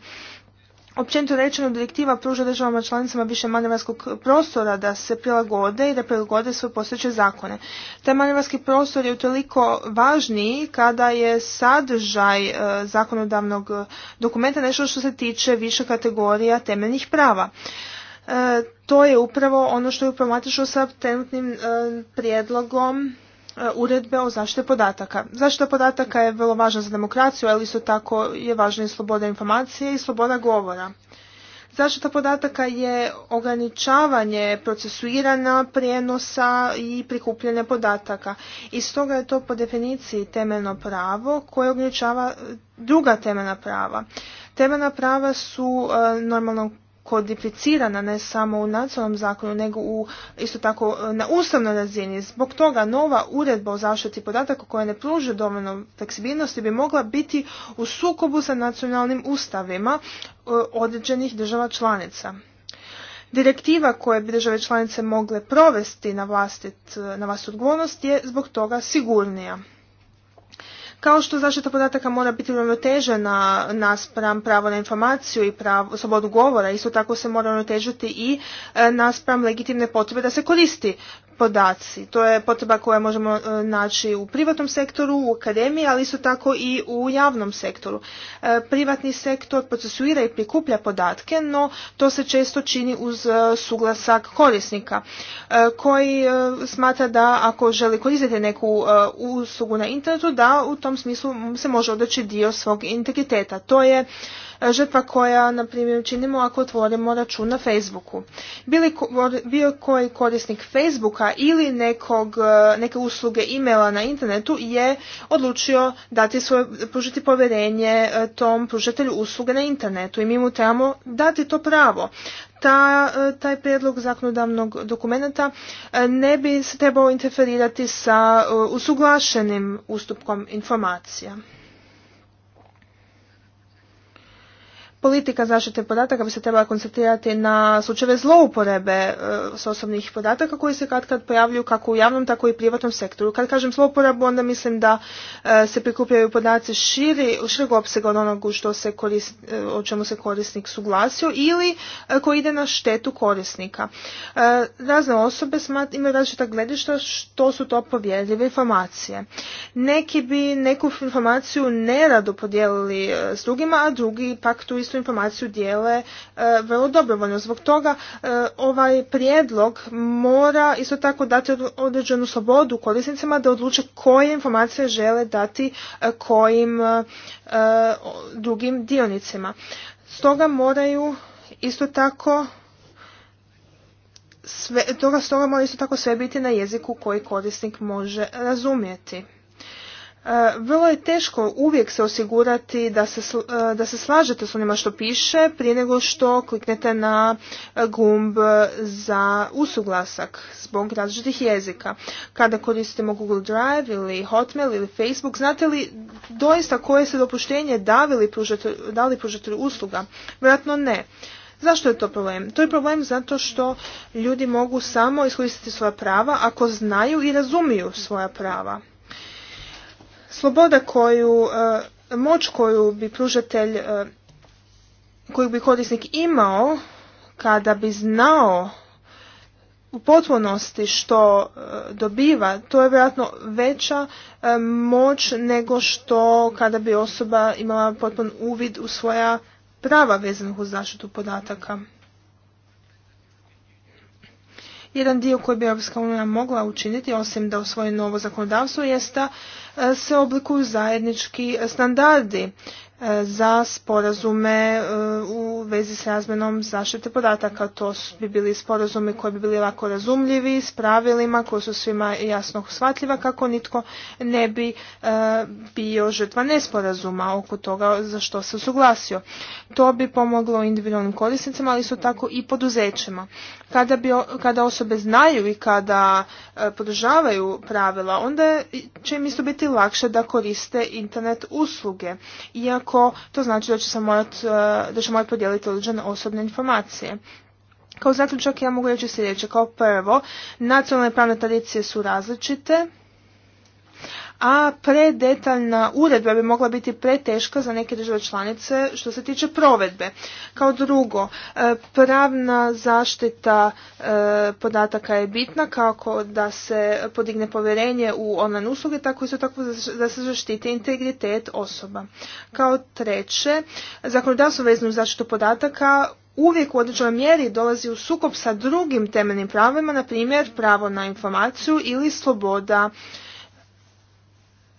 Općenito rečeno, direktiva pruža državama članicama više manevarskog prostora da se prilagode i da prilagode svoje postojeće zakone. Taj manevarski prostor je utoliko važniji kada je sadržaj e, zakonodavnog dokumenta nešto što se tiče više kategorija temeljnih prava. E, to je upravo ono što je problematično sa trenutnim e, prijedlogom E, uredbe o zaštiti podataka. Zaštita podataka je vrlo važna za demokraciju, ali isto tako je važna i sloboda informacije i sloboda govora. Zaštita podataka je ograničavanje procesuirana prijenosa i prikupljanja podataka. I stoga je to po definiciji temeljno pravo koje ograničava druga temeljna prava. Temeljna prava su e, normalno kodificirana ne samo u nacionalnom zakonu, nego u, isto tako na ustavnoj razini. Zbog toga nova uredba o zaštiti podataka koja ne pruža dovoljno fleksibilnosti bi mogla biti u sukobu sa nacionalnim ustavima e, određenih država članica. Direktiva koje bi države članice mogle provesti na vlastit, e, na vlastitu odgovornost je zbog toga sigurnija. Kao što zaštita podataka mora biti ravnotežena naspram pravo na informaciju i pravo, slobodu govora, isto tako se mora ravnotežiti i e, naspram legitimne potrebe da se koristi podaci. To je potreba koja možemo e, naći u privatnom sektoru, u akademiji, ali isto tako i u javnom sektoru. E, privatni sektor procesuira i prikuplja podatke, no to se često čini uz e, suglasak korisnika koji smatra da ako želi koristiti neku uslugu na internetu, da u tom smislu se može odreći dio svog integriteta. To je E, žrtva koja, na primjer, činimo ako otvorimo račun na Facebooku. bio koji korisnik Facebooka ili nekog, e, neke usluge e-maila na internetu je odlučio dati svoje, pružiti povjerenje e, tom pružatelju usluge na internetu i mi mu trebamo dati to pravo. Ta, taj prijedlog zakonodavnog dokumenta ne bi se trebao interferirati sa usuglašenim ustupkom informacija. politika zaštite podataka bi se trebala koncentrirati na slučajeve zlouporebe e, s osobnih podataka koji se kad kad pojavljuju kako u javnom tako i privatnom sektoru. Kad kažem zlouporabu onda mislim da e, se prikupljaju podaci širi, širog opsega od onog što se e, o čemu se korisnik suglasio ili koji ide na štetu korisnika. Razne osobe smat, imaju različita gledišta što su to povjerljive informacije. Neki bi neku informaciju nerado podijelili s drugima, a drugi pak tu isto informaciju dijele e, vrlo dobrovoljno. Zbog toga e, ovaj prijedlog mora isto tako dati određenu slobodu korisnicima da odluče koje informacije žele dati e, kojim drugim dionicima. Stoga moraju isto tako sve, toga stoga mora isto tako sve biti na jeziku koji korisnik može razumjeti. E, vrlo je teško uvijek se osigurati e, da se, slažete s onima što piše prije nego što kliknete na e, gumb za usuglasak zbog različitih jezika. Kada koristimo Google Drive ili Hotmail ili Facebook, znate li doista koje se dopuštenje da li dali usluga? Vjerojatno ne. Zašto je to problem? To je problem zato što ljudi mogu samo iskoristiti svoja prava ako znaju i razumiju svoja prava. Sloboda koju, e, moć koju bi pružatelj, e, koju bi korisnik imao kada bi znao u potpunosti što e, dobiva, to je vjerojatno veća moć nego što kada bi osoba imala potpun uvid u svoja prava vezanih uz zaštitu podataka. Jedan dio koji bi Europska unija mogla učiniti, osim da osvoji novo zakonodavstvo, jeste da e, se oblikuju zajednički standardi za sporazume e, u vezi s razmenom zaštite podataka. To bi bili sporazumi koji bi bili lako razumljivi, s pravilima koji su svima jasno shvatljiva kako nitko ne bi e, bio žrtva nesporazuma oko toga za što se usuglasio. To bi pomoglo individualnim korisnicima, ali su tako i poduzećima. Kada, bi, kada osobe znaju i kada e, podržavaju pravila, onda će im isto biti lakše da koriste internet usluge. Iako ako to znači da će se e, da će morat podijeliti određene osobne informacije. Kao zaključak ja mogu reći sljedeće. Kao prvo, nacionalne pravne tradicije su različite a predetaljna uredba bi mogla biti preteška za neke države članice što se tiče provedbe. Kao drugo, e, pravna zaštita e, podataka je bitna kako da se podigne povjerenje u online usluge, tako isto tako da se zaštite integritet osoba. Kao treće, zakonodavstvo vezno zaštitu podataka uvijek u određenoj mjeri dolazi u sukob sa drugim temeljnim pravima, na primjer pravo na informaciju ili sloboda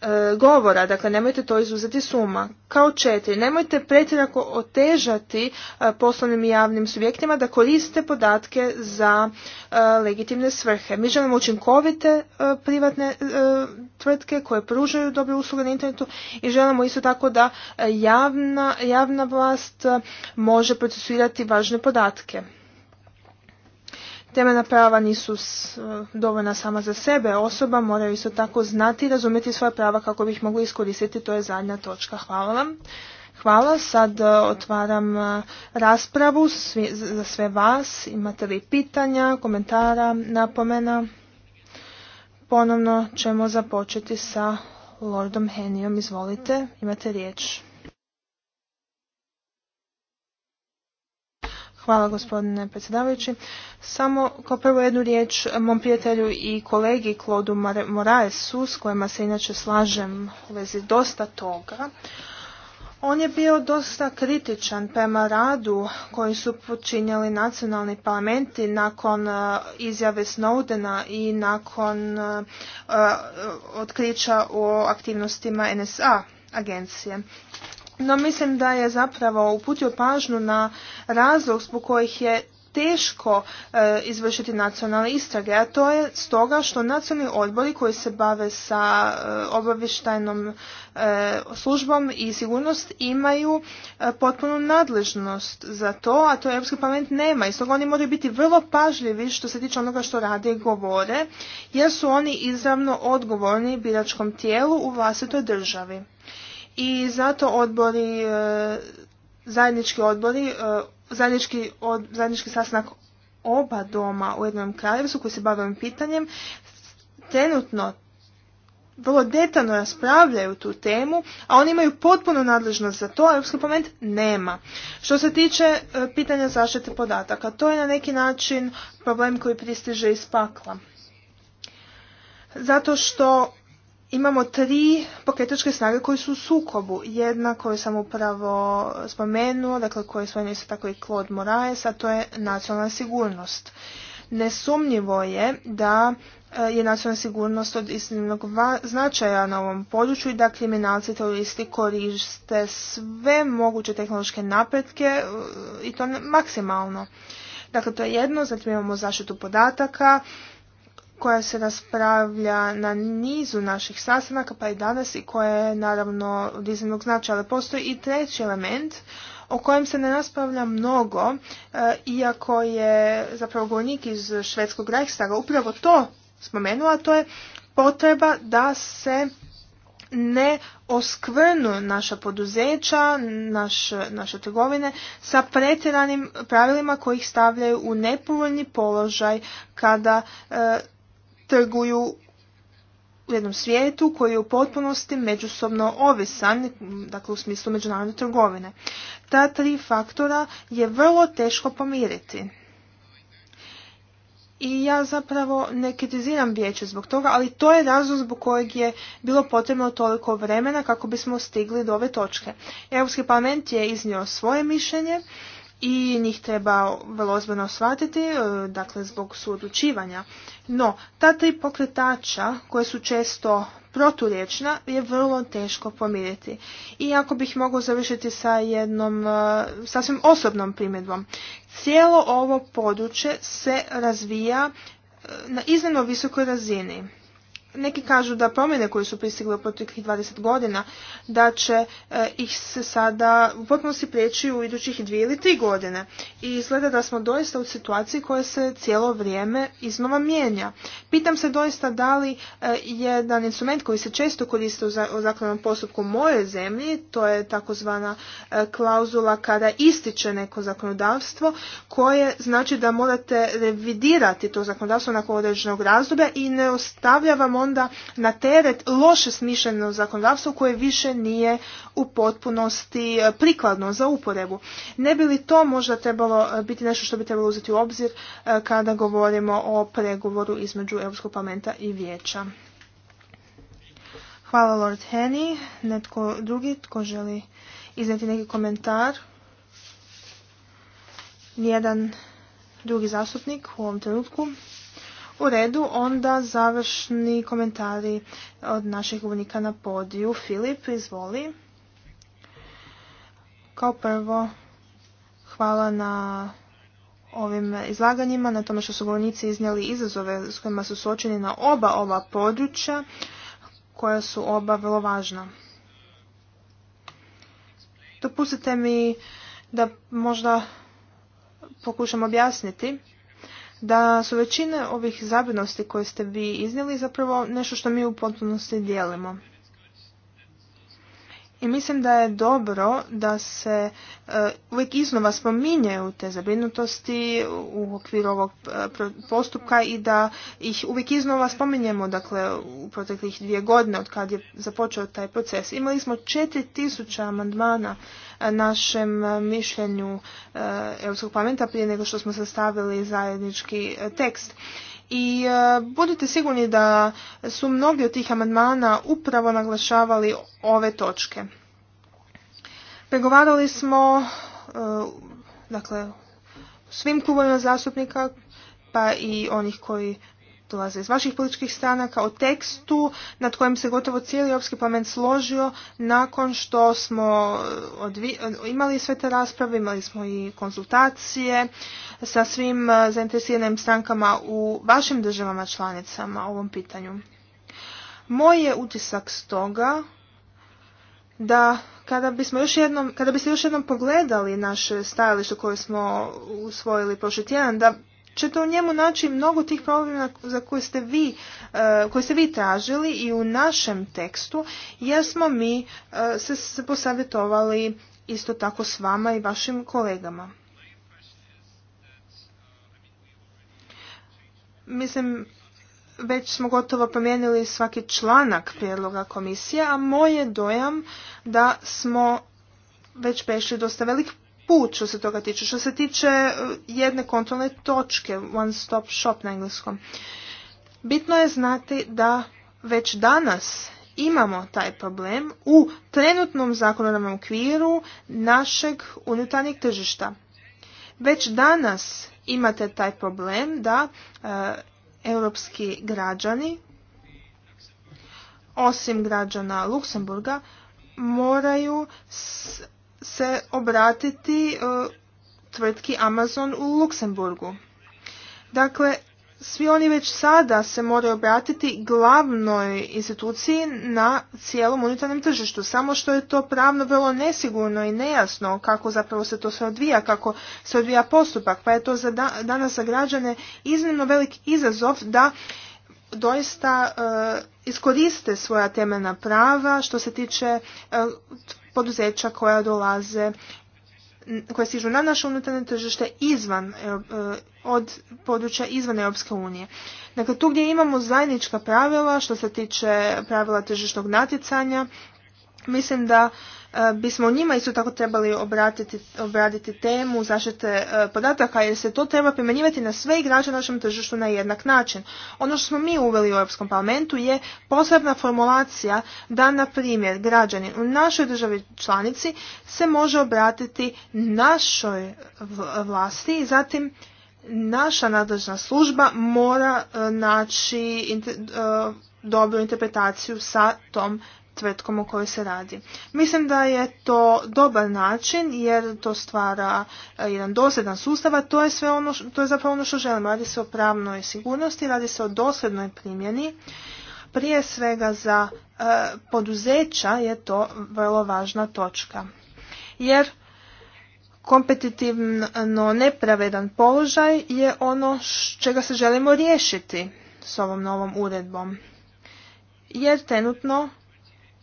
E, govora, dakle nemojte to izuzeti suma. Kao četiri, nemojte pretjerako otežati e, poslovnim i javnim subjektima da koriste podatke za e, legitimne svrhe. Mi želimo učinkovite privatne tvrtke koje pružaju dobre usluge na internetu i želimo isto tako da javna, javna vlast može procesuirati važne podatke. Temena prava nisu e, dovoljna sama za sebe. Osoba moraju isto tako znati i razumjeti svoja prava kako bi ih mogli iskoristiti. To je zadnja točka. Hvala vam. Hvala. Sad e, otvaram e, raspravu za sve vas. Imate li pitanja, komentara, napomena? Ponovno ćemo započeti sa Lordom Henijom. Izvolite, imate riječ. Hvala gospodine predsjedavajući. Samo kao prvo jednu riječ mom prijatelju i kolegi Klodu Moraesu s kojima se inače slažem u vezi dosta toga. On je bio dosta kritičan prema radu koji su počinjali nacionalni parlamenti nakon e, izjave Snowdena i nakon e, e, otkrića o aktivnostima NSA agencije. No mislim da je zapravo uputio pažnju na razlog zbog kojih je teško e, izvršiti nacionalne istrage, a to je stoga što nacionalni odbori koji se bave sa e, e službom i sigurnost imaju e, potpunu nadležnost za to, a to Europski parlament nema i stoga oni moraju biti vrlo pažljivi što se tiče onoga što rade i govore, jer su oni izravno odgovorni biračkom tijelu u vlastitoj državi. I zato odbori, e, zajednički odbori, e, zajednički, od, sastanak oba doma u jednom kraljevstvu koji se bave ovim pitanjem trenutno vrlo detaljno raspravljaju tu temu, a oni imaju potpuno nadležnost za to, a Europski parlament nema. Što se tiče e, pitanja zaštite podataka, to je na neki način problem koji pristiže iz pakla. Zato što imamo tri pokretačke snage koje su u sukobu. Jedna koju sam upravo spomenuo, dakle koju je spomenuo isto tako i Claude Moraes, a to je nacionalna sigurnost. Nesumnjivo je da e, je nacionalna sigurnost od iznimnog značaja na ovom području i da kriminalci i teroristi koriste sve moguće tehnološke napretke e, i to maksimalno. Dakle, to je jedno, zatim imamo zaštitu podataka, koja se raspravlja na nizu naših sastanaka pa i danas i koja je naravno od iznimnog značaja, ali postoji i treći element o kojem se ne raspravlja mnogo, e, iako je zapravo govornik iz švedskog Reichstaga upravo to spomenula, to je potreba da se ne oskvrnu naša poduzeća, naš, naše trgovine sa pretjeranim pravilima koji stavljaju u nepovoljni položaj kada e, trguju u jednom svijetu koji je u potpunosti međusobno ovisan, dakle u smislu međunarodne trgovine. Ta tri faktora je vrlo teško pomiriti. I ja zapravo ne kritiziram vijeće zbog toga, ali to je razlog zbog kojeg je bilo potrebno toliko vremena kako bismo stigli do ove točke. Europski parlament je iznio svoje mišljenje i njih treba vrlo ozbiljno shvatiti, e, dakle zbog suodlučivanja. No, ta tri pokretača koje su često proturječna je vrlo teško pomiriti. I ako bih mogao završiti sa jednom e, sasvim osobnom primjedbom. Cijelo ovo područje se razvija e, na iznimno visokoj razini. Neki kažu da promjene koje su pristigle u proteklih 20 godina, da će eh, ih se sada u potpunosti prijeći u idućih dvije ili tri godine. I izgleda da smo doista u situaciji koja se cijelo vrijeme iznova mijenja. Pitam se doista da li eh, jedan instrument koji se često koriste u zakonom postupku moje zemlji, to je takozvana eh, klauzula kada ističe neko zakonodavstvo, koje znači da morate revidirati to zakonodavstvo nakon određenog razdoblja i ne ostavlja vam onda na teret loše smišljeno zakonodavstvo koje više nije u potpunosti e, prikladno za uporebu. Ne bi li to možda trebalo e, biti nešto što bi trebalo uzeti u obzir e, kada govorimo o pregovoru između Europskog parlamenta i vijeća? Hvala Lord Henny. Netko drugi tko želi izneti neki komentar? Nijedan drugi zastupnik u ovom trenutku. U redu, onda završni komentari od naših govornika na podiju. Filip, izvoli. Kao prvo, hvala na ovim izlaganjima, na tome što su govornici iznijeli izazove s kojima su suočeni na oba ova područja, koja su oba vrlo važna. Dopustite mi da možda pokušam objasniti da su većine ovih zabrinosti koje ste vi iznijeli zapravo nešto što mi u potpunosti dijelimo. I mislim da je dobro da se e, uvijek iznova u te zabrinutosti u okviru ovog e, postupka i da ih uvijek iznova spominjemo, dakle u proteklih dvije godine od kad je započeo taj proces. Imali smo 4000 amandmana e, našem mišljenju Europskog parlamenta prije nego što smo sastavili zajednički tekst i e, budite sigurni da su mnogi od tih amandmana upravo naglašavali ove točke. Pregovarali smo e, dakle, svim klubovima zastupnika pa i onih koji dolaze iz vaših političkih stranaka, o tekstu nad kojim se gotovo cijeli Europski parlament složio nakon što smo eh, eh, imali sve te rasprave, imali smo i konzultacije sa svim eh, zainteresiranim strankama u vašim državama članicama o ovom pitanju. Moj je utisak stoga da kada bismo još jednom, kada biste još jednom pogledali naše stajalište koje smo usvojili prošli tjedan, da ćete u njemu naći mnogo tih problema za koje ste vi, e, koje ste vi tražili i u našem tekstu, jer smo mi e, se, se posavjetovali isto tako s vama i vašim kolegama. Mislim, već smo gotovo promijenili svaki članak prijedloga komisije, a moj je dojam da smo već prešli dosta velik put što se toga tiče. Što se tiče e, jedne kontrolne točke, one stop shop na engleskom, bitno je znati da već danas imamo taj problem u trenutnom zakonodavnom okviru našeg unutarnjeg tržišta. Već danas imate taj problem da e, europski građani, osim građana Luksemburga, moraju se obratiti e, tvrtki Amazon u Luksemburgu. Dakle, svi oni već sada se moraju obratiti glavnoj instituciji na cijelom unutarnjem tržištu. Samo što je to pravno vrlo nesigurno i nejasno kako zapravo se to sve odvija, kako se odvija postupak. Pa je to za danas za građane iznimno velik izazov da doista e, iskoriste svoja temeljna prava što se tiče e, poduzeća koja dolaze koja stižu na naše unutarnje tržište izvan, e, e, od područja izvan Europske unije. Dakle, tu gdje imamo zajednička pravila što se tiče pravila tržišnog natjecanja, mislim da E, bismo njima isto tako trebali obratiti, obraditi temu zaštite e, podataka jer se to treba primjenjivati na sve igrače na našem tržištu na jednak način. Ono što smo mi uveli u Europskom parlamentu je posebna formulacija da, na primjer, građanin u našoj državi članici se može obratiti našoj vlasti i zatim naša nadležna služba mora e, naći dobru interpretaciju sa tom tvrtkom o kojoj se radi. Mislim da je to dobar način jer to stvara e, jedan dosljedan sustav, a to je, sve ono, to je zapravo ono što želimo. Radi se o pravnoj sigurnosti, radi se o dosljednoj primjeni. Prije svega za e, poduzeća je to vrlo važna točka. Jer kompetitivno nepravedan položaj je ono čega se želimo riješiti s ovom novom uredbom. Jer trenutno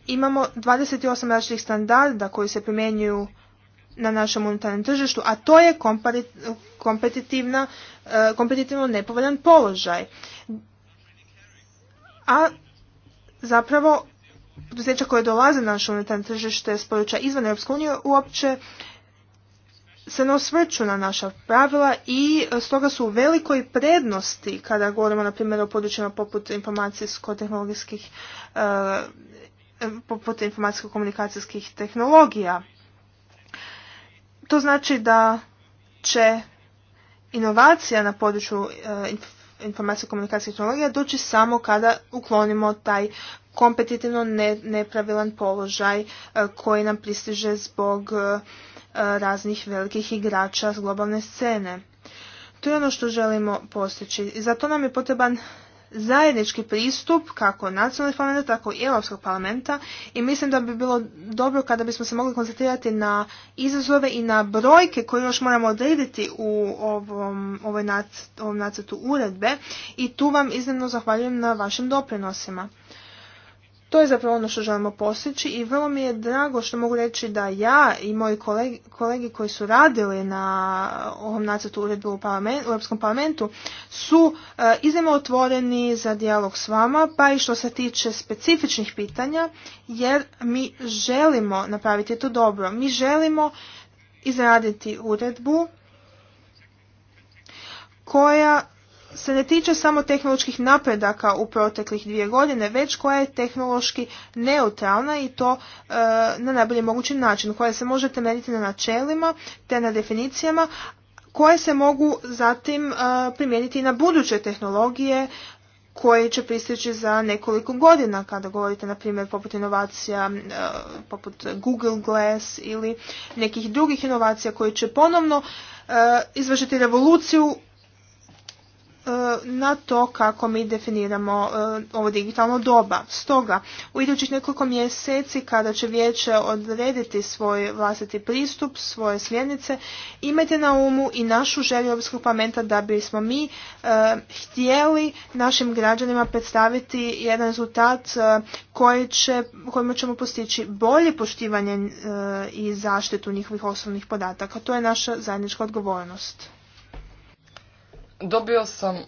imamo 28 različitih standarda koji se primjenjuju na našem unutarnjem tržištu, a to je kompetitivna, eh, kompetitivno nepovoljan položaj. A zapravo poduzeća koje dolaze na naše unutarnje tržište s područja izvan Europske unije uopće se ne osvrću na naša pravila i stoga su u velikoj prednosti kada govorimo na primjer o područjima poput informacijsko-tehnologijskih eh, poput informacijsko-komunikacijskih tehnologija. To znači da će inovacija na području e, informacijsko-komunikacijskih tehnologija doći samo kada uklonimo taj kompetitivno nepravilan položaj e, koji nam pristiže zbog e, raznih velikih igrača s globalne scene. To je ono što želimo postići i zato nam je potreban zajednički pristup kako nacionalnih parlamenta, tako i Europskog parlamenta i mislim da bi bilo dobro kada bismo se mogli koncentrirati na izazove i na brojke koje još moramo odrediti u ovom, ovom nacrtu uredbe i tu vam iznimno zahvaljujem na vašim doprinosima. To je zapravo ono što želimo postići i vrlo mi je drago što mogu reći da ja i moji kolegi, kolegi koji su radili na ovom nacrtu uredbu u, Europskom parlamentu su e, iznimno otvoreni za dijalog s vama, pa i što se tiče specifičnih pitanja, jer mi želimo napraviti to dobro. Mi želimo izraditi uredbu koja se ne tiče samo tehnoloških napredaka u proteklih dvije godine, već koja je tehnološki neutralna i to e, na najbolji mogući način, koja se može temeljiti na načelima te na definicijama, koje se mogu zatim e, primijeniti i na buduće tehnologije koje će pristići za nekoliko godina, kada govorite, na primjer, poput inovacija, e, poput Google Glass ili nekih drugih inovacija koje će ponovno izvršiti revoluciju E, na to kako mi definiramo e, ovo digitalno doba. Stoga, u idućih nekoliko mjeseci kada će vijeće odrediti svoj vlastiti pristup, svoje sljednice, imajte na umu i našu želju Europskog parlamenta da bismo mi e, htjeli našim građanima predstaviti jedan rezultat kojim koji ćemo postići bolje poštivanje i zaštitu njihovih osobnih podataka. To je naša zajednička odgovornost. Dobio sam e,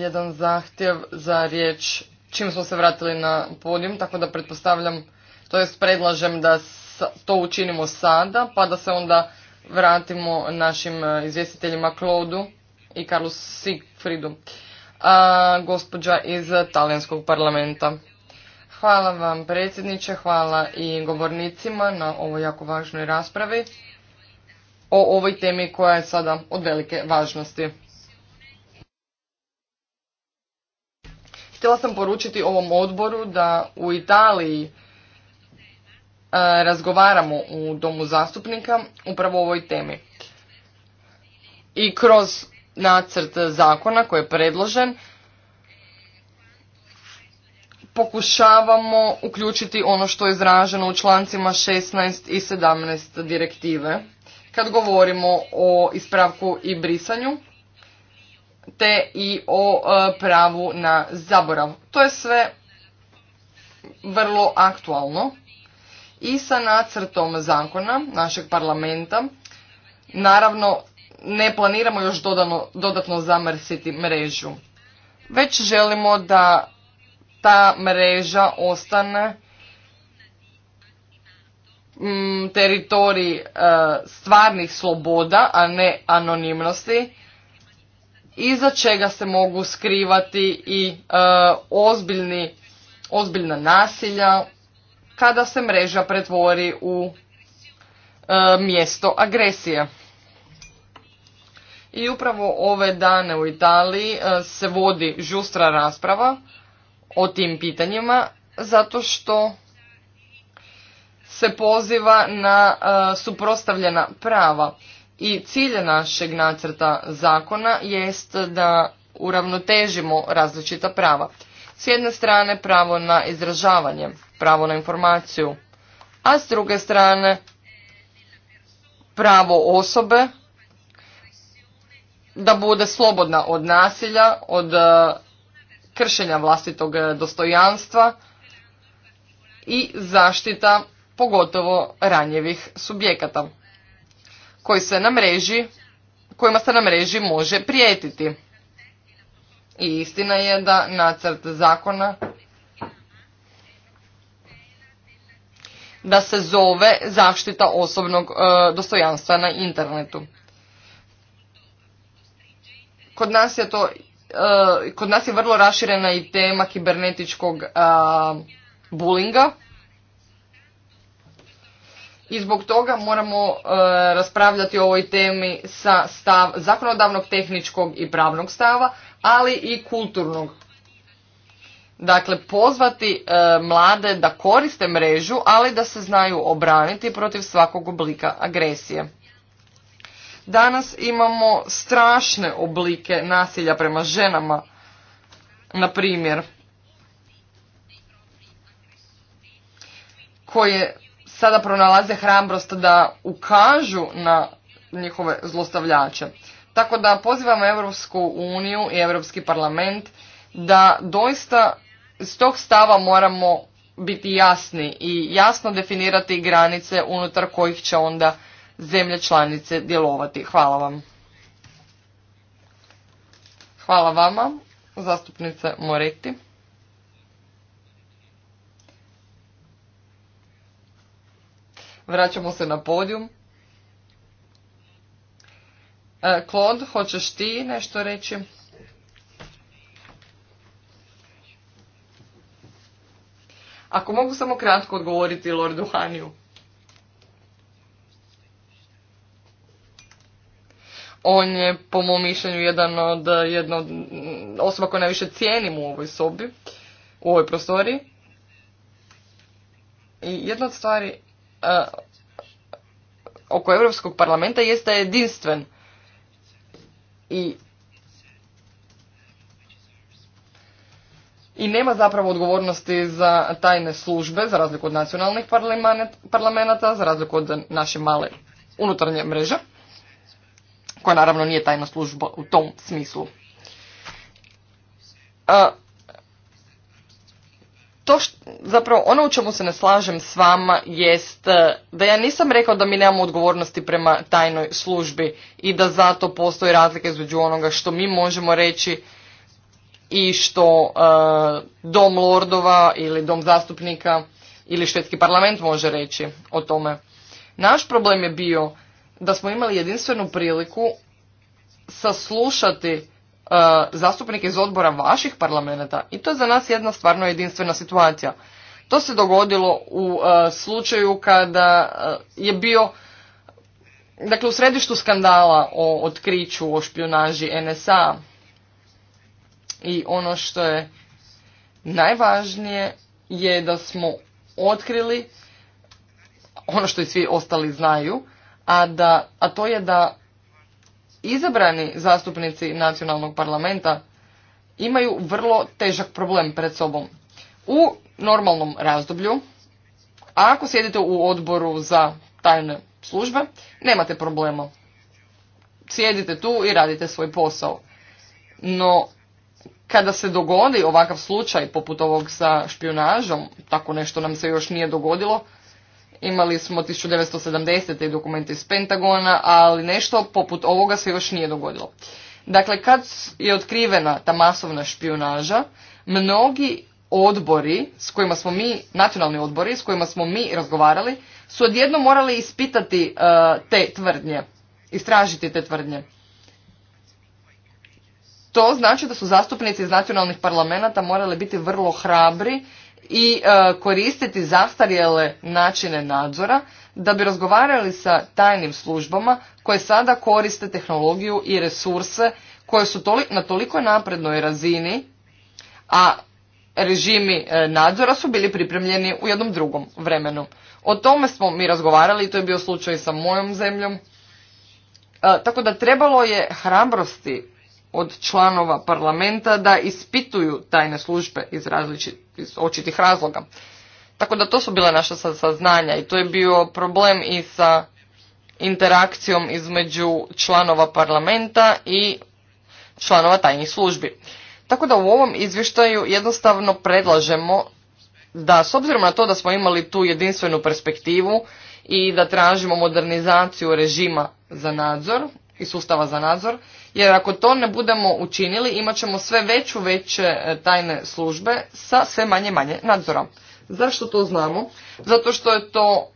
jedan zahtjev za riječ čim smo se vratili na podijum, tako da pretpostavljam, to jest predlažem da to učinimo sada, pa da se onda vratimo našim e, izvjestiteljima Claudu i Carlu Sigfridu, a, e, gospođa iz talijanskog parlamenta. Hvala vam predsjedniče, hvala i govornicima na ovoj jako važnoj raspravi o ovoj temi koja je sada od velike važnosti. Htjela sam poručiti ovom odboru da u Italiji e, razgovaramo u Domu zastupnika upravo o ovoj temi. I kroz nacrt zakona koji je predložen pokušavamo uključiti ono što je izraženo u člancima 16 i 17 direktive kad govorimo o ispravku i brisanju te i o e, pravu na zaborav. To je sve vrlo aktualno i sa nacrtom zakona našeg parlamenta. Naravno, ne planiramo još dodatno zamrsiti mrežu, već želimo da ta mreža ostane mm, teritorij e, stvarnih sloboda, a ne anonimnosti iza čega se mogu skrivati i e, ozbiljni, ozbiljna nasilja kada se mreža pretvori u e, mjesto agresije. I upravo ove dane u Italiji e, se vodi žustra rasprava o tim pitanjima zato što se poziva na suprotstavljena prava i cilj našeg nacrta zakona jest da uravnotežimo različita prava. S jedne strane pravo na izražavanje, pravo na informaciju, a s druge strane pravo osobe da bude slobodna od nasilja, od e, kršenja vlastitog e, dostojanstva i zaštita pogotovo ranjevih subjekata koji se na mreži, kojima se na mreži može prijetiti. I istina je da nacrt zakona da se zove zaštita osobnog e, dostojanstva na internetu. Kod nas je to e, kod nas je vrlo raširena i tema kibernetičkog bulinga i zbog toga moramo e, raspravljati o ovoj temi sa stav zakonodavnog, tehničkog i pravnog stava, ali i kulturnog. Dakle, pozvati e, mlade da koriste mrežu, ali da se znaju obraniti protiv svakog oblika agresije. Danas imamo strašne oblike nasilja prema ženama, na primjer, koje sada pronalaze hrabrost da ukažu na njihove zlostavljače. Tako da pozivam Europsku uniju i Europski parlament da doista s tog stava moramo biti jasni i jasno definirati granice unutar kojih će onda zemlje članice djelovati. Hvala vam. Hvala vama, zastupnice Moretti. Vraćamo se na podijum. Klod, e, hoćeš ti nešto reći? Ako mogu samo kratko odgovoriti Lordu Haniju. On je, po mom mišljenju, jedan od, osoba koja najviše cijenim u ovoj sobi, u ovoj prostoriji. I jedna od stvari Eh, oko Europskog parlamenta jeste da jedinstven i i nema zapravo odgovornosti za tajne službe, za razliku od nacionalnih parlamenta, za razliku od naše male unutarnje mreže, koja naravno nije tajna služba u tom smislu. Eh, to zapravo ono u čemu se ne slažem s vama jest e, da ja nisam rekao da mi nemamo odgovornosti prema tajnoj službi i da zato postoji razlike između onoga što mi možemo reći i što e, dom lordova ili dom zastupnika ili švedski parlament može reći o tome. Naš problem je bio da smo imali jedinstvenu priliku saslušati E, zastupnike iz odbora vaših parlamenta i to je za nas jedna stvarno jedinstvena situacija. To se dogodilo u e, slučaju kada e, je bio dakle u središtu skandala o otkriću, o špionaži NSA i ono što je najvažnije je da smo otkrili ono što i svi ostali znaju, a, a to je da izabrani zastupnici nacionalnog parlamenta imaju vrlo težak problem pred sobom. U normalnom razdoblju, ako sjedite u odboru za tajne službe, nemate problema. Sjedite tu i radite svoj posao. No, kada se dogodi ovakav slučaj poput ovog sa špionažom, tako nešto nam se još nije dogodilo, Imali smo 1970. i dokumente iz Pentagona, ali nešto poput ovoga se još nije dogodilo. Dakle, kad je otkrivena ta masovna špionaža, mnogi odbori s kojima smo mi, nacionalni odbori s kojima smo mi razgovarali, su odjedno morali ispitati e, te tvrdnje, istražiti te tvrdnje. To znači da su zastupnici iz nacionalnih parlamenta morali biti vrlo hrabri i e, koristiti zastarjele načine nadzora da bi razgovarali sa tajnim službama koje sada koriste tehnologiju i resurse koje su na toliko naprednoj razini, a režimi e, nadzora su bili pripremljeni u jednom drugom vremenu. O tome smo mi razgovarali to je bio slučaj sa mojom zemljom. E, tako da trebalo je hrabrosti od članova parlamenta da ispituju tajne službe iz različitih iz očitih razloga. Tako da to su bila naša saznanja i to je bio problem i sa interakcijom između članova parlamenta i članova tajnih službi. Tako da u ovom izvještaju jednostavno predlažemo da s obzirom na to da smo imali tu jedinstvenu perspektivu i da tražimo modernizaciju režima za nadzor i sustava za nadzor, jer ako to ne budemo učinili imat ćemo sve veću veće e, tajne službe sa sve manje manje nadzora. Zašto to znamo? Zato što je to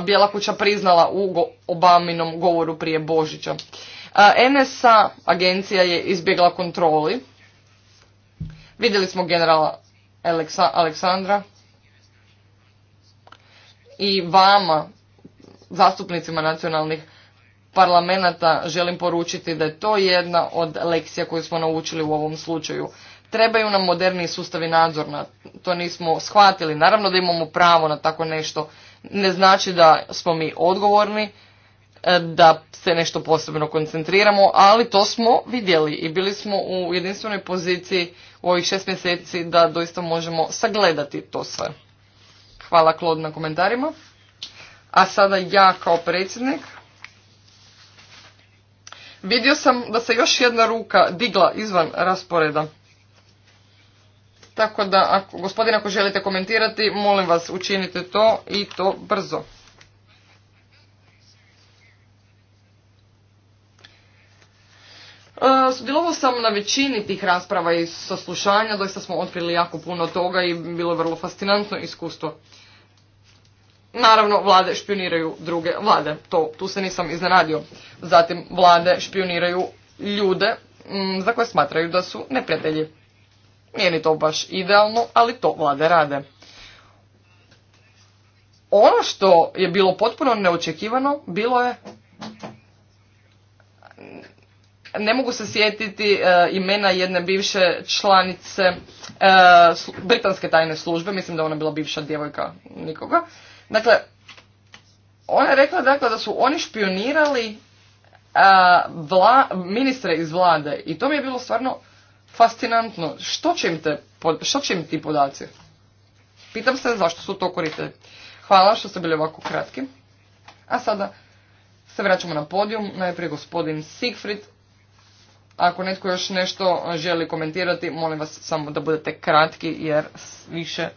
e, Bijela kuća priznala u Obaminom govoru prije Božića. E, NSA agencija je izbjegla kontroli. Vidjeli smo generala Aleksandra i vama, zastupnicima nacionalnih parlamenta želim poručiti da je to jedna od lekcija koju smo naučili u ovom slučaju. Trebaju nam moderni sustavi nadzorna, to nismo shvatili. Naravno da imamo pravo na tako nešto, ne znači da smo mi odgovorni, e, da se nešto posebno koncentriramo, ali to smo vidjeli i bili smo u jedinstvenoj poziciji u ovih šest mjeseci da doista možemo sagledati to sve. Hvala Klod na komentarima. A sada ja kao predsjednik Vidio sam da se još jedna ruka digla izvan rasporeda. Tako da, ako, gospodin, ako želite komentirati, molim vas, učinite to i to brzo. E, Sudjelovao sam na većini tih rasprava i saslušanja, doista smo otkrili jako puno toga i bilo je vrlo fascinantno iskustvo. Naravno, vlade špioniraju druge vlade, to, tu se nisam iznenadio. Zatim, vlade špioniraju ljude mm, za koje smatraju da su neprijatelji. Nije ni to baš idealno, ali to vlade rade. Ono što je bilo potpuno neočekivano, bilo je... Ne mogu se sjetiti e, imena jedne bivše članice e, britanske tajne službe, mislim da ona bila bivša djevojka nikoga. Dakle, ona je rekla dakle, da su oni špionirali a, vla, ministre iz vlade i to mi je bilo stvarno fascinantno. Što će im, te, što ti podaci? Pitam se zašto su to korite. Hvala što ste bili ovako kratki. A sada se vraćamo na podijum. Najprije gospodin Siegfried. Ako netko još nešto želi komentirati, molim vas samo da budete kratki jer više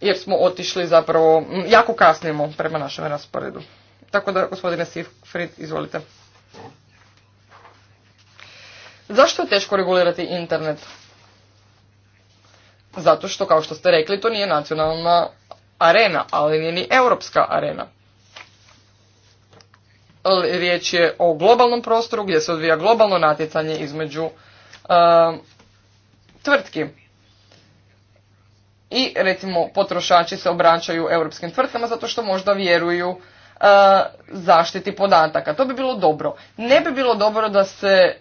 jer smo otišli zapravo, jako kasnimo prema našem rasporedu. Tako da, gospodine Sifrid, izvolite. Zašto je teško regulirati internet? Zato što, kao što ste rekli, to nije nacionalna arena, ali nije ni europska arena. Riječ je o globalnom prostoru gdje se odvija globalno natjecanje između e, tvrtki i recimo potrošači se obraćaju europskim tvrtkama zato što možda vjeruju e, zaštiti podataka. To bi bilo dobro. Ne bi bilo dobro da se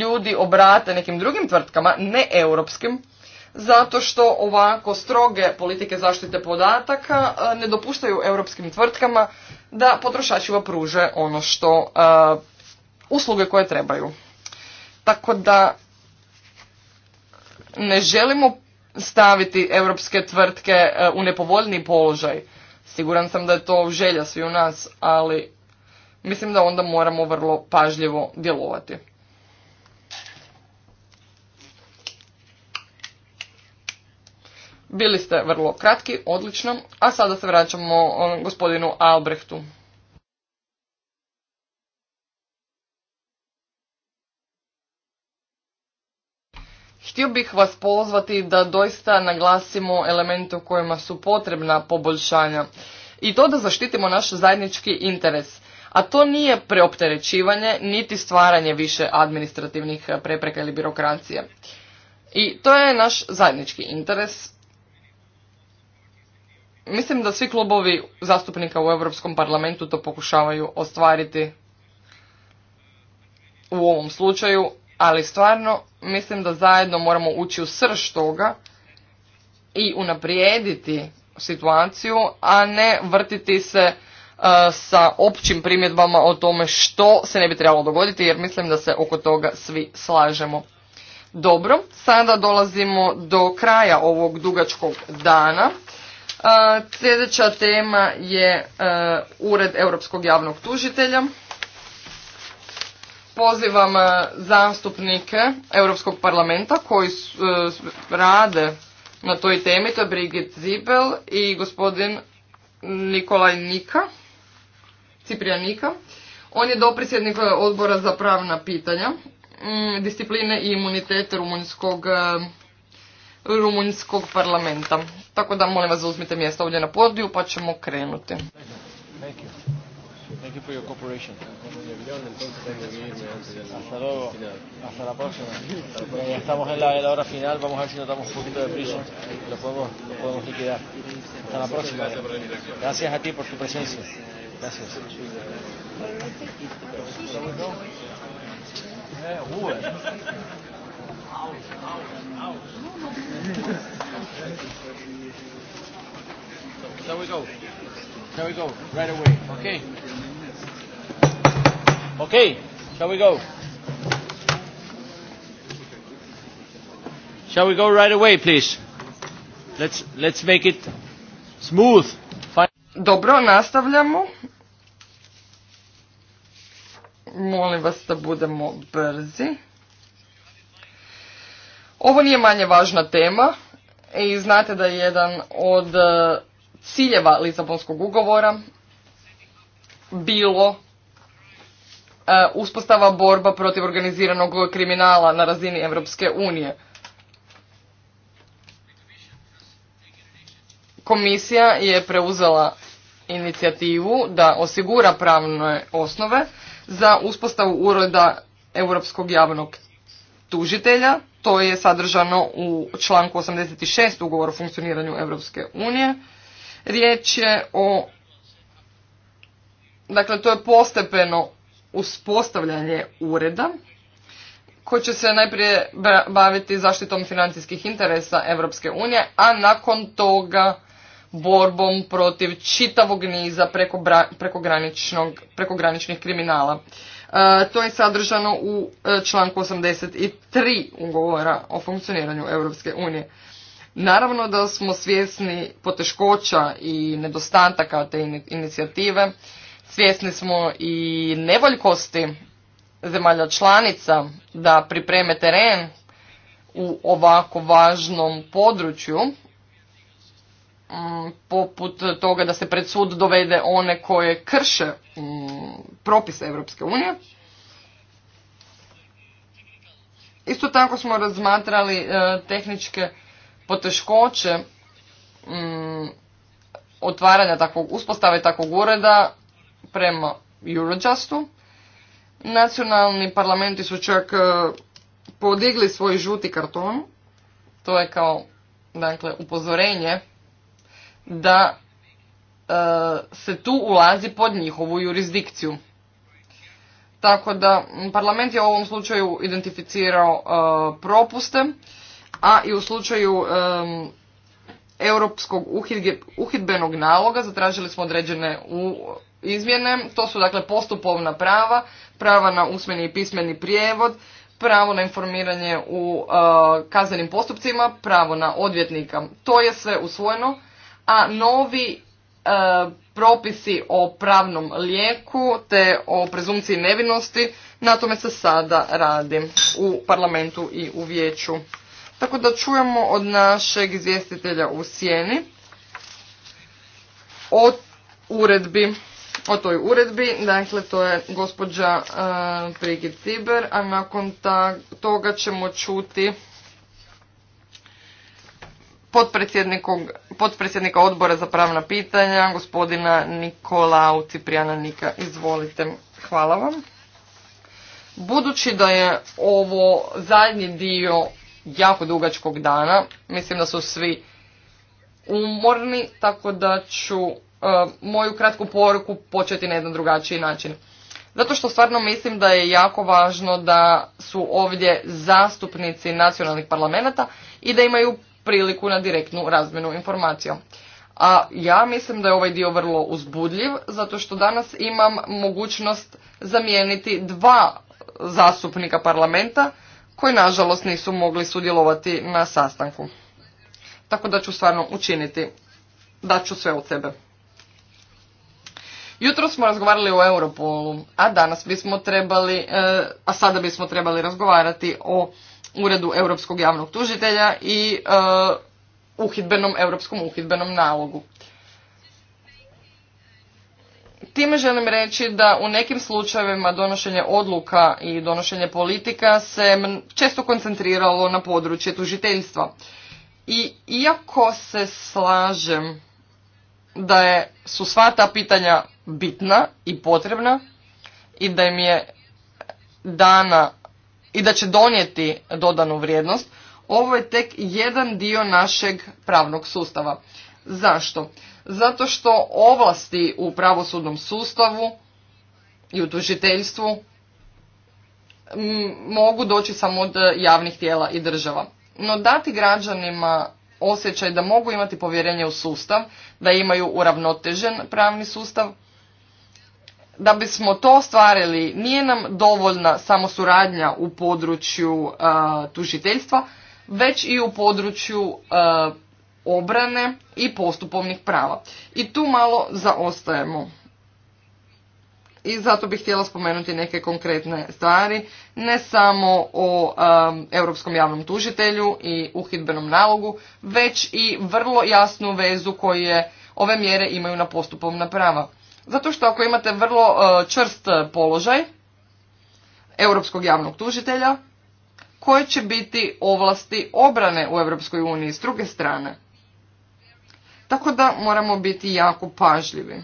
ljudi obrate nekim drugim tvrtkama, ne europskim, zato što ovako stroge politike zaštite podataka e, ne dopuštaju europskim tvrtkama da potrošačima pruže ono što e, usluge koje trebaju. Tako da ne želimo staviti europske tvrtke e, u nepovoljni položaj. Siguran sam da je to želja svi u nas, ali mislim da onda moramo vrlo pažljivo djelovati. Bili ste vrlo kratki, odlično, a sada se vraćamo e, gospodinu Albrechtu. Htio bih vas pozvati da doista naglasimo elemente u kojima su potrebna poboljšanja i to da zaštitimo naš zajednički interes. A to nije preopterećivanje niti stvaranje više administrativnih prepreka ili birokracije. I to je naš zajednički interes. Mislim da svi klubovi zastupnika u Europskom parlamentu to pokušavaju ostvariti u ovom slučaju ali stvarno mislim da zajedno moramo ući u srž toga i unaprijediti situaciju, a ne vrtiti se e, sa općim primjedbama o tome što se ne bi trebalo dogoditi, jer mislim da se oko toga svi slažemo. Dobro, sada dolazimo do kraja ovog dugačkog dana. Uh, sljedeća tema je e, Ured Europskog javnog tužitelja pozivam e, zastupnike Europskog parlamenta koji e, rade na toj temi, to je Brigit Zibel i gospodin Nikolaj Nika, Nika. On je dopredsjednik e, odbora za pravna pitanja, mm, discipline i imunitete rumunjskog, parlamenta. Tako da molim vas da uzmite mjesto ovdje na podiju pa ćemo krenuti. Thank you for your cooperation. Hasta luego. Hasta la próxima. Ya estamos en la, la hora final. Vamos a ver si nos damos un poquito de prisa. Lo podemos, lo podemos liquidar. Hasta la próxima. Gracias a ti por tu presencia. Gracias. There we go. There we go. Right away. Okay. Okay, shall we go? Shall we go right away, please? Let's, let's make it smooth. Dobro, nastavljamo. Molim vas da budemo brzi. Ovo nije manje važna tema e, i znate da je jedan od e, ciljeva Lisabonskog ugovora bilo E, uspostava borba protiv organiziranog kriminala na razini Europske unije. Komisija je preuzela inicijativu da osigura pravne osnove za uspostavu uroda Europskog javnog tužitelja. To je sadržano u članku 86 ugovora o funkcioniranju Europske unije. Riječ je o Dakle, to je postepeno uspostavljanje ureda koji će se najprije baviti zaštitom financijskih interesa Europske unije, a nakon toga borbom protiv čitavog niza preko prekograničnih kriminala. E, to je sadržano u e, članku 83 ugovora o funkcioniranju Europske unije. Naravno da smo svjesni poteškoća i nedostataka te inicijative Svjesni smo i nevoljkosti zemalja članica da pripreme teren u ovako važnom području, mm, poput toga da se pred sud dovede one koje krše mm, propise Europske unije. Isto tako smo razmatrali e, tehničke poteškoće mm, otvaranja takvog uspostave takvog ureda prema Eurojustu. Nacionalni parlamenti su čak e, podigli svoj žuti karton. To je kao dakle, upozorenje da e, se tu ulazi pod njihovu jurisdikciju. Tako da parlament je u ovom slučaju identificirao e, propuste, a i u slučaju europskog uhidbenog naloga zatražili smo određene u, izmjene, to su dakle postupovna prava, prava na usmeni i pismeni prijevod, pravo na informiranje u e, kaznenim postupcima, pravo na odvjetnika. To je sve usvojeno, a novi uh, propisi o pravnom lijeku te o prezumciji nevinosti, na tome se sada radi u parlamentu i u vijeću. Tako da čujemo od našeg izvjestitelja u sjeni o uredbi o toj uredbi. Dakle, to je gospođa uh, e, Ciber, a nakon toga ćemo čuti potpredsjednika odbora za pravna pitanja, gospodina Nikola Nika, Izvolite. Hvala vam. Budući da je ovo zadnji dio jako dugačkog dana, mislim da su svi umorni, tako da ću E, moju kratku poruku početi na jedan drugačiji način. Zato što stvarno mislim da je jako važno da su ovdje zastupnici nacionalnih parlamenta i da imaju priliku na direktnu razmjenu informacija. A ja mislim da je ovaj dio vrlo uzbudljiv, zato što danas imam mogućnost zamijeniti dva zastupnika parlamenta koji nažalost nisu mogli sudjelovati na sastanku. Tako da ću stvarno učiniti, da ću sve od sebe. Jutro smo razgovarali o Europolu, a danas bismo trebali, e, a sada bismo trebali razgovarati o uredu Europskog javnog tužitelja i e, uhidbenom, europskom uhidbenom nalogu. Time želim reći da u nekim slučajevima donošenje odluka i donošenje politika se često koncentriralo na područje tužiteljstva. I iako se slažem da je, su sva ta pitanja bitna i potrebna i da im je dana i da će donijeti dodanu vrijednost, ovo je tek jedan dio našeg pravnog sustava. Zašto? Zato što ovlasti u pravosudnom sustavu i u tužiteljstvu mogu doći samo od javnih tijela i država. No dati građanima osjećaj da mogu imati povjerenje u sustav, da imaju uravnotežen pravni sustav, da bismo to ostvarili nije nam dovoljna samo suradnja u području e, tužiteljstva, već i u području e, obrane i postupovnih prava. I tu malo zaostajemo. I zato bih htjela spomenuti neke konkretne stvari, ne samo o e, Europskom javnom tužitelju i uhidbenom nalogu, već i vrlo jasnu vezu je ove mjere imaju na postupovna prava. Zato što ako imate vrlo e, čvrst položaj europskog javnog tužitelja, koje će biti ovlasti obrane u Europskoj uniji s druge strane. Tako da moramo biti jako pažljivi.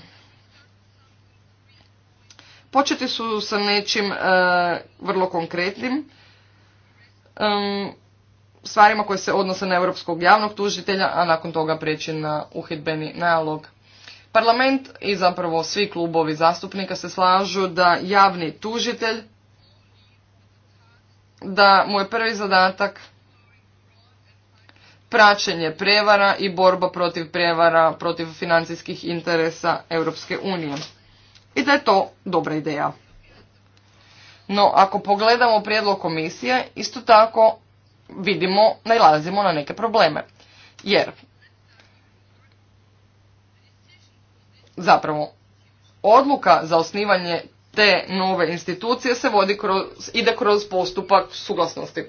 Početi su sa nečim e, vrlo konkretnim, stvarima koje se odnose na europskog javnog tužitelja, a nakon toga preći na uhidbeni nalog. Parlament i zapravo svi klubovi zastupnika se slažu da javni tužitelj, da mu je prvi zadatak praćenje prevara i borba protiv prevara, protiv financijskih interesa Europske unije. I da je to dobra ideja. No, ako pogledamo prijedlog komisije, isto tako vidimo, najlazimo na neke probleme. Jer zapravo odluka za osnivanje te nove institucije se vodi kroz, ide kroz postupak suglasnosti.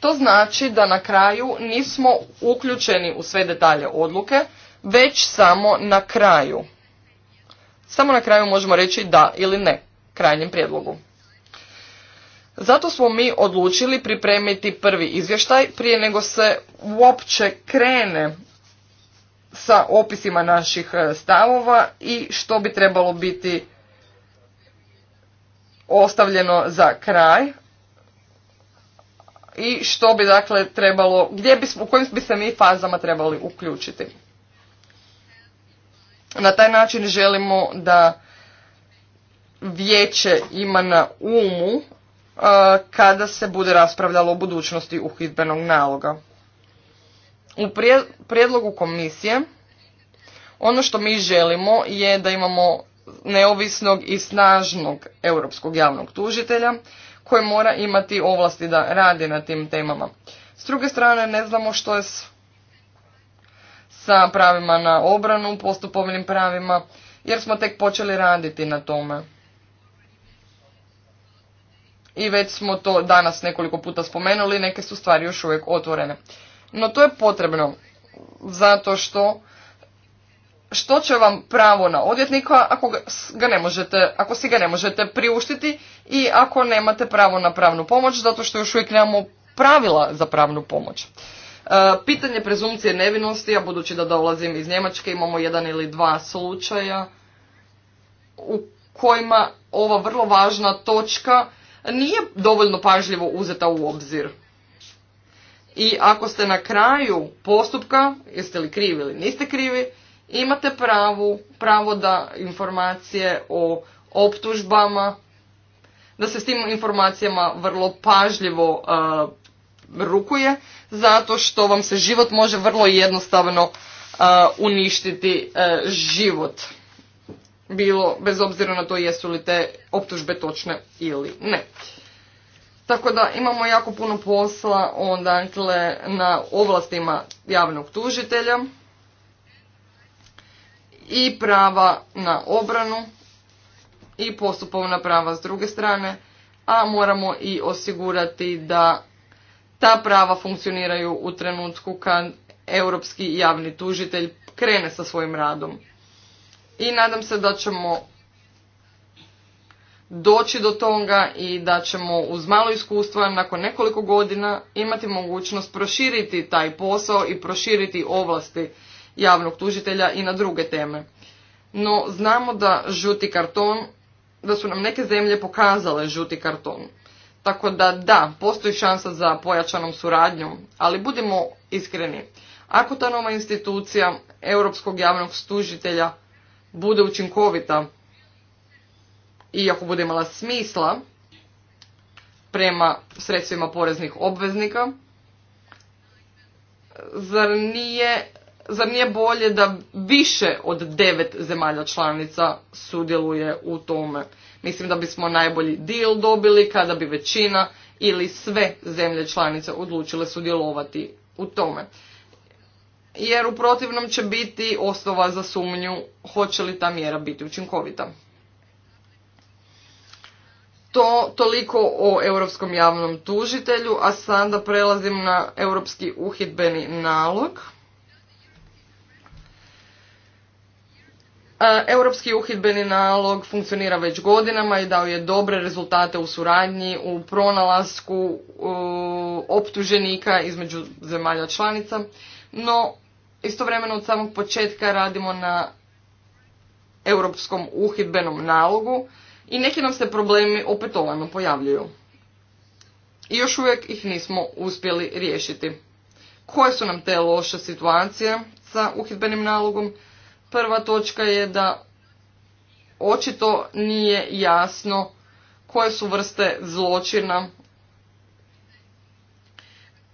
To znači da na kraju nismo uključeni u sve detalje odluke, već samo na kraju. Samo na kraju možemo reći da ili ne krajnjem prijedlogu. Zato smo mi odlučili pripremiti prvi izvještaj prije nego se uopće krene sa opisima naših e, stavova i što bi trebalo biti ostavljeno za kraj i što bi dakle trebalo, gdje bismo, u kojim bi se mi fazama trebali uključiti. Na taj način želimo da vijeće ima na umu e, kada se bude raspravljalo o budućnosti uhidbenog naloga. U prijedlogu komisije ono što mi želimo je da imamo neovisnog i snažnog europskog javnog tužitelja koji mora imati ovlasti da radi na tim temama. S druge strane ne znamo što je s, sa pravima na obranu, postupovnim pravima, jer smo tek počeli raditi na tome. I već smo to danas nekoliko puta spomenuli, neke su stvari još uvijek otvorene. No to je potrebno zato što što će vam pravo na odvjetnika ako ga ne možete, ako si ga ne možete priuštiti i ako nemate pravo na pravnu pomoć zato što još uvijek nemamo pravila za pravnu pomoć. E, pitanje prezumcije nevinosti, a budući da dolazim iz Njemačke, imamo jedan ili dva slučaja u kojima ova vrlo važna točka nije dovoljno pažljivo uzeta u obzir i ako ste na kraju postupka, jeste li krivi ili niste krivi, imate pravu, pravo da informacije o optužbama, da se s tim informacijama vrlo pažljivo rukuje, zato što vam se život može vrlo jednostavno uništiti e, život. Bilo, bez obzira na to jesu li te optužbe točne ili ne. Tako da imamo jako puno posla on, dakle, na ovlastima javnog tužitelja i prava na obranu i postupovna prava s druge strane, a moramo i osigurati da ta prava funkcioniraju u trenutku kad europski javni tužitelj krene sa svojim radom. I nadam se da ćemo doći do toga i da ćemo uz malo iskustva nakon nekoliko godina imati mogućnost proširiti taj posao i proširiti ovlasti javnog tužitelja i na druge teme. No znamo da žuti karton, da su nam neke zemlje pokazale žuti karton. Tako da da, postoji šansa za pojačanom suradnjom, ali budimo iskreni. Ako ta nova institucija europskog javnog tužitelja bude učinkovita, iako bude imala smisla prema sredstvima poreznih obveznika, zar nije, zar nije bolje da više od devet zemalja članica sudjeluje u tome? Mislim da bismo najbolji deal dobili kada bi većina ili sve zemlje članice odlučile sudjelovati u tome. Jer u protivnom će biti osnova za sumnju hoće li ta mjera biti učinkovita. To toliko o europskom javnom tužitelju, a sada prelazim na europski uhidbeni nalog. E, europski uhidbeni nalog funkcionira već godinama i dao je dobre rezultate u suradnji, u pronalasku optuženika između zemalja članica, no istovremeno od samog početka radimo na europskom uhidbenom nalogu i neki nam se problemi opetovano pojavljuju. I još uvijek ih nismo uspjeli riješiti. Koje su nam te loše situacije sa uhidbenim nalogom? Prva točka je da očito nije jasno koje su vrste zločina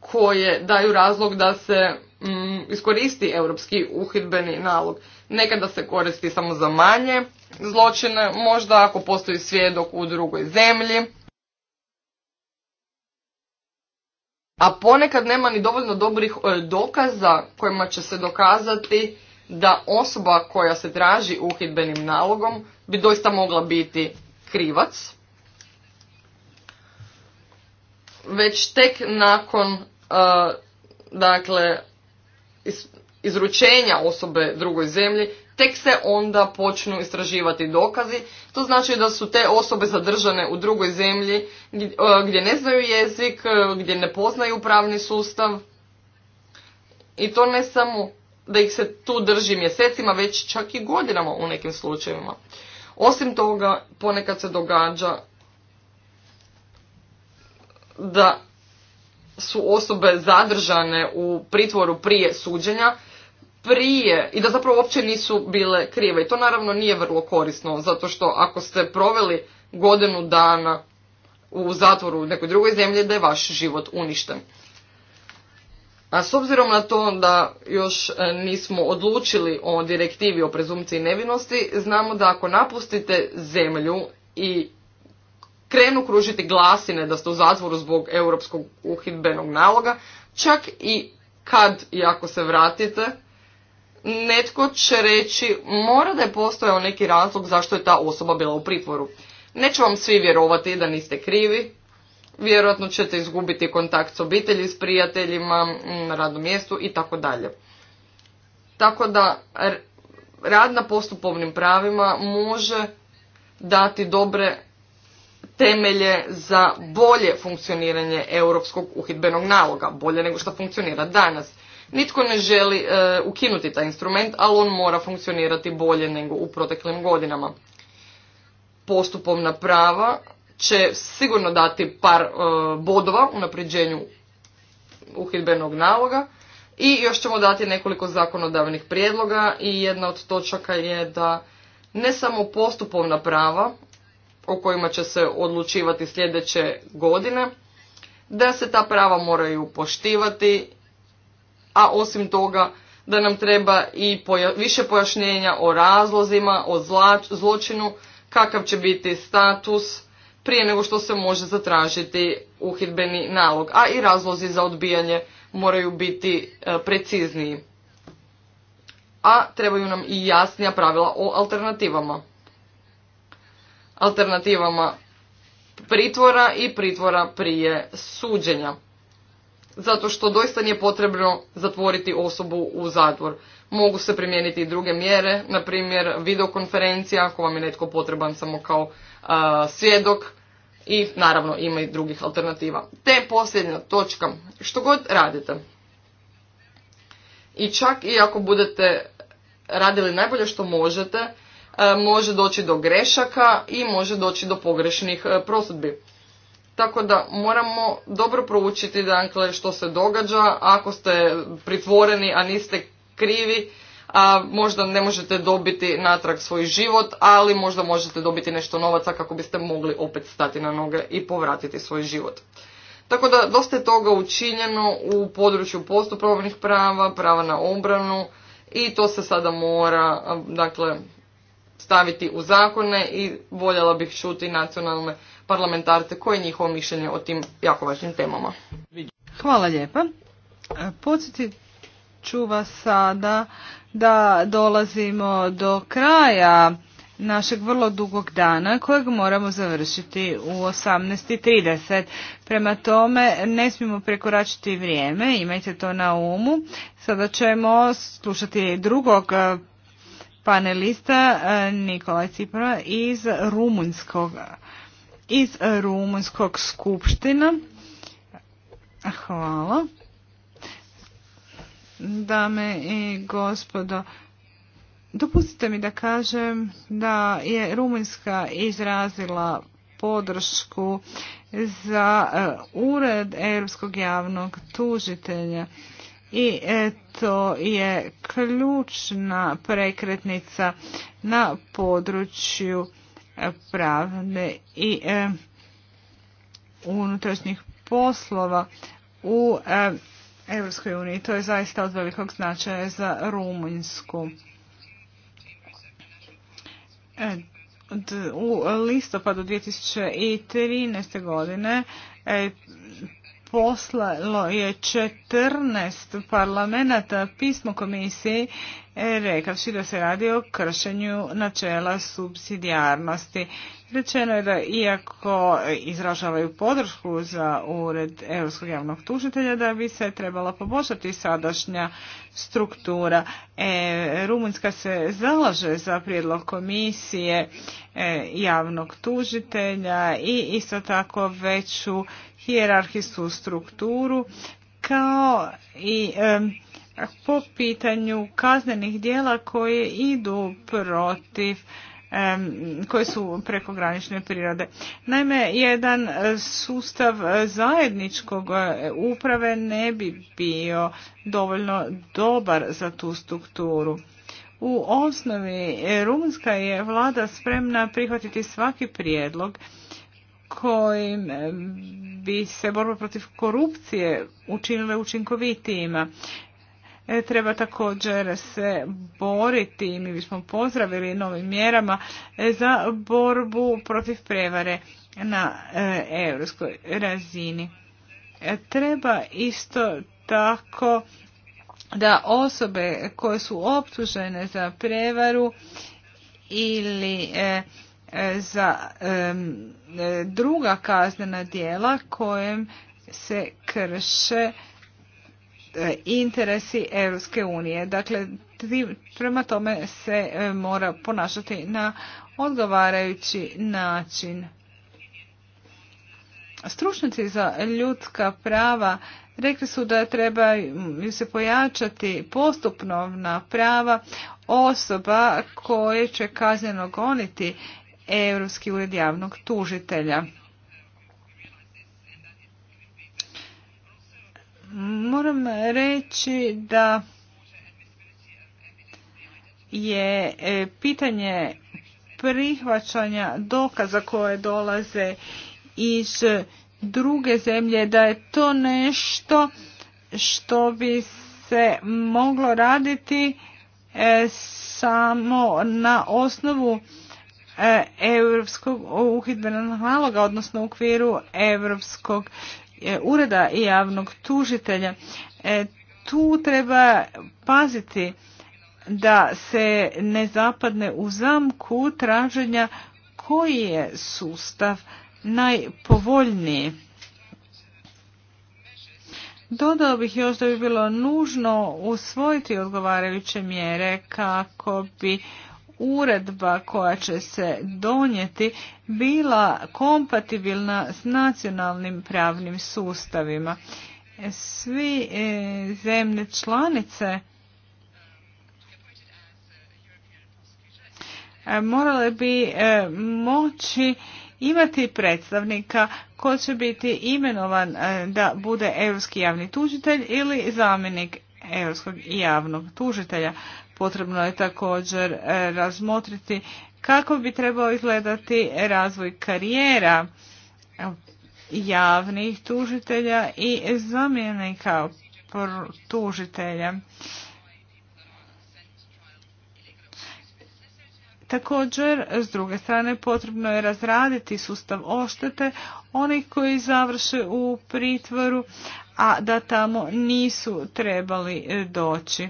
koje daju razlog da se Mm, iskoristi europski uhidbeni nalog. Nekada se koristi samo za manje zločine, možda ako postoji svjedok u drugoj zemlji. A ponekad nema ni dovoljno dobrih e, dokaza kojima će se dokazati da osoba koja se traži uhidbenim nalogom bi doista mogla biti krivac. Već tek nakon, e, dakle, izručenja osobe drugoj zemlji, tek se onda počnu istraživati dokazi. To znači da su te osobe zadržane u drugoj zemlji gdje e, ne znaju jezik, e, gdje ne poznaju pravni sustav. I to ne samo da ih se tu drži mjesecima, već čak i godinama u nekim slučajevima. Osim toga, ponekad se događa da su osobe zadržane u pritvoru prije suđenja prije i da zapravo uopće nisu bile krive. I to naravno nije vrlo korisno, zato što ako ste proveli godinu dana u zatvoru u nekoj drugoj zemlji, da je vaš život uništen. A s obzirom na to da još e, nismo odlučili o direktivi o prezumciji nevinosti, znamo da ako napustite zemlju i krenu kružiti glasine da ste u zatvoru zbog europskog uhidbenog naloga, čak i kad i ako se vratite, netko će reći mora da je postojao neki razlog zašto je ta osoba bila u pritvoru. Neće vam svi vjerovati da niste krivi, vjerojatno ćete izgubiti kontakt s obitelji, s prijateljima, mm, na radnom mjestu i tako dalje. Tako da rad na postupovnim pravima može dati dobre temelje za bolje funkcioniranje europskog uhidbenog naloga, bolje nego što funkcionira danas. Nitko ne želi e, ukinuti taj instrument, ali on mora funkcionirati bolje nego u proteklim godinama. Postupovna prava će sigurno dati par e, bodova u napređenju uhidbenog naloga i još ćemo dati nekoliko zakonodavnih prijedloga i jedna od točaka je da ne samo postupovna prava, o kojima će se odlučivati sljedeće godine, da se ta prava moraju poštivati, a osim toga da nam treba i više pojašnjenja o razlozima, o zločinu, kakav će biti status prije nego što se može zatražiti uhidbeni nalog, a i razlozi za odbijanje moraju biti e, precizniji. A trebaju nam i jasnija pravila o alternativama alternativama pritvora i pritvora prije suđenja. Zato što doista nije potrebno zatvoriti osobu u zatvor. Mogu se primijeniti i druge mjere, na primjer videokonferencija ako vam je netko potreban samo kao a, svjedok i naravno ima i drugih alternativa. Te posljednja točka, što god radite. I čak i ako budete radili najbolje što možete, E, može doći do grešaka i može doći do pogrešnih e, prosudbi. Tako da moramo dobro proučiti dakle, što se događa ako ste pritvoreni, a niste krivi, a možda ne možete dobiti natrag svoj život, ali možda možete dobiti nešto novaca kako biste mogli opet stati na noge i povratiti svoj život. Tako da dosta je toga učinjeno u području postupovnih prava, prava na obranu i to se sada mora dakle, staviti u zakone i voljela bih čuti nacionalne parlamentarce koje je njihovo mišljenje o tim jako važnim temama. Hvala lijepa. E, podsjetit ću vas sada da dolazimo do kraja našeg vrlo dugog dana kojeg moramo završiti u 18.30. Prema tome ne smijemo prekoračiti vrijeme, imajte to na umu. Sada ćemo slušati drugog panelista e, Nikola Cipra iz Rumunjskog iz Rumunjskog skupština. Hvala. Dame i gospodo, dopustite mi da kažem da je Rumunjska izrazila podršku za e, ured Europskog javnog tužitelja i to je ključna prekretnica na području pravne i e, unutrašnjih poslova u e, EU. To je zaista od velikog značaja za Rumunjsku. E, u listopadu 2013. godine poslalo je 14 parlamenta pismo komisiji e, rekavši da se radi o kršenju načela subsidijarnosti. Rečeno je da iako izražavaju podršku za ured Europskog javnog tužitelja da bi se trebala poboljšati sadašnja struktura. E, Rumunjska se zalaže za prijedlog komisije e, javnog tužitelja i isto tako veću hijerarhijsku strukturu kao i po pitanju kaznenih dijela koje idu protiv koje su prekogranične prirode. Naime, jedan sustav zajedničkog e, uprave ne bi bio dovoljno dobar za tu strukturu. U osnovi e, Rumunska je vlada spremna prihvatiti svaki prijedlog kojim bi se borba protiv korupcije učinile učinkovitijima. E, treba također se boriti mi bismo pozdravili novim mjerama e, za borbu protiv prevare na e, europskoj razini. treba isto tako da osobe koje su optužene za prevaru ili za druga kaznena djela kojem se krše e, interesi Europske unije. Dakle, prema tome se e, mora ponašati na odgovarajući način. Stručnici za ljudska prava rekli su da treba se pojačati postupnovna prava osoba koje će kazneno goniti Europski ured javnog tužitelja. Moram reći da je e, pitanje prihvaćanja dokaza koje dolaze iz druge zemlje, da je to nešto što bi se moglo raditi e, samo na osnovu E, europskog uhidbenog naloga, odnosno u okviru europskog e, ureda i javnog tužitelja. E, tu treba paziti da se ne zapadne u zamku traženja koji je sustav najpovoljniji. Dodao bih još da bi bilo nužno usvojiti odgovarajuće mjere kako bi uredba koja će se donijeti bila kompatibilna s nacionalnim pravnim sustavima. Svi e, zemlje članice e, morale bi e, moći imati predstavnika ko će biti imenovan da bude europski javni tužitelj ili zamjenik europskog javnog tužitelja. Potrebno je također e, razmotriti kako bi trebao izgledati razvoj karijera javnih tužitelja i kao tužitelja. Također, s druge strane, potrebno je razraditi sustav oštete onih koji završe u pritvoru, a da tamo nisu trebali e, doći.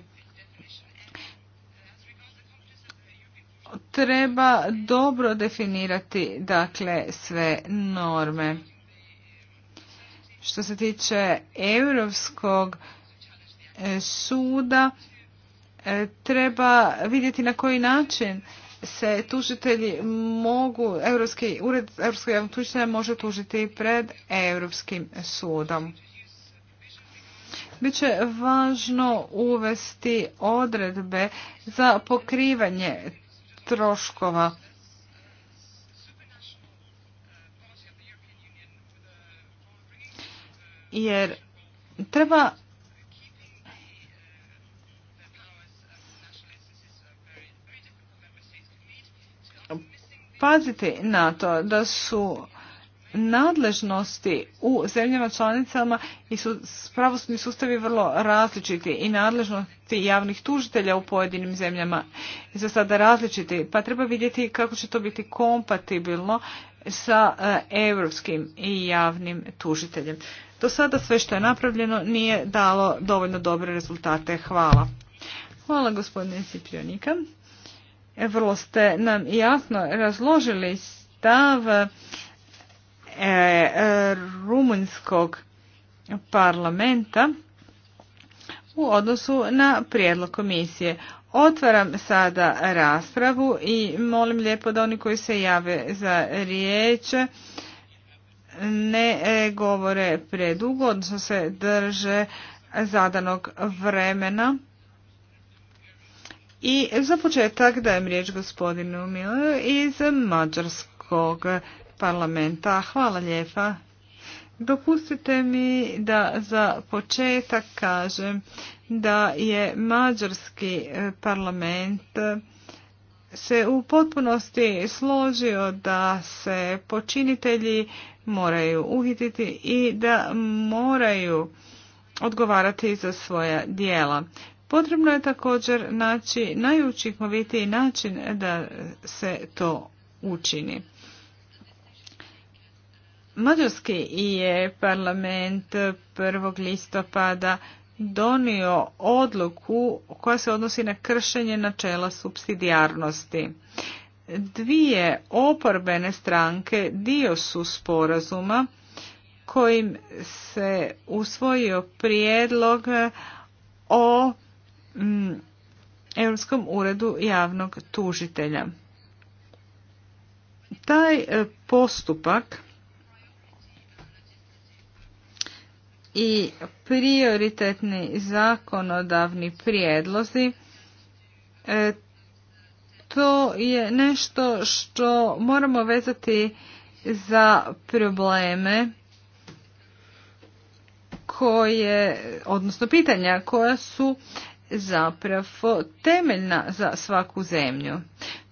treba dobro definirati dakle sve norme. Što se tiče europskog e, suda e, treba vidjeti na koji način se tužitelji mogu, Europski ured Europskog javnog tužitelja može tužiti pred Europskim sudom. Biće važno uvesti odredbe za pokrivanje troškova. Jer treba paziti na to da su nadležnosti u zemljama članicama i su pravosudni sustavi vrlo različiti i nadležnosti javnih tužitelja u pojedinim zemljama za sada različiti, pa treba vidjeti kako će to biti kompatibilno sa e, europskim i javnim tužiteljem. Do sada sve što je napravljeno nije dalo dovoljno dobre rezultate. Hvala. Hvala gospodine Cipionika. E, vrlo ste nam jasno razložili stav E, e, rumunjskog parlamenta u odnosu na prijedlog komisije. Otvaram sada raspravu i molim lijepo da oni koji se jave za riječ ne e, govore predugo, odnosno se drže zadanog vremena. I za početak dajem riječ gospodinu Milu iz Mađarskog parlamenta. Hvala lijepa. Dopustite mi da za početak kažem da je mađarski e, parlament e, se u potpunosti složio da se počinitelji moraju uhititi i da moraju odgovarati za svoja dijela. Potrebno je također naći najučinkovitiji način da se to učini. Mađarski je parlament 1. listopada donio odluku koja se odnosi na kršenje načela subsidijarnosti. Dvije oporbene stranke dio su sporazuma kojim se usvojio prijedlog o mm, Europskom uredu javnog tužitelja. Taj postupak i prioritetni zakonodavni prijedlozi e, to je nešto što moramo vezati za probleme koje, odnosno pitanja koja su zapravo temeljna za svaku zemlju.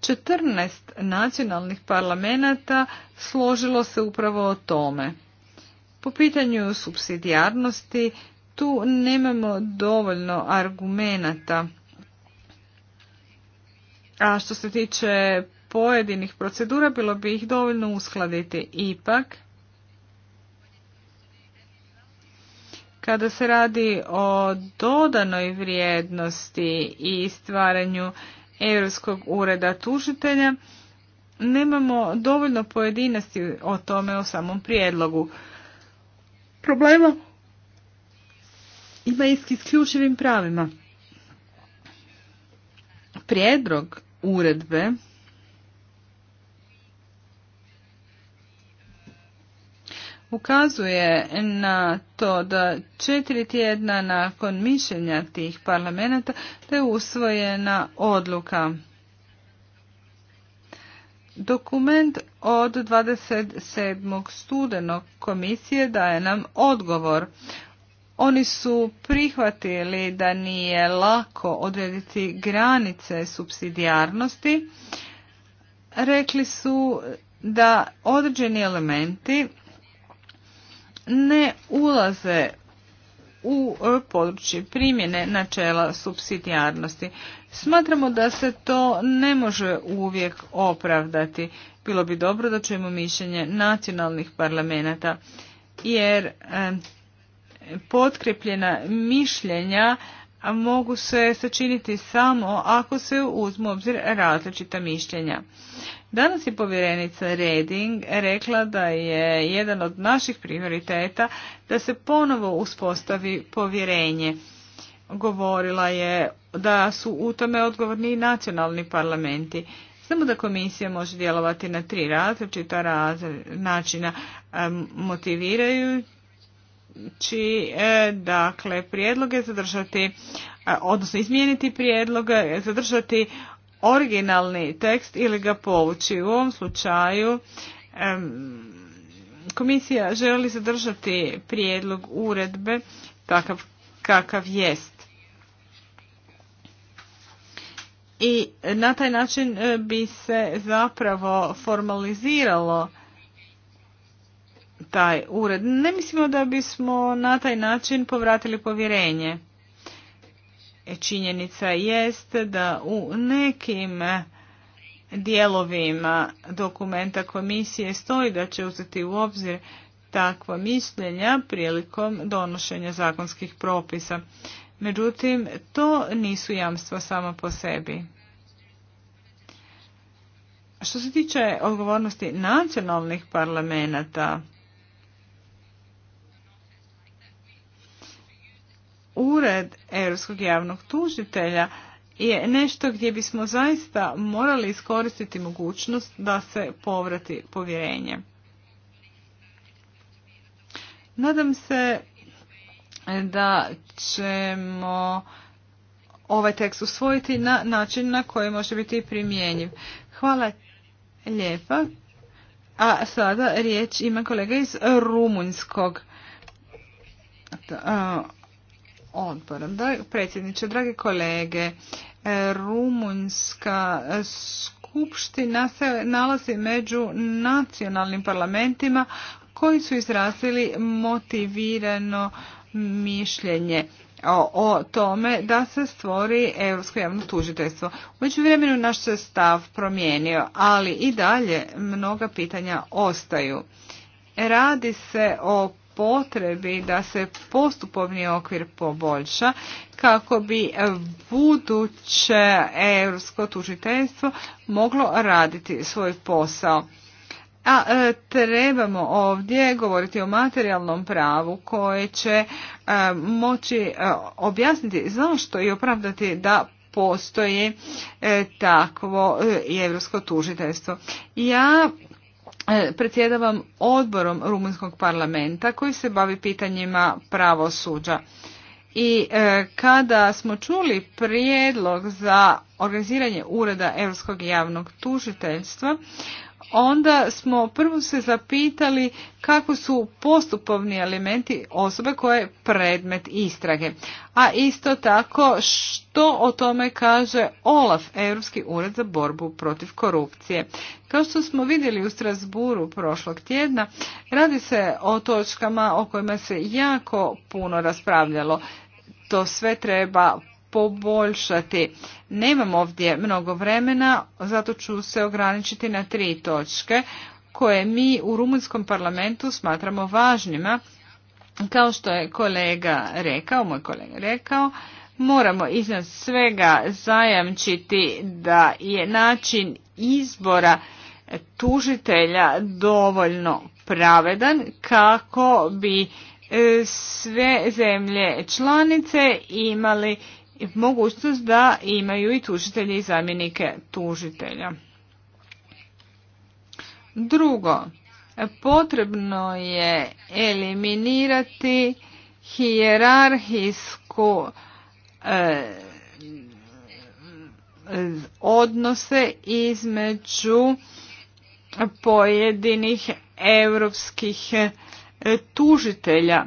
14 nacionalnih parlamenta složilo se upravo o tome. Po pitanju subsidijarnosti tu nemamo dovoljno argumenata. A što se tiče pojedinih procedura, bilo bi ih dovoljno uskladiti. Ipak, kada se radi o dodanoj vrijednosti i stvaranju Europskog ureda tužitelja, nemamo dovoljno pojedinosti o tome o samom prijedlogu problema ima i s isključivim pravima. Prijedrog uredbe ukazuje na to da četiri tjedna nakon mišljenja tih parlamenta te usvojena odluka. Dokument od 27. studenog komisije daje nam odgovor. Oni su prihvatili da nije lako odrediti granice subsidijarnosti. Rekli su da određeni elementi ne ulaze u područje primjene načela subsidijarnosti. Smatramo da se to ne može uvijek opravdati. Bilo bi dobro da čujemo mišljenje nacionalnih parlamenta jer potkrepljena mišljenja mogu se sačiniti samo ako se uzmu obzir različita mišljenja. Danas je povjerenica Reding rekla da je jedan od naših prioriteta da se ponovo uspostavi povjerenje govorila je da su u tome odgovorni i nacionalni parlamenti. Samo da komisija može djelovati na tri različita načina e, motivirajući e, dakle prijedloge zadržati e, odnosno izmijeniti prijedloge zadržati originalni tekst ili ga povući. U ovom slučaju komisija želi zadržati prijedlog uredbe takav kakav jest. i na taj način e, bi se zapravo formaliziralo taj ured. Ne mislimo da bismo na taj način povratili povjerenje. E, činjenica jest da u nekim e, dijelovima dokumenta komisije stoji da će uzeti u obzir takva mišljenja prilikom donošenja zakonskih propisa. Međutim, to nisu jamstva sama po sebi. Što se tiče odgovornosti nacionalnih parlamenta, ured Europskog javnog tužitelja je nešto gdje bismo zaista morali iskoristiti mogućnost da se povrati povjerenje. Nadam se da ćemo ovaj tekst usvojiti na način na koji može biti primjenjiv. Hvala lijepa. A sada riječ ima kolega iz Rumunjskog odbora. Da, predsjedniče, dragi kolege, e, Rumunjska skupština se nalazi među nacionalnim parlamentima koji su izrazili motivirano mišljenje o, tome da se stvori Europsko javno tužiteljstvo. U vremenu naš se stav promijenio, ali i dalje mnoga pitanja ostaju. Radi se o potrebi da se postupovni okvir poboljša kako bi buduće europsko tužiteljstvo moglo raditi svoj posao. A e, trebamo ovdje govoriti o materijalnom pravu koje će e, moći e, objasniti zašto i opravdati da postoji takvo i evropsko tužiteljstvo. Ja predsjedavam odborom Rumunskog parlamenta koji se bavi pitanjima pravosuđa. I kada smo čuli prijedlog za organiziranje ureda Europskog javnog tužiteljstva, onda smo prvo se zapitali kako su postupovni elementi osobe koje je predmet istrage. A isto tako što o tome kaže OLAF, Europski ured za borbu protiv korupcije. Kao što smo vidjeli u Strasburu prošlog tjedna, radi se o točkama o kojima se jako puno raspravljalo. To sve treba poboljšati. Nemam ovdje mnogo vremena, zato ću se ograničiti na tri točke koje mi u Rumunskom parlamentu smatramo važnima. Kao što je kolega rekao, moj kolega rekao, moramo iznad svega zajamčiti da je način izbora tužitelja dovoljno pravedan kako bi e, sve zemlje članice imali mogućnost da imaju i tužitelje i zamjenike tužitelja. Drugo, potrebno je eliminirati hijerarhijsku e, odnose između pojedinih europskih tužitelja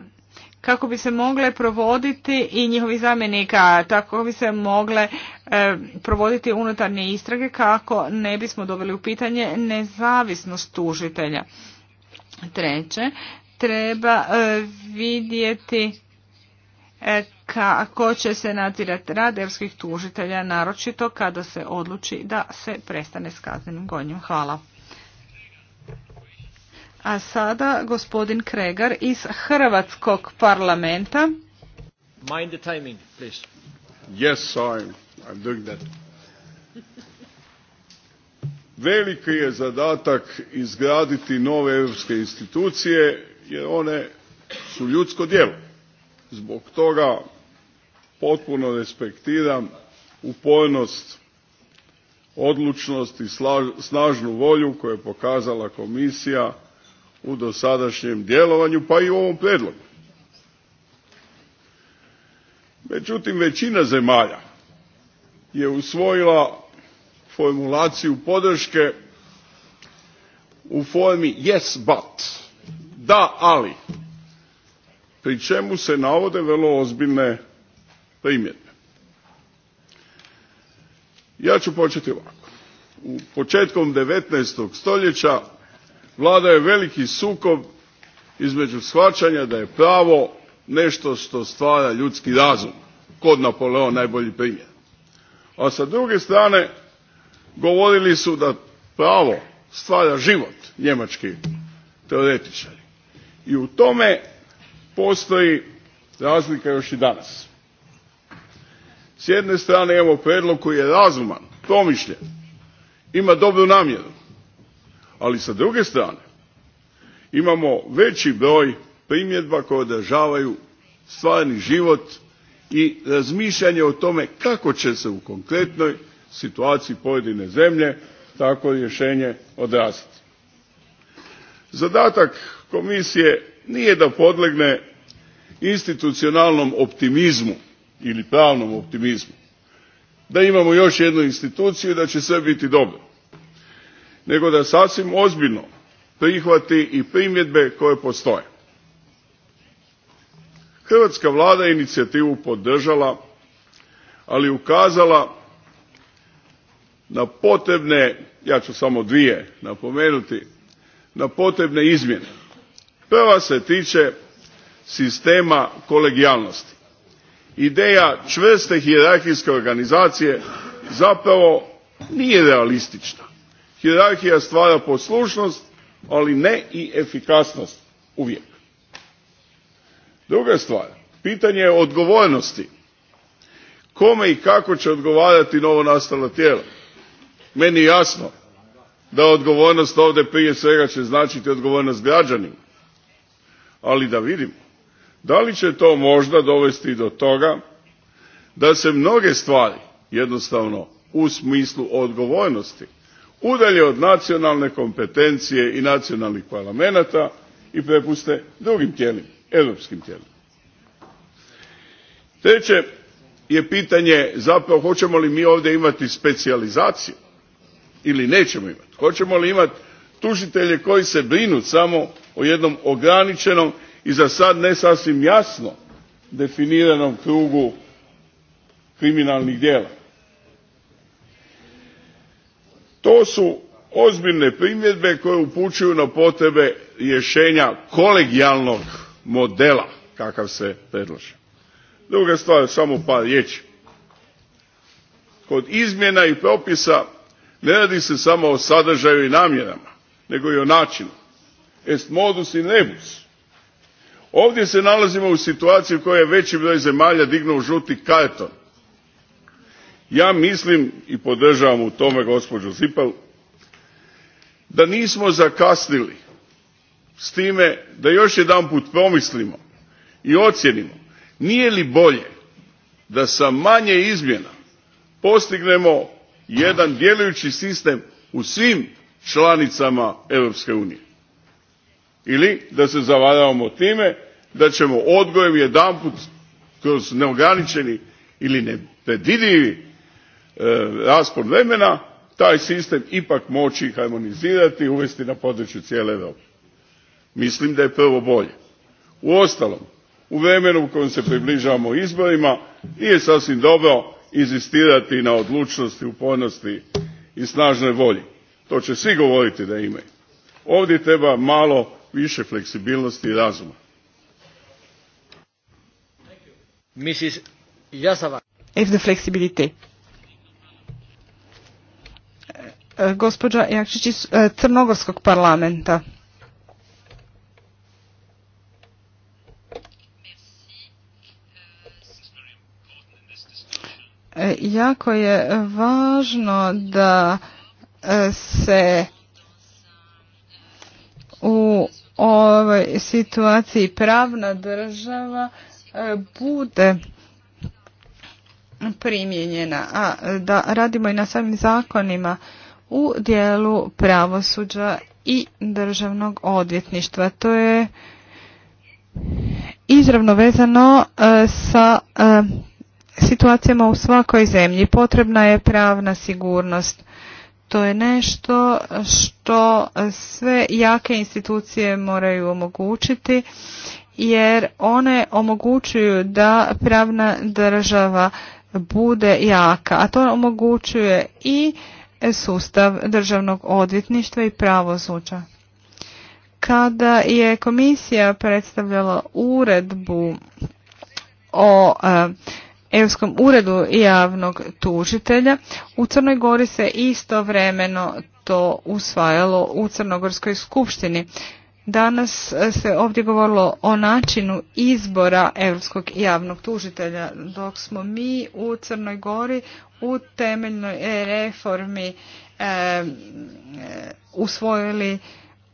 kako bi se mogle provoditi i njihovih zamjenika, tako bi se mogle e, provoditi unutarnje istrage kako ne bismo doveli u pitanje nezavisnost tužitelja. Treće, treba e, vidjeti e, kako će se nadzirati rad evskih tužitelja, naročito kada se odluči da se prestane s kaznenim gonjom. Hvala. A sada gospodin Kregar iz Hrvatskog parlamenta. Mind the timing, please. Yes, I'm doing that. Veliki je zadatak izgraditi nove europske institucije jer one su ljudsko djelo. Zbog toga potpuno respektiram upornost, odlučnost i snažnu volju koju je pokazala komisija u dosadašnjem djelovanju pa i u ovom predlogu. Međutim, većina zemalja je usvojila formulaciju podrške u formi yes but, da ali, pri čemu se navode vrlo ozbiljne primjedbe. Ja ću početi ovako. U početkom 19. stoljeća vlada je veliki sukob između shvaćanja da je pravo nešto što stvara ljudski razum, kod Napoleon najbolji primjer. A sa druge strane govorili su da pravo stvara život njemački teoretičari. I u tome postoji razlika još i danas. S jedne strane imamo predlog koji je razuman, promišljen, ima dobru namjeru, ali sa druge strane imamo veći broj primjedba koje odražavaju stvarni život i razmišljanje o tome kako će se u konkretnoj situaciji pojedine zemlje takvo rješenje odraziti. Zadatak komisije nije da podlegne institucionalnom optimizmu ili pravnom optimizmu, da imamo još jednu instituciju i da će sve biti dobro nego da sasvim ozbiljno prihvati i primjedbe koje postoje. Hrvatska vlada je inicijativu podržala, ali ukazala na potrebne, ja ću samo dvije napomenuti, na potrebne izmjene. Prva se tiče sistema kolegijalnosti. Ideja čvrste hijerarhijske organizacije zapravo nije realistična. Hierarhija stvara poslušnost, ali ne i efikasnost uvijek. Druga stvar, pitanje je odgovornosti. Kome i kako će odgovarati novo nastalo tijela? Meni je jasno da odgovornost ovdje prije svega će značiti odgovornost građanima. Ali da vidimo, da li će to možda dovesti do toga da se mnoge stvari jednostavno u smislu odgovornosti udalje od nacionalne kompetencije i nacionalnih parlamenata i prepuste drugim tijelima europskim tijelima treće je pitanje zapravo hoćemo li mi ovdje imati specijalizaciju ili nećemo imati hoćemo li imati tužitelje koji se brinu samo o jednom ograničenom i za sad ne sasvim jasno definiranom krugu kriminalnih djela To su ozbiljne primjedbe koje upućuju na potrebe rješenja kolegijalnog modela kakav se predlaže. Druga stvar, samo par riječi. Kod izmjena i propisa ne radi se samo o sadržaju i namjerama, nego i o načinu. Est modus in rebus. Ovdje se nalazimo u situaciji u kojoj je veći broj zemalja dignuo žuti karton ja mislim i podržavam u tome gospođu Zipel da nismo zakasnili s time da još jedanput promislimo i ocijenimo nije li bolje da sa manje izmjena postignemo jedan djelujući sistem u svim članicama Europske unije ili da se zavaravamo time da ćemo odgojem jedanput kroz neograničeni ili nepredvidivi E, raspon vremena taj sistem ipak moći harmonizirati i uvesti na području cijele europe. mislim da je prvo bolje. uostalom u vremenu u kojem se približavamo izborima nije sasvim dobro inzistirati na odlučnosti upornosti i snažnoj volji to će svi govoriti da imaju. ovdje treba malo više fleksibilnosti i razuma. Even de E, gospođa Jakšić iz e, Crnogorskog parlamenta. E, jako je važno da se u ovoj situaciji pravna država bude primjenjena, a da radimo i na samim zakonima u dijelu pravosuđa i državnog odvjetništva. To je izravno vezano e, sa e, situacijama u svakoj zemlji. Potrebna je pravna sigurnost. To je nešto što sve jake institucije moraju omogućiti jer one omogućuju da pravna država bude jaka, a to omogućuje i sustav državnog odvjetništva i pravosuđa. Kada je komisija predstavljala uredbu o e, Europskom uredu javnog tužitelja, u Crnoj Gori se istovremeno to usvajalo u Crnogorskoj skupštini. Danas se ovdje govorilo o načinu izbora Europskog javnog tužitelja, dok smo mi u Crnoj Gori u temeljnoj reformi e, e, usvojili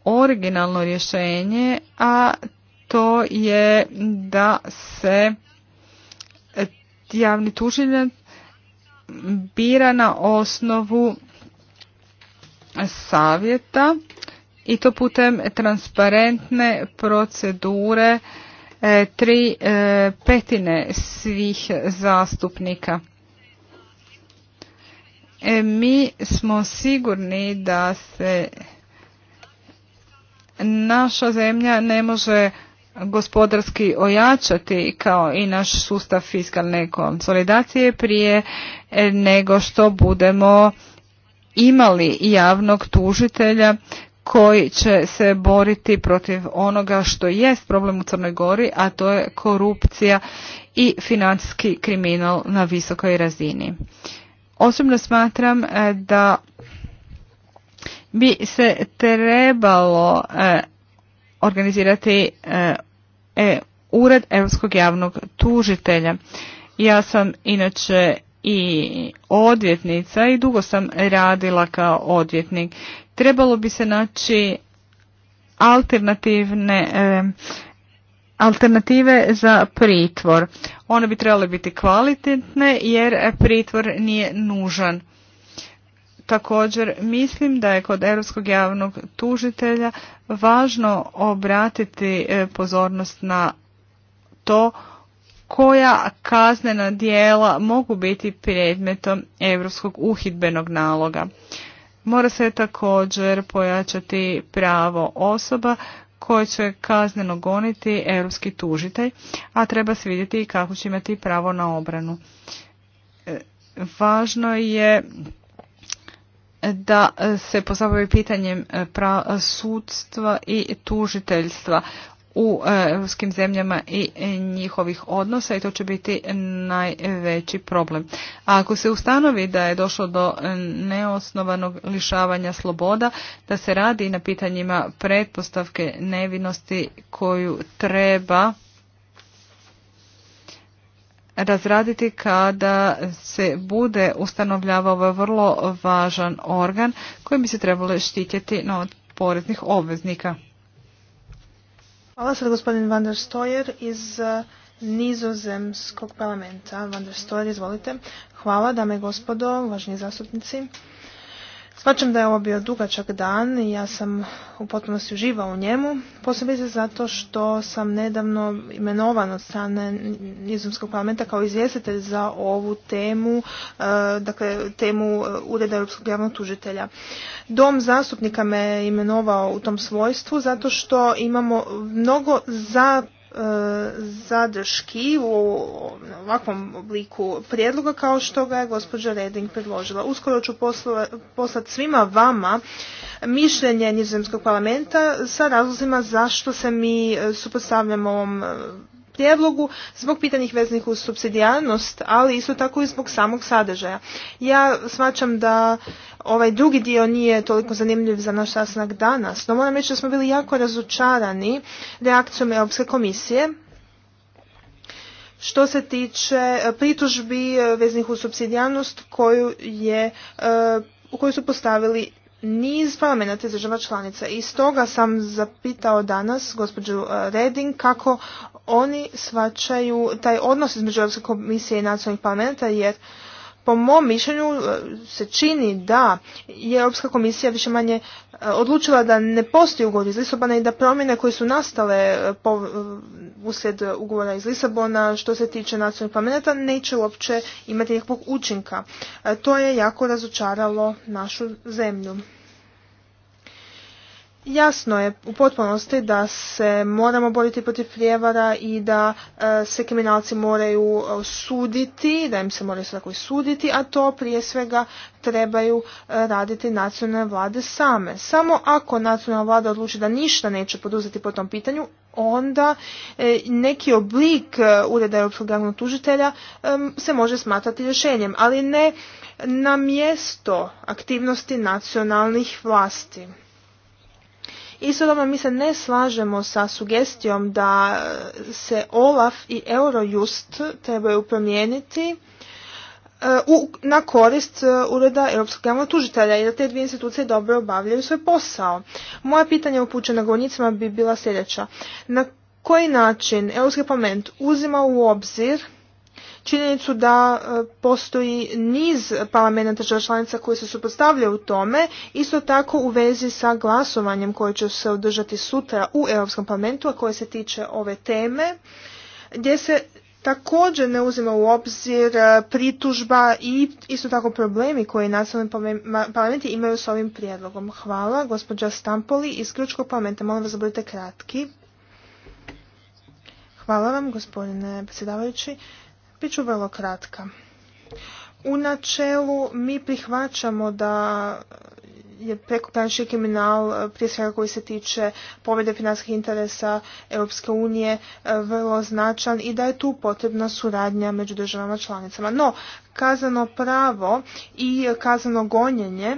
originalno rješenje, a to je da se javni tužitelj bira na osnovu savjeta i to putem transparentne procedure e, tri petine svih zastupnika. E, mi smo sigurni da se naša zemlja ne može gospodarski ojačati kao i naš sustav fiskalne konsolidacije prije e, nego što budemo imali javnog tužitelja koji će se boriti protiv onoga što jest problem u Crnoj Gori, a to je korupcija i financijski kriminal na visokoj razini. Osobno smatram e, da bi se trebalo e, organizirati e, Ured Europskog javnog tužitelja. Ja sam inače i odvjetnica i dugo sam radila kao odvjetnik. Trebalo bi se naći alternativne alternative za pritvor. One bi trebale biti kvalitetne jer pritvor nije nužan. Također mislim da je kod Europskog javnog tužitelja važno obratiti e, pozornost na to koja kaznena dijela mogu biti predmetom Europskog uhidbenog naloga. Mora se također pojačati pravo osoba koje će kazneno goniti europski tužitelj, a treba se vidjeti i kako će imati pravo na obranu. E, važno je da se pozabavi pitanjem e, sudstva i tužiteljstva u europskim zemljama i e, njihovih odnosa i to će biti najveći problem. A ako se ustanovi da je došlo do e, neosnovanog lišavanja sloboda, da se radi na pitanjima pretpostavke nevinosti koju treba razraditi kada se bude ustanovljavao ovaj vrlo važan organ koji bi se trebalo štititi od poreznih obveznika. Hvala sad gospodin Van der Stojer iz e, nizozemskog parlamenta. Van der Stojer, izvolite. Hvala, dame i gospodo, važni zastupnici. Svačam da je ovo bio dugačak dan i ja sam u potpunosti uživao u njemu, posebice zato što sam nedavno imenovan od strane Nizomskog parlamenta kao izvjestitelj za ovu temu, e, dakle temu e, Ureda Europskog javnog tužitelja. Dom zastupnika me imenovao u tom svojstvu zato što imamo mnogo za zadrški u ovakvom obliku prijedloga kao što ga je gospođa Reding predložila. Uskoro ću poslati svima vama mišljenje nizozemskog parlamenta sa razlozima zašto se mi e, supostavljamo ovom e, prijedlogu zbog pitanih veznih uz subsidijarnost, ali isto tako i zbog samog sadržaja. Ja smačam da ovaj drugi dio nije toliko zanimljiv za naš sasnak danas, no moram reći da smo bili jako razočarani reakcijom Europske komisije što se tiče e, pritužbi e, veznih uz subsidijarnost koju je e, u koju su postavili niz parlamenta iz država članica. I stoga sam zapitao danas gospođu uh, Reding kako oni svačaju taj odnos između Europske komisije i nacionalnih parlamenta jer po mom mišljenju e, se čini da je Europska komisija više manje e, odlučila da ne postoji ugovor iz Lisabona i da promjene koje su nastale e, po, uslijed ugovora iz Lisabona što se tiče nacionalnih parlamenta neće uopće imati nikakvog učinka. To je jako razočaralo našu zemlju. Jasno je u potpunosti da se moramo boriti protiv prijevara i da e, se kriminalci moraju e, suditi, da im se moraju svako i suditi, a to prije svega trebaju e, raditi nacionalne vlade same. Samo ako nacionalna vlada odluči da ništa neće poduzeti po tom pitanju, onda neki oblik ureda Europskog javnog tužitelja se može smatrati rješenjem, ali ne na mjesto aktivnosti nacionalnih vlasti. Istodobno mi se ne slažemo sa sugestijom da se Olaf i Eurojust trebaju promijeniti e, na korist e, Ureda Europskog javnog tužitelja i da te dvije institucije dobro obavljaju svoj posao. Moja pitanja upućena govornicima bi bila sljedeća. Na koji način Europski parlament uzima u obzir činjenicu da e, postoji niz parlamenta država članica koji se u tome, isto tako u vezi sa glasovanjem koje će se održati sutra u Europskom parlamentu, a koje se tiče ove teme, gdje se također ne uzima u obzir e, pritužba i isto tako problemi koje nacionalni parlamenti imaju s ovim prijedlogom. Hvala, gospođa Stampoli iz Kručkog parlamenta. Molim vas da budete kratki. Hvala vam, gospodine predsjedavajući ću vrlo kratka. U načelu mi prihvaćamo da je prekogranični kriminal, prije svega koji se tiče povrede finanskih interesa Europske unije, vrlo značan i da je tu potrebna suradnja među državama članicama. No, kazano pravo i kazano gonjenje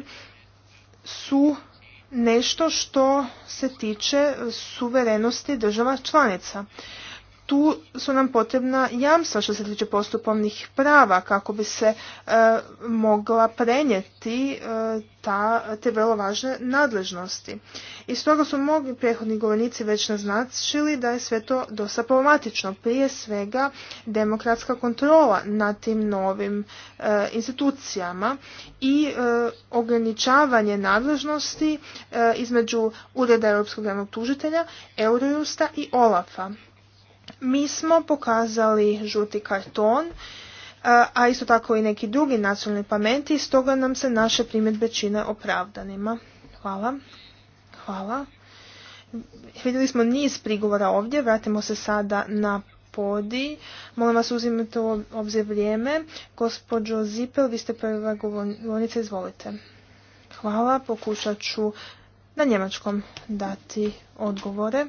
su nešto što se tiče suverenosti država članica tu su nam potrebna jamstva što se tiče postupovnih prava kako bi se e, mogla prenijeti e, ta, te vrlo važne nadležnosti. I stoga su mnogi prethodni govornici već naznačili da je sve to dosta problematično. Prije svega demokratska kontrola nad tim novim e, institucijama i ograničavanje nadležnosti između Ureda Europskog javnog tužitelja, Eurojusta i Olafa. Mi smo pokazali žuti karton, e, a isto tako i neki drugi nacionalni pamenti, stoga nam se naše primjedbe čine opravdanima. Hvala. Hvala. Vidjeli smo niz prigovora ovdje, vratimo se sada na podi. Molim vas uzimajte u obzir vrijeme. Gospođo Zipel, vi ste prva govornica, izvolite. Hvala, pokušat ću na njemačkom dati odgovore.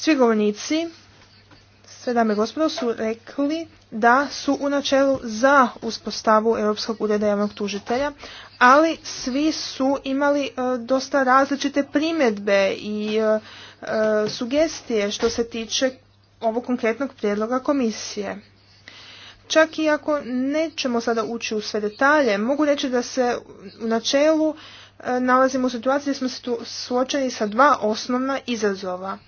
Svi govornici, sve dame i gospodo, su rekli da su u načelu za uspostavu Europskog ureda javnog tužitelja, ali svi su imali e, dosta različite primjedbe i e, e, sugestije što se tiče ovog konkretnog prijedloga komisije. Čak i ako nećemo sada ući u sve detalje, mogu reći da se u načelu nalazimo u situaciji gdje smo se suočeni sa dva osnovna izazova.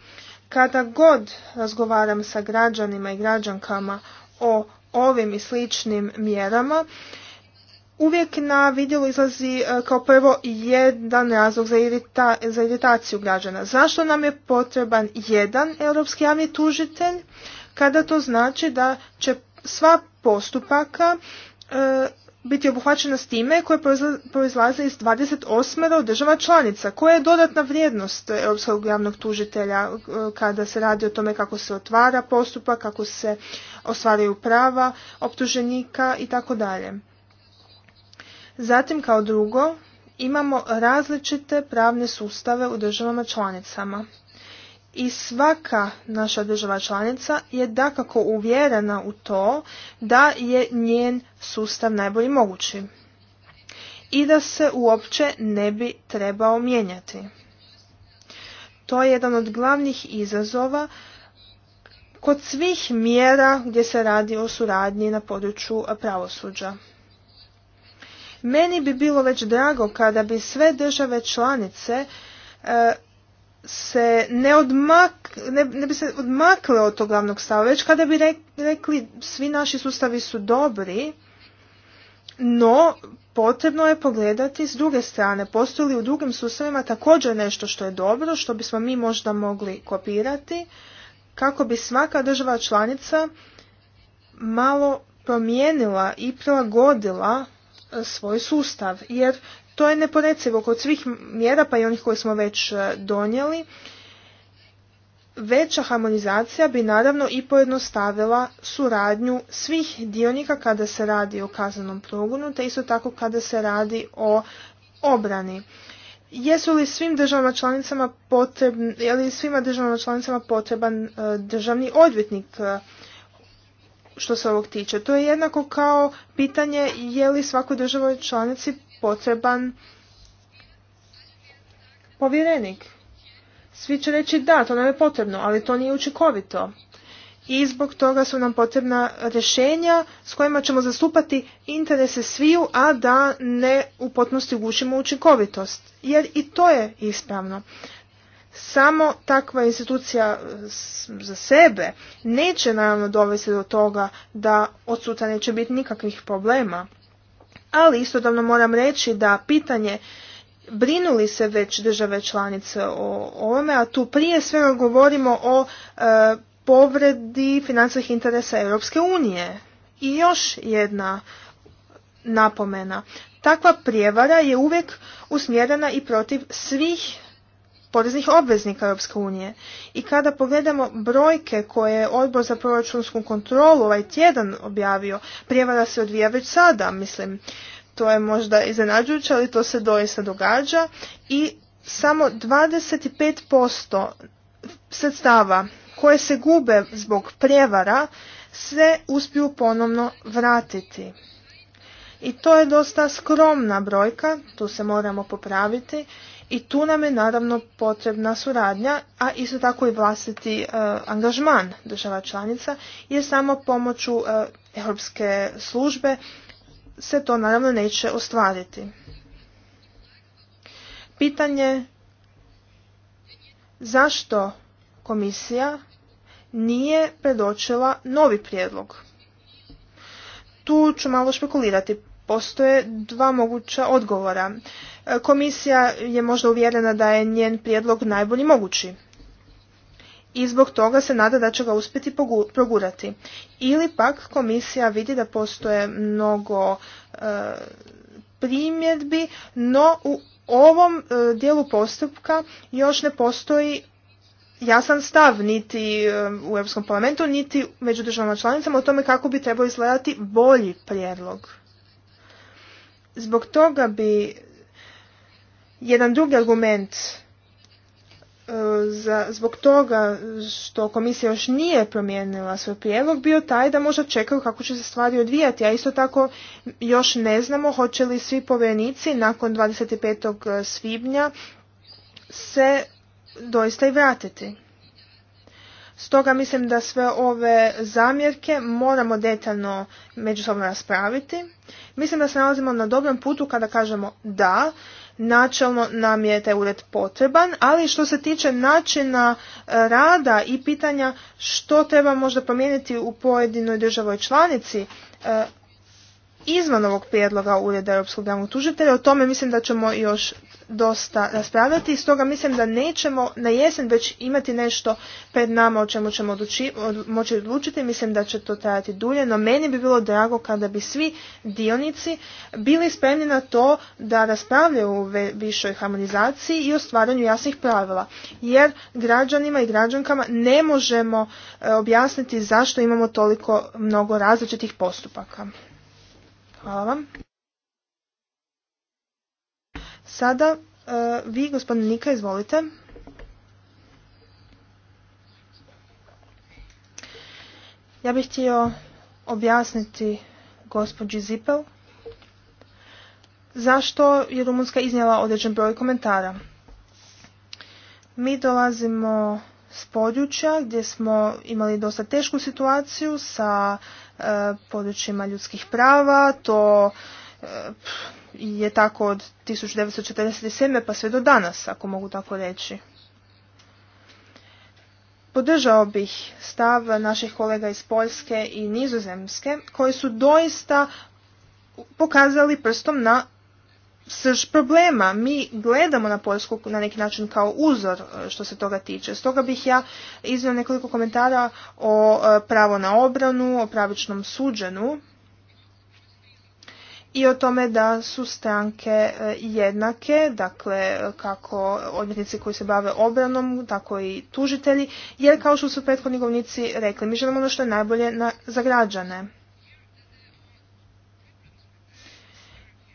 Kada god razgovaram sa građanima i građankama o ovim i sličnim mjerama, uvijek na vidjelu izlazi e, kao prvo jedan razlog za, za iritaciju građana. Zašto nam je potreban jedan europski javni tužitelj kada to znači da će sva postupaka e, biti obuhvaćena s time koje proizlaze iz 28. država članica. Koja je dodatna vrijednost Europskog javnog tužitelja e, kada se radi o tome kako se otvara postupak, kako se ostvaraju prava optuženika i tako dalje. Zatim kao drugo imamo različite pravne sustave u državama članicama i svaka naša država članica je dakako uvjerena u to da je njen sustav najbolji mogući i da se uopće ne bi trebao mijenjati. To je jedan od glavnih izazova kod svih mjera gdje se radi o suradnji na području pravosuđa. Meni bi bilo već drago kada bi sve države članice e, se ne, odmak, ne, ne, bi se odmakle od tog glavnog stava, već kada bi rekli svi naši sustavi su dobri, no potrebno je pogledati s druge strane, postoji li u drugim sustavima također nešto što je dobro, što bismo mi možda mogli kopirati, kako bi svaka država članica malo promijenila i prilagodila e, svoj sustav, jer to je neporecivo kod svih mjera, pa i onih koje smo već e, donijeli. Veća harmonizacija bi naravno i pojednostavila suradnju svih dionika kada se radi o kaznenom progonu, te isto tako kada se radi o obrani. Jesu li svim državama članicama je li svima državama članicama potreban e, državni odvjetnik e, što se ovog tiče? To je jednako kao pitanje je li svakoj državoj članici potreban povjerenik. Svi će reći da, to nam je potrebno, ali to nije učinkovito. I zbog toga su nam potrebna rješenja s kojima ćemo zastupati interese sviju, a da ne u potpunosti gušimo učinkovitost. Jer i to je ispravno. Samo takva institucija e, za sebe neće naravno dovesti do toga da od sutra neće biti nikakvih problema ali istodobno moram reći da pitanje brinuli se već države članice o ovome, a tu prije svega govorimo o e, povredi financijskih interesa Europske unije. I još jedna napomena. Takva prijevara je uvijek usmjerena i protiv svih poreznih obveznika Europske unije. I kada pogledamo brojke koje je odbor za proračunsku kontrolu ovaj tjedan objavio, prijevara se odvija već sada, mislim. To je možda iznenađujuće, ali to se doista događa i samo 25% sredstava koje se gube zbog prijevara se uspiju ponovno vratiti. I to je dosta skromna brojka, tu se moramo popraviti i tu nam je naravno potrebna suradnja, a isto tako i vlastiti e, angažman država članica, jer samo pomoću e, europske službe se to naravno neće ostvariti. Pitanje zašto komisija nije predočila novi prijedlog. Tu ću malo špekulirati. Postoje dva moguća odgovora. E, komisija je možda uvjerena da je njen prijedlog najbolji mogući i zbog toga se nada da će ga uspjeti progurati. Ili pak komisija vidi da postoje mnogo e, primjedbi, no u ovom e, dijelu postupka još ne postoji jasan stav niti u Europskom parlamentu, niti među državama članicama o tome kako bi trebao izgledati bolji prijedlog. Zbog toga bi jedan drugi argument e, za, zbog toga što komisija još nije promijenila svoj prijedlog bio taj da možda čekaju kako će se stvari odvijati, a isto tako još ne znamo hoće li svi povjerenici nakon 25. svibnja se doista i vratiti. Stoga mislim da sve ove zamjerke moramo detaljno međusobno raspraviti. Mislim da se nalazimo na dobrom putu kada kažemo da, Načelno nam je taj ured potreban, ali što se tiče načina e, rada i pitanja što treba možda promijeniti u pojedinoj državoj članici, e, izvan ovog prijedloga Ureda Europskog javnog tužitelja, o tome mislim da ćemo još dosta raspravljati i stoga mislim da nećemo na jesen već imati nešto pred nama o čemu ćemo moći odlučiti. Mislim da će to trajati dulje, no meni bi bilo drago kada bi svi dionici bili spremni na to da raspravljaju u višoj harmonizaciji i o stvaranju jasnih pravila. Jer građanima i građankama ne možemo e, objasniti zašto imamo toliko mnogo različitih postupaka. Hvala vam. Sada e, vi, gospodin Nika, izvolite. Ja bih htio objasniti gospođi Zipel zašto je Rumunska iznijela određen broj komentara. Mi dolazimo s područja gdje smo imali dosta tešku situaciju sa e, područjima ljudskih prava, to e, je tako od 1947. pa sve do danas, ako mogu tako reći. Podržao bih stav naših kolega iz Poljske i Nizozemske koji su doista pokazali prstom na srž problema. Mi gledamo na Poljsku na neki način kao uzor e, što se toga tiče. Stoga bih ja iznio nekoliko komentara o e, pravo na obranu, o pravičnom suđenu i o tome da su stranke e, jednake, dakle kako odvjetnici koji se bave obranom, tako i tužitelji, jer kao što su prethodni govornici rekli, mi želimo ono što je najbolje za građane.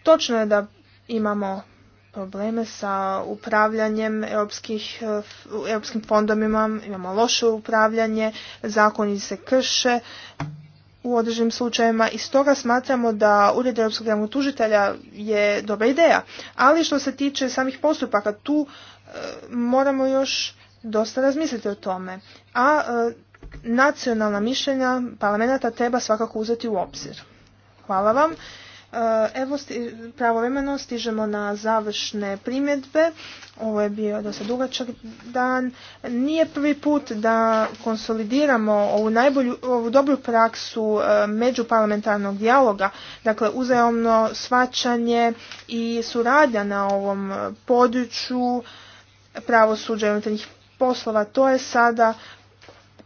Točno je da imamo probleme sa upravljanjem e, europskim fondovima, imamo loše upravljanje, zakoni se krše, u određenim slučajima i stoga smatramo da Ured Europskog javnog tužitelja je dobra ideja. Ali što se tiče samih postupaka, tu e, moramo još dosta razmisliti o tome. A e, nacionalna mišljenja parlamenta treba svakako uzeti u obzir. Hvala vam. E, evo, pravovremeno stižemo na završne primjedbe. Ovo je bio dosta dugačak dan. Nije prvi put da konsolidiramo ovu, najbolju, ovu dobru praksu e, međuparlamentarnog dijaloga, dakle uzajomno svačanje i suradnja na ovom području pravosuđa i unutarnjih poslova. To je sada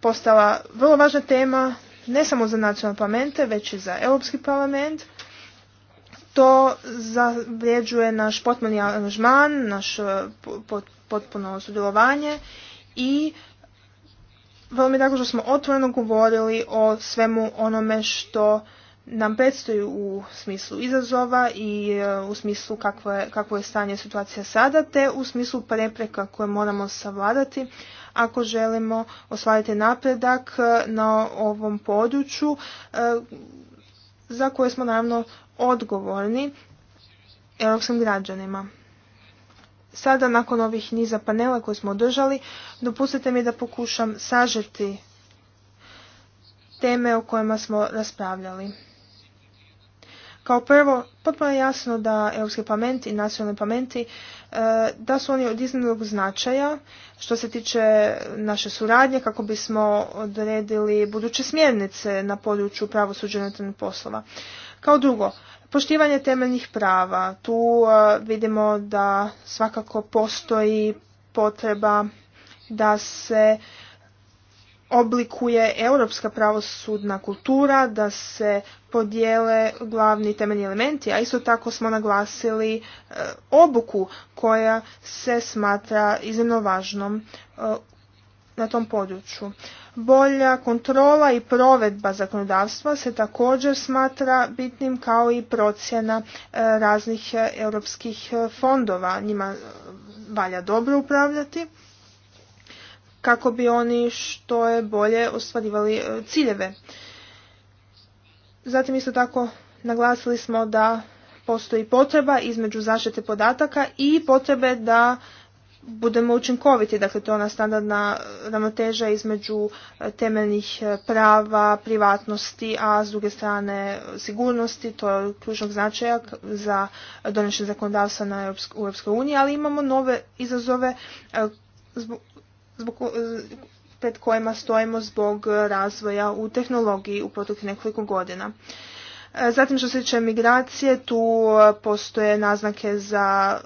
postala vrlo važna tema ne samo za nacionalne parlamente, već i za Europski parlament to zavrijeđuje naš potpuni aranžman, naš eh, potpuno sudjelovanje i vrlo mi je tako što smo otvoreno govorili o svemu onome što nam predstoji u smislu izazova i eh, u smislu kakvo je, je stanje situacija sada, te u smislu prepreka koje moramo savladati ako želimo ostvariti napredak eh, na ovom području za koje smo naravno odgovorni europskim građanima. Sada, nakon ovih niza panela koje smo održali, dopustite mi da pokušam sažeti teme o kojima smo raspravljali. Kao prvo, potpuno je jasno da Europski parlament i nacionalni parlamenti e, da su oni od iznimnog značaja što se tiče naše suradnje kako bismo odredili buduće smjernice na području pravosuđa poslova. Kao drugo, poštivanje temeljnih prava. Tu e, vidimo da svakako postoji potreba da se oblikuje europska pravosudna kultura, da se podijele glavni temeljni elementi, a isto tako smo naglasili e, obuku koja se smatra iznimno važnom e, na tom području. Bolja kontrola i provedba zakonodavstva se također smatra bitnim kao i procjena e, raznih e, europskih e, fondova. Njima valja dobro upravljati kako bi oni što je bolje ostvarivali ciljeve. Zatim isto tako naglasili smo da postoji potreba između zaštite podataka i potrebe da budemo učinkoviti. Dakle, to je ona standardna ravnoteža između e, temeljnih e, prava, privatnosti, a s druge strane sigurnosti. To je ključnog značaja za donošenje zakonodavstva na u Europskoj uniji, ali imamo nove izazove e, zbog, zbog pred kojima stojimo zbog razvoja u tehnologiji u proteklih nekoliko godina. Zatim što se tiče migracije, tu postoje naznake za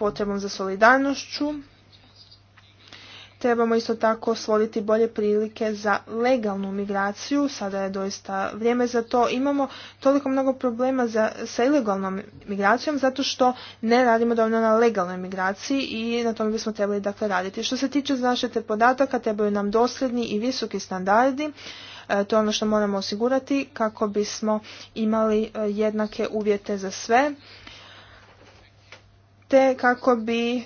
potrebom za solidarnošću. Trebamo isto tako stvoriti bolje prilike za legalnu migraciju, sada je doista vrijeme za to. Imamo toliko mnogo problema za, sa ilegalnom migracijom zato što ne radimo dovoljno na legalnoj migraciji i na tome bismo trebali dakle raditi. Što se tiče zaštite podataka, trebaju nam dosljedni i visoki standardi. E, to je ono što moramo osigurati kako bismo imali e, jednake uvjete za sve te kako bi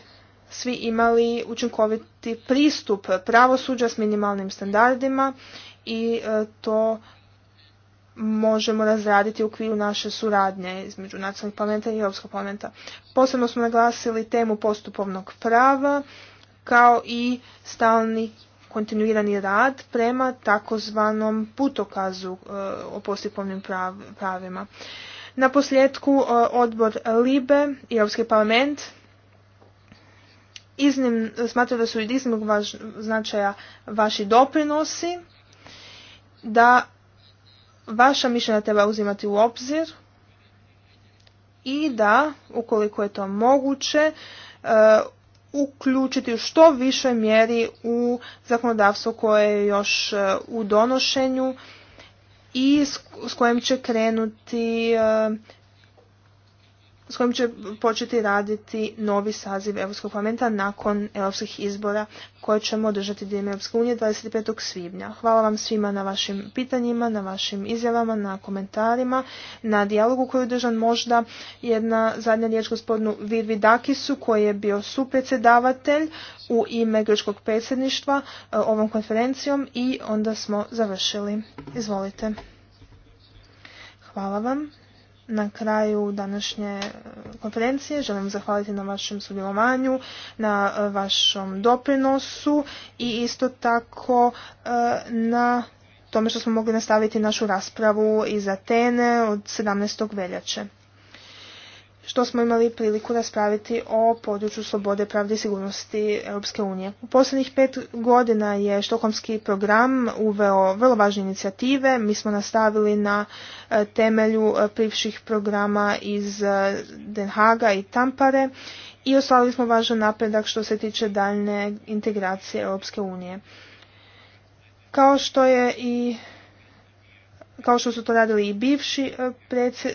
svi imali učinkoviti pristup pravosuđa s minimalnim standardima i e, to možemo razraditi u okviru naše suradnje između nacionalnih parlamenta i Europskog parlamenta. Posebno smo naglasili temu postupovnog prava kao i stalni kontinuirani rad prema takozvanom putokazu e, o postupovnim pravima. Na posljedku e, odbor LIBE i Europski parlament iznim, da su od iznimnog značaja vaši doprinosi, da vaša mišljenja treba uzimati u obzir i da, ukoliko je to moguće, e, uključiti u što višoj mjeri u zakonodavstvo koje je još e, u donošenju i s kojim će krenuti e, s kojim će početi raditi novi saziv Europskog parlamenta nakon europskih izbora koje ćemo održati diljem Europske unije 25. svibnja. Hvala vam svima na vašim pitanjima, na vašim izjavama, na komentarima, na dijalogu koji je održan možda jedna zadnja riječ gospodinu Virvi Dakisu koji je bio supredsjedavatelj u ime grčkog predsjedništva e, ovom konferencijom i onda smo završili. Izvolite. Hvala vam na kraju današnje e, konferencije želim zahvaliti na vašem sudjelovanju, na e, vašom doprinosu i isto tako e, na tome što smo mogli nastaviti našu raspravu iz Atene od 17. veljače što smo imali priliku raspraviti o području slobode, pravde i sigurnosti Europske unije. U posljednjih pet godina je štokomski program uveo vrlo važne inicijative. Mi smo nastavili na e, temelju e, privših programa iz e, Den Haga i Tampare i ostvarili smo važan napredak što se tiče daljne integracije Europske unije. Kao što je i kao što su to radili i e,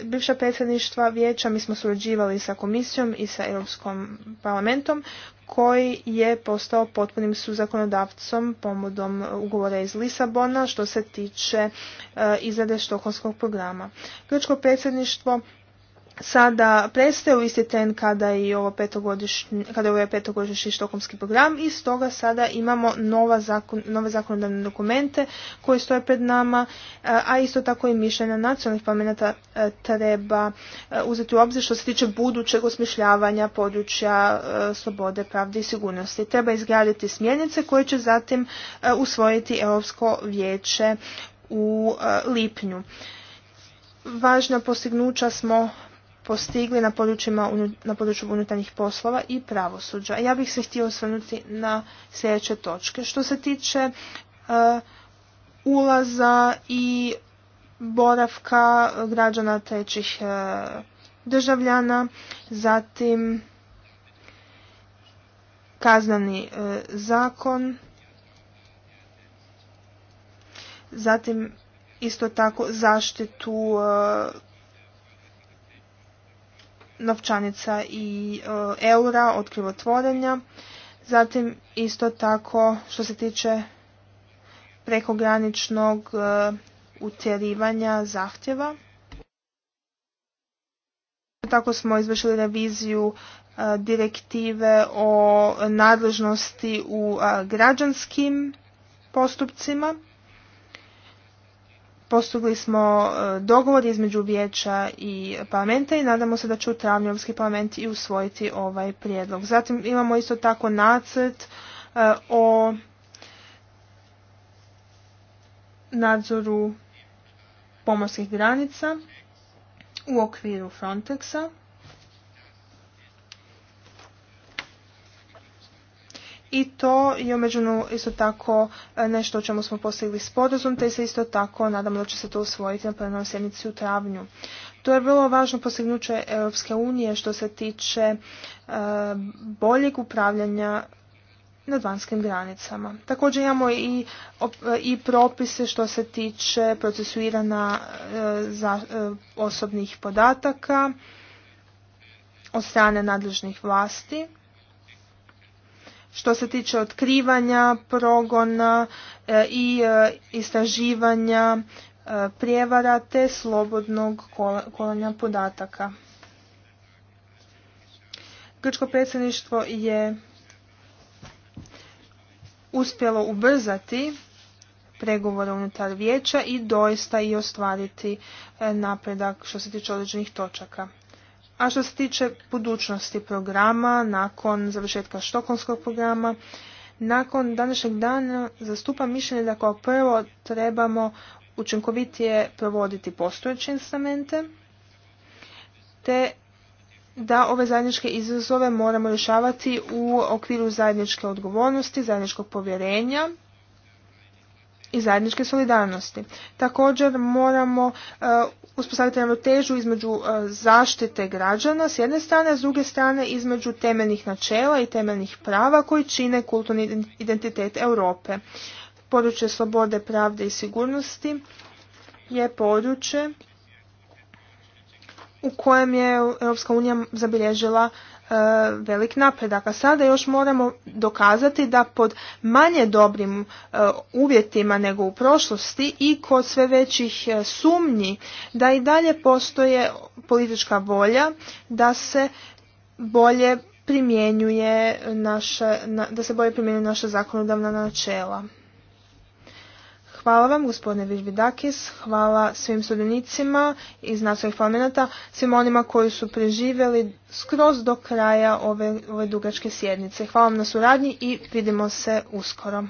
bivša predsjedništva vijeća, mi smo surađivali sa komisijom i sa Europskom parlamentom koji je postao potpunim suzakonodavcom pomodom ugovora iz Lisabona što se tiče e, izrade štokonskog programa. Grčko predsjedništvo sada prestaje u isti tren kada i ovo petogodišnji, kada je ovaj petogodišnji štokomski program i stoga sada imamo nova zakon, nove zakonodavne dokumente koji stoje pred nama, a isto tako i mišljenja nacionalnih parlamenta e, treba e, uzeti u obzir što se tiče budućeg osmišljavanja područja e, slobode, pravde i sigurnosti. Treba izgraditi smjernice koje će zatim usvojiti Europsko vijeće u lipnju važna postignuća smo postigli na, područjima, na području unutarnjih poslova i pravosuđa. Ja bih se htio osvrnuti na sljedeće točke. Što se tiče e, ulaza i boravka građana trećih e, državljana, zatim kaznani e, zakon, zatim isto tako zaštitu novčanica i e, eura od krivotvorenja. Zatim isto tako što se tiče prekograničnog e, utjerivanja zahtjeva. Tako smo izvršili reviziju e, direktive o nadležnosti u građanskim postupcima postigli smo e, dogovor između vijeća i parlamenta i nadamo se da će u travnju Europski parlament i usvojiti ovaj prijedlog. Zatim imamo isto tako nacrt e, o nadzoru pomorskih granica u okviru Frontexa. i to je međunu isto tako e, nešto o čemu smo postigli sporazum, te se isto tako nadamo da će se to usvojiti na plenarnoj sjednici u travnju. To je vrlo važno postignuće Europske unije što se tiče e, boljeg upravljanja nad vanjskim granicama. Također imamo i, e, i propise što se tiče procesuirana za, osobnih podataka od strane nadležnih vlasti što se tiče otkrivanja, progona e, i e, istraživanja e, prijevara te slobodnog kolanja podataka. Grčko predsjedništvo je uspjelo ubrzati pregovore unutar vijeća i doista i ostvariti napredak što se tiče određenih točaka. A što se tiče budućnosti programa, nakon završetka štokonskog programa, nakon današnjeg dana zastupam mišljenje da kao prvo trebamo učinkovitije provoditi postojeće instrumente, te da ove zajedničke izazove moramo rješavati u okviru zajedničke odgovornosti, zajedničkog povjerenja i zajedničke solidarnosti. Također moramo e, uspostaviti ravnotežu između e, zaštite građana s jedne strane, a s druge strane između temeljnih načela i temeljnih prava koji čine kulturni identitet Europe. Područje slobode, pravde i sigurnosti je područje u kojem je Europska unija zabilježila E, velik napredak. A sada još moramo dokazati da pod manje dobrim e, uvjetima nego u prošlosti i kod sve većih e, sumnji da i dalje postoje politička volja da se bolje primjenjuje naše, da se bolje primjenjuje naša zakonodavna načela. Hvala vam gospodine Vižbidakis, hvala svim sudionicima iz nacionalnih parlamenta, svima onima koji su preživjeli skroz do kraja ove, ove dugačke sjednice. Hvala vam na suradnji i vidimo se uskoro.